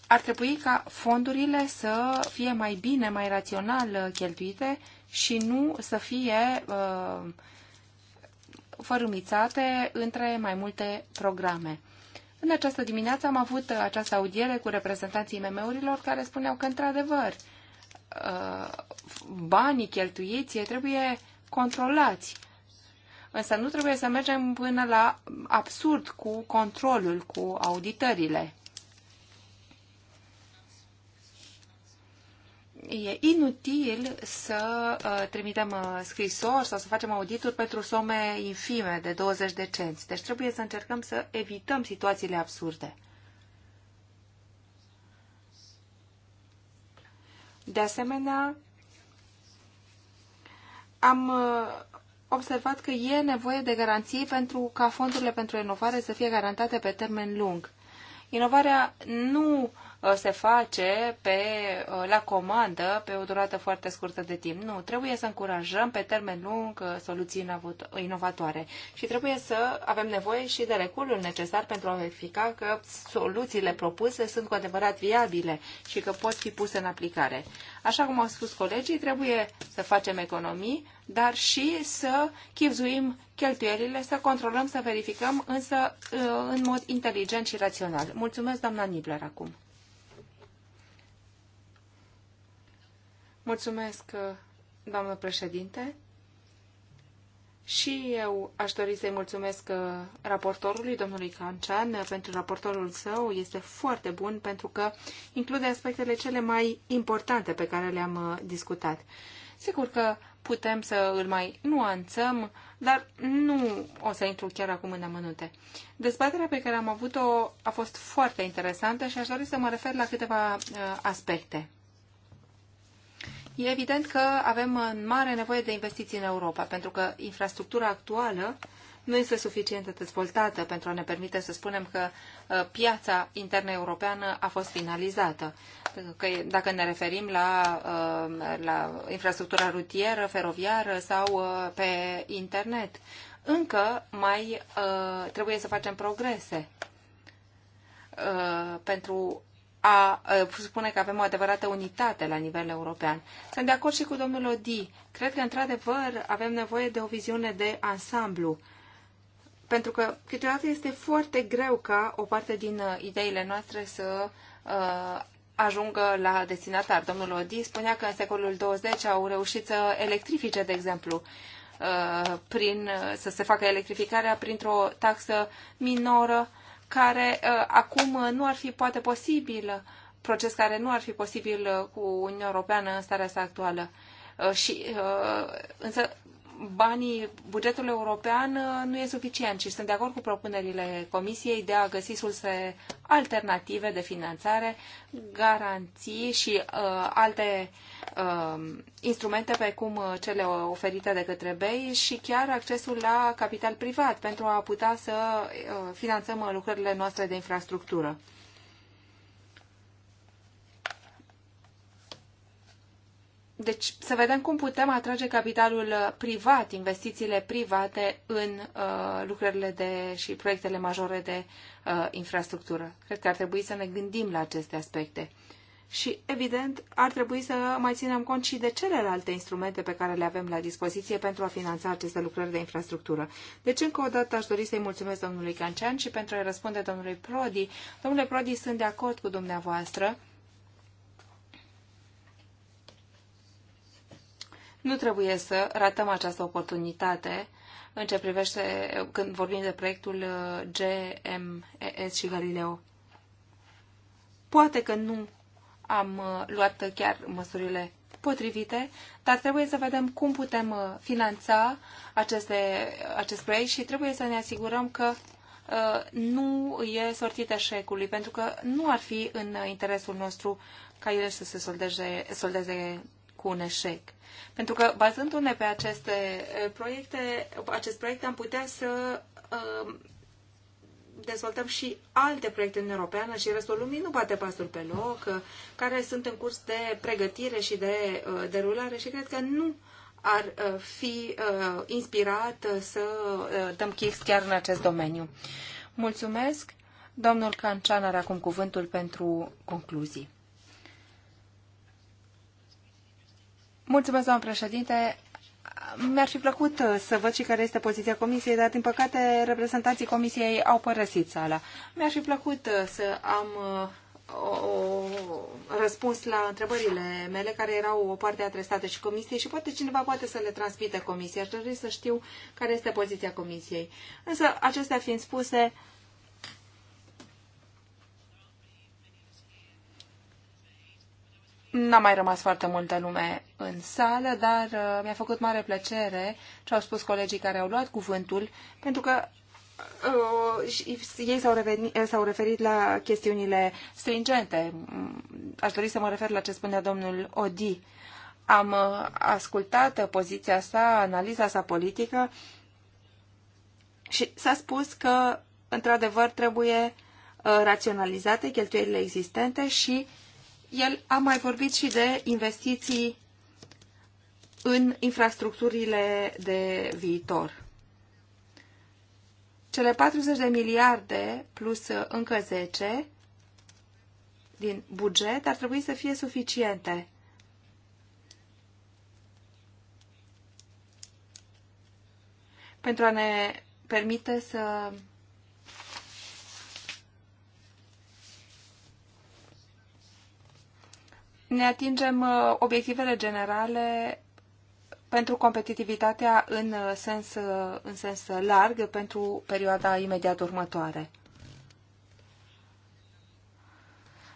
Ar trebui ca fondurile să fie mai bine, mai rațional uh, cheltuite și nu să fie uh, fărâmițate între mai multe programe. În această dimineață am avut această audiere cu reprezentanții MM-urilor care spuneau că, într-adevăr, banii cheltuiți trebuie controlați. Însă nu trebuie să mergem până la absurd cu controlul, cu auditările. E inutil să uh, trimitem uh, scrisori sau să facem audituri pentru some infime de 20 de cenți. Deci trebuie să încercăm să evităm situațiile absurde. De asemenea, am uh, observat că e nevoie de garanții pentru ca fondurile pentru inovare să fie garantate pe termen lung. Inovarea nu Uh, se face pe, uh, la comandă pe o durată foarte scurtă de timp. Nu, trebuie să încurajăm pe termen lung uh, soluții inovatoare și trebuie să avem nevoie și de reculul necesar pentru a verifica că soluțiile propuse sunt cu adevărat viabile și că pot fi puse în aplicare. Așa cum au spus colegii, trebuie să facem economii, dar și să chipzuim cheltuielile, să controlăm, să verificăm, însă în mod inteligent și rațional. Mulțumesc, doamna Nibler, acum. Mulțumesc, doamnă președinte. Și eu aș dori să-i mulțumesc uh, raportorului, domnului Cancean, uh, pentru raportorul său. Este foarte bun pentru că include aspectele cele mai importante pe care le-am uh, discutat. Sigur că putem să îl mai nuanțăm, dar nu o să intru chiar acum în amănunte. Dezbaterea pe care am avut-o a fost foarte interesantă și aș dori să mă refer la câteva aspecte. E evident că avem în mare nevoie de investiții în Europa, pentru că infrastructura actuală nu este suficient de dezvoltată pentru a ne permite să spunem că uh, piața internă europeană a fost finalizată. Că dacă ne referim la, uh, la infrastructura rutieră, feroviară sau uh, pe internet, încă mai trebuie să facem progrese pentru a spune că avem o adevărată unitate la nivel european. Sunt de acord și cu domnul Odi. Cred că, într-adevăr, avem nevoie de o viziune de ansamblu. Pentru că câteodată este foarte greu ca o parte din uh, ideile noastre să uh, ajungă la destinatar. Domnul Odi spunea că în secolul 20 au reușit să electrifice, de exemplu, uh, prin, să se facă electrificarea printr-o taxă minoră care uh, acum uh, nu ar fi poate posibil, proces care nu ar fi posibil uh, cu Uniunea Europeană în starea sa actuală. Și, însă, banii, bugetul european nu e suficient și sunt de acord cu propunerile Comisiei de a găsi surse alternative de finanțare, garanții și uh, alte uh, Um, instrumente precum uh, cele oferite de către BEI și chiar accesul la capital privat pentru a putea să uh, finanțăm uh, lucrările noastre de infrastructură. Deci să vedem cum putem atrage capitalul privat, investițiile private în uh, lucrările de, și proiectele majore de uh, infrastructură. Cred că ar trebui să ne gândim la aceste aspecte și, evident, ar trebui să mai ținem cont și de celelalte instrumente pe care le avem la dispoziție pentru a finanța aceste lucrări de infrastructură. Deci, încă o dată, aș dori să-i mulțumesc domnului Cancean și pentru a răspunde domnului Prodi. Domnule Prodi, sunt de acord cu dumneavoastră. Nu trebuie să ratăm această oportunitate în ce privește când vorbim de proiectul uh, GMES și Galileo. Poate că nu am uh, luat chiar măsurile potrivite, dar trebuie să vedem cum putem uh, finanța aceste, acest proiect și trebuie să ne asigurăm că uh, nu e sortit eșecului, pentru că nu ar fi în interesul nostru ca ele să se soldeze, soldeze cu un eșec. Pentru că, bazându-ne pe aceste proiecte, acest proiect am putea să dezvoltăm și alte proiecte în Europeană și restul lumii nu bate pasul pe loc, uh, care sunt în curs de pregătire și de uh, derulare și cred că nu ar uh, fi inspirat să dăm kicks chiar în acest domeniu. Mulțumesc! Domnul Cancian are acum cuvântul pentru concluzii. Mulțumesc, doamnă președinte. Mi-ar fi plăcut uh, să văd și care este poziția comisiei, dar din păcate reprezentanții comisiei au părăsit sala. Mi-ar fi plăcut uh, să am uh, o, răspuns la întrebările mele care erau o parte adresată și comisiei și poate cineva poate să le transmită comisiei. Aș dori să știu care este poziția comisiei. Însă, acestea fiind spuse, uh, N-a mai rămas foarte multă lume în sală, dar uh, mi-a făcut mare plăcere ce au spus colegii care au luat cuvântul, pentru că uh, ei uh, s-au, referit la chestiunile stringente. Mm, aș dori să mă refer la ce spunea domnul Odi. Am uh, ascultat poziția sa, analiza sa politică și s-a spus că, într-adevăr, trebuie raționalizate cheltuielile existente și uh, el a mai vorbit și de investiții în infrastructurile de viitor. Cele 40 de miliarde plus uh, încă 10 din buget ar trebui să fie suficiente. Pentru a ne permite să ne atingem uh, obiectivele generale pentru competitivitatea în uh, sens, uh, în sens larg pentru perioada imediat următoare.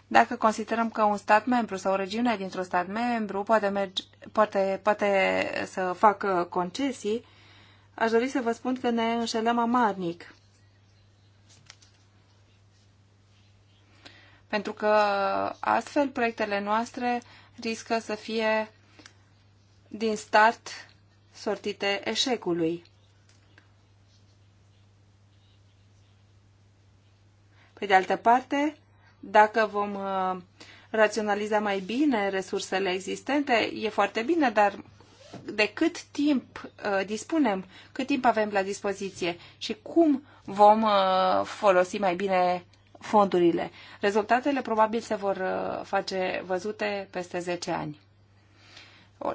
Dacă considerăm că un stat membru sau o regiune dintr-un stat membru poate, merge, poate, poate să facă concesii, aș dori să vă spun că ne înșelăm amarnic. Pentru că astfel proiectele noastre riscă să fie din start sortite eșecului. Pe de altă parte, dacă vom uh, raționaliza mai bine resursele existente, e foarte bine, dar de cât timp uh, dispunem, cât timp avem la dispoziție și cum vom uh, folosi mai bine fondurile. Rezultatele probabil se vor uh, face văzute peste 10 ani.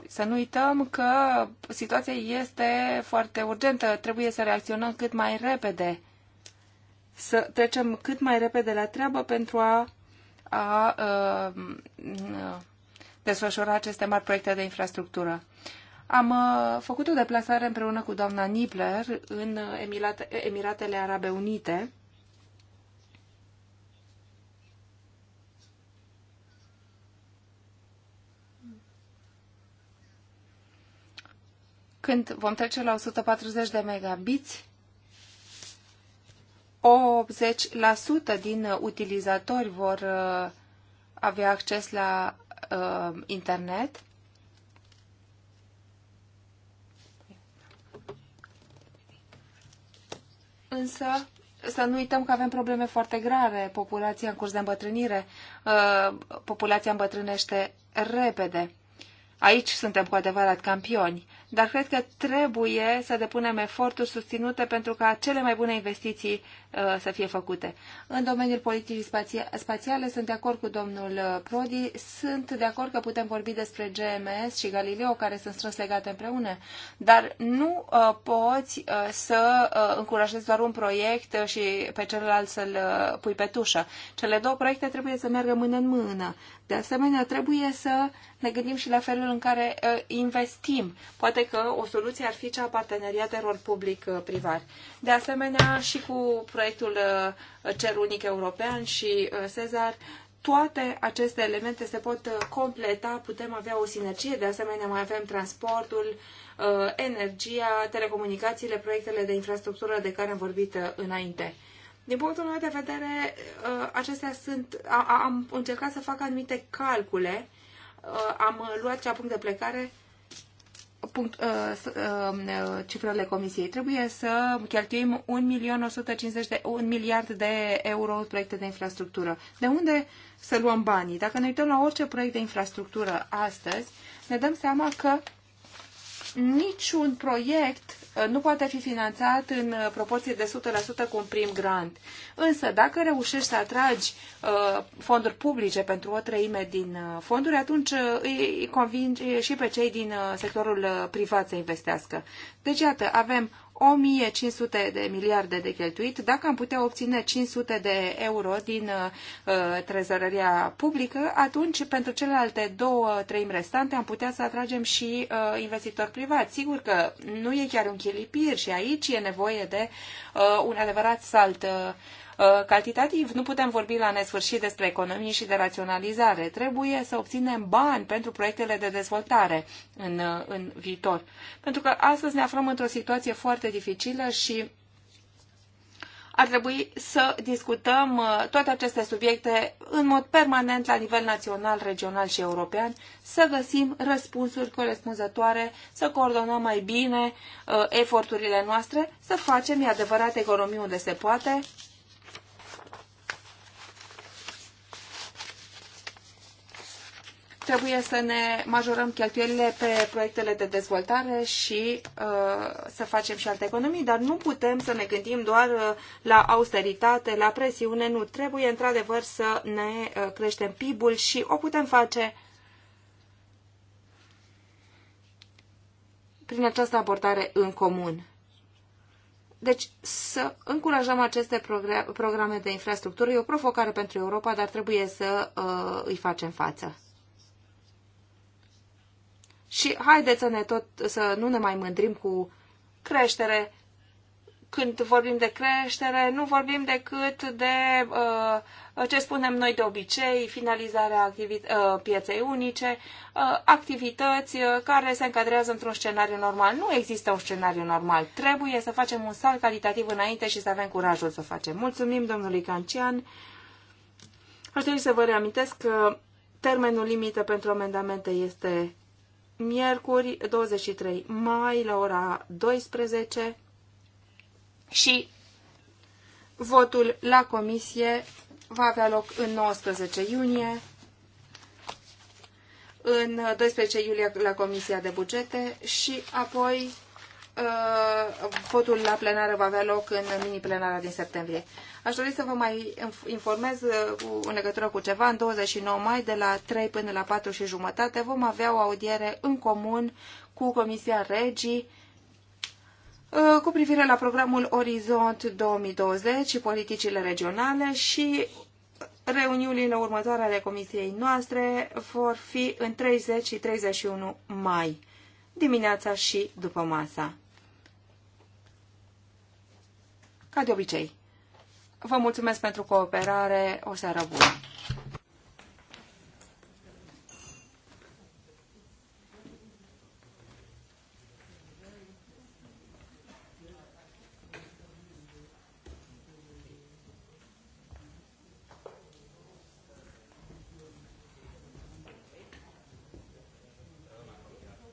să nu uităm că situația este foarte urgentă, trebuie să reacționăm cât mai repede, să trecem cât mai repede la treabă pentru a, a, a uh, desfășura aceste mari proiecte de infrastructură. Am uh, făcut o deplasare împreună cu doamna Nibler în Emiratele Arabe Unite Când vom trece la 140 de megabiți, 80% din utilizatori vor uh, avea acces la uh, internet. Însă, să nu uităm că avem probleme foarte grave. Populația în curs de îmbătrânire, uh, populația îmbătrânește repede. Aici suntem cu adevărat campioni dar cred că trebuie să depunem eforturi susținute pentru ca cele mai bune investiții uh, să fie făcute. În domeniul politicii spațiale sunt de acord cu domnul uh, Prodi, sunt de acord că putem vorbi despre GMS și Galileo, care sunt strâns legate împreună, dar nu uh, poți să încurajezi doar un proiect și pe celălalt să-l pui pe tușă. Cele două proiecte trebuie să meargă mână în mână. De asemenea, trebuie să ne gândim și la felul în care investim. Poate poate că o soluție ar fi cea a parteneriatelor public-privat. De asemenea, și cu proiectul uh, Cer Unic European și uh, Cezar, toate aceste elemente se pot uh, completa, putem avea o sinergie, de asemenea mai avem transportul, energia, telecomunicațiile, proiectele de infrastructură de care am vorbit înainte. Din punctul meu de vedere, acestea sunt, am încercat să fac anumite calcule, am luat ca punct de plecare punct, uh, uh, cifrele comisiei. Trebuie să cheltuim 1.150 de, 1 miliard de euro în proiecte de infrastructură. De unde să luăm banii? Dacă ne uităm la orice proiect de infrastructură astăzi, ne dăm seama că niciun proiect nu poate fi finanțat în proporție de 100% cu un prim grant. Însă, dacă reușești să atragi uh, fonduri publice pentru o treime din uh, fonduri, atunci uh, îi convingi și pe cei din sectorul privat să investească. Deci, iată, avem 1500 de miliarde de cheltuit, dacă am putea obține 500 de euro din uh, trezărăria publică, atunci pentru celelalte două treimi restante am putea să atragem și uh, investitori privați. Sigur că nu e chiar un chilipir și aici e nevoie de uh, un adevărat salt uh, Uh, cantitativ. Nu putem vorbi la nesfârșit despre economii și de raționalizare. Trebuie să obținem bani pentru proiectele de dezvoltare în, uh, în viitor. Pentru că astăzi ne aflăm într-o situație foarte dificilă și ar trebui să discutăm uh, toate aceste subiecte în mod permanent la nivel național, regional și european, să găsim răspunsuri corespunzătoare, să coordonăm mai bine uh, eforturile noastre, să facem, e adevărat, economii unde se poate, Trebuie să ne majorăm cheltuielile pe proiectele de dezvoltare și uh, să facem și alte economii, dar nu putem să ne gândim doar uh, la austeritate, la presiune. Nu trebuie, într-adevăr, să ne uh, creștem PIB-ul și o putem face prin această abordare în comun. Deci să încurajăm aceste programe de infrastructură e o provocare pentru Europa, dar trebuie să uh, îi facem față. Și haideți să, ne tot, să nu ne mai mândrim cu creștere. Când vorbim de creștere, nu vorbim decât de uh, ce spunem noi de obicei, finalizarea activi- uh, pieței unice, uh, activități uh, care se încadrează într-un scenariu normal. Nu există un scenariu normal. Trebuie să facem un salt calitativ înainte și să avem curajul să facem. Mulțumim domnului Cancian. Aș dori să vă reamintesc că termenul limită pentru amendamente este miercuri 23 mai la ora 12 și votul la comisie va avea loc în 19 iunie, în 12 iulie la Comisia de Bugete și apoi Uh, votul la plenară va avea loc în mini-plenara din septembrie. Aș dori să vă mai informez uh, în legătură cu ceva. În 29 mai, de la 3 până la 4 și jumătate, vom avea o audiere în comun cu Comisia Regii uh, cu privire la programul Orizont 2020 și politicile regionale și reuniunile următoare ale comisiei noastre vor fi în 30 și 31 mai, dimineața și după masa. ca de obicei. Vă mulțumesc pentru cooperare. O seară bună!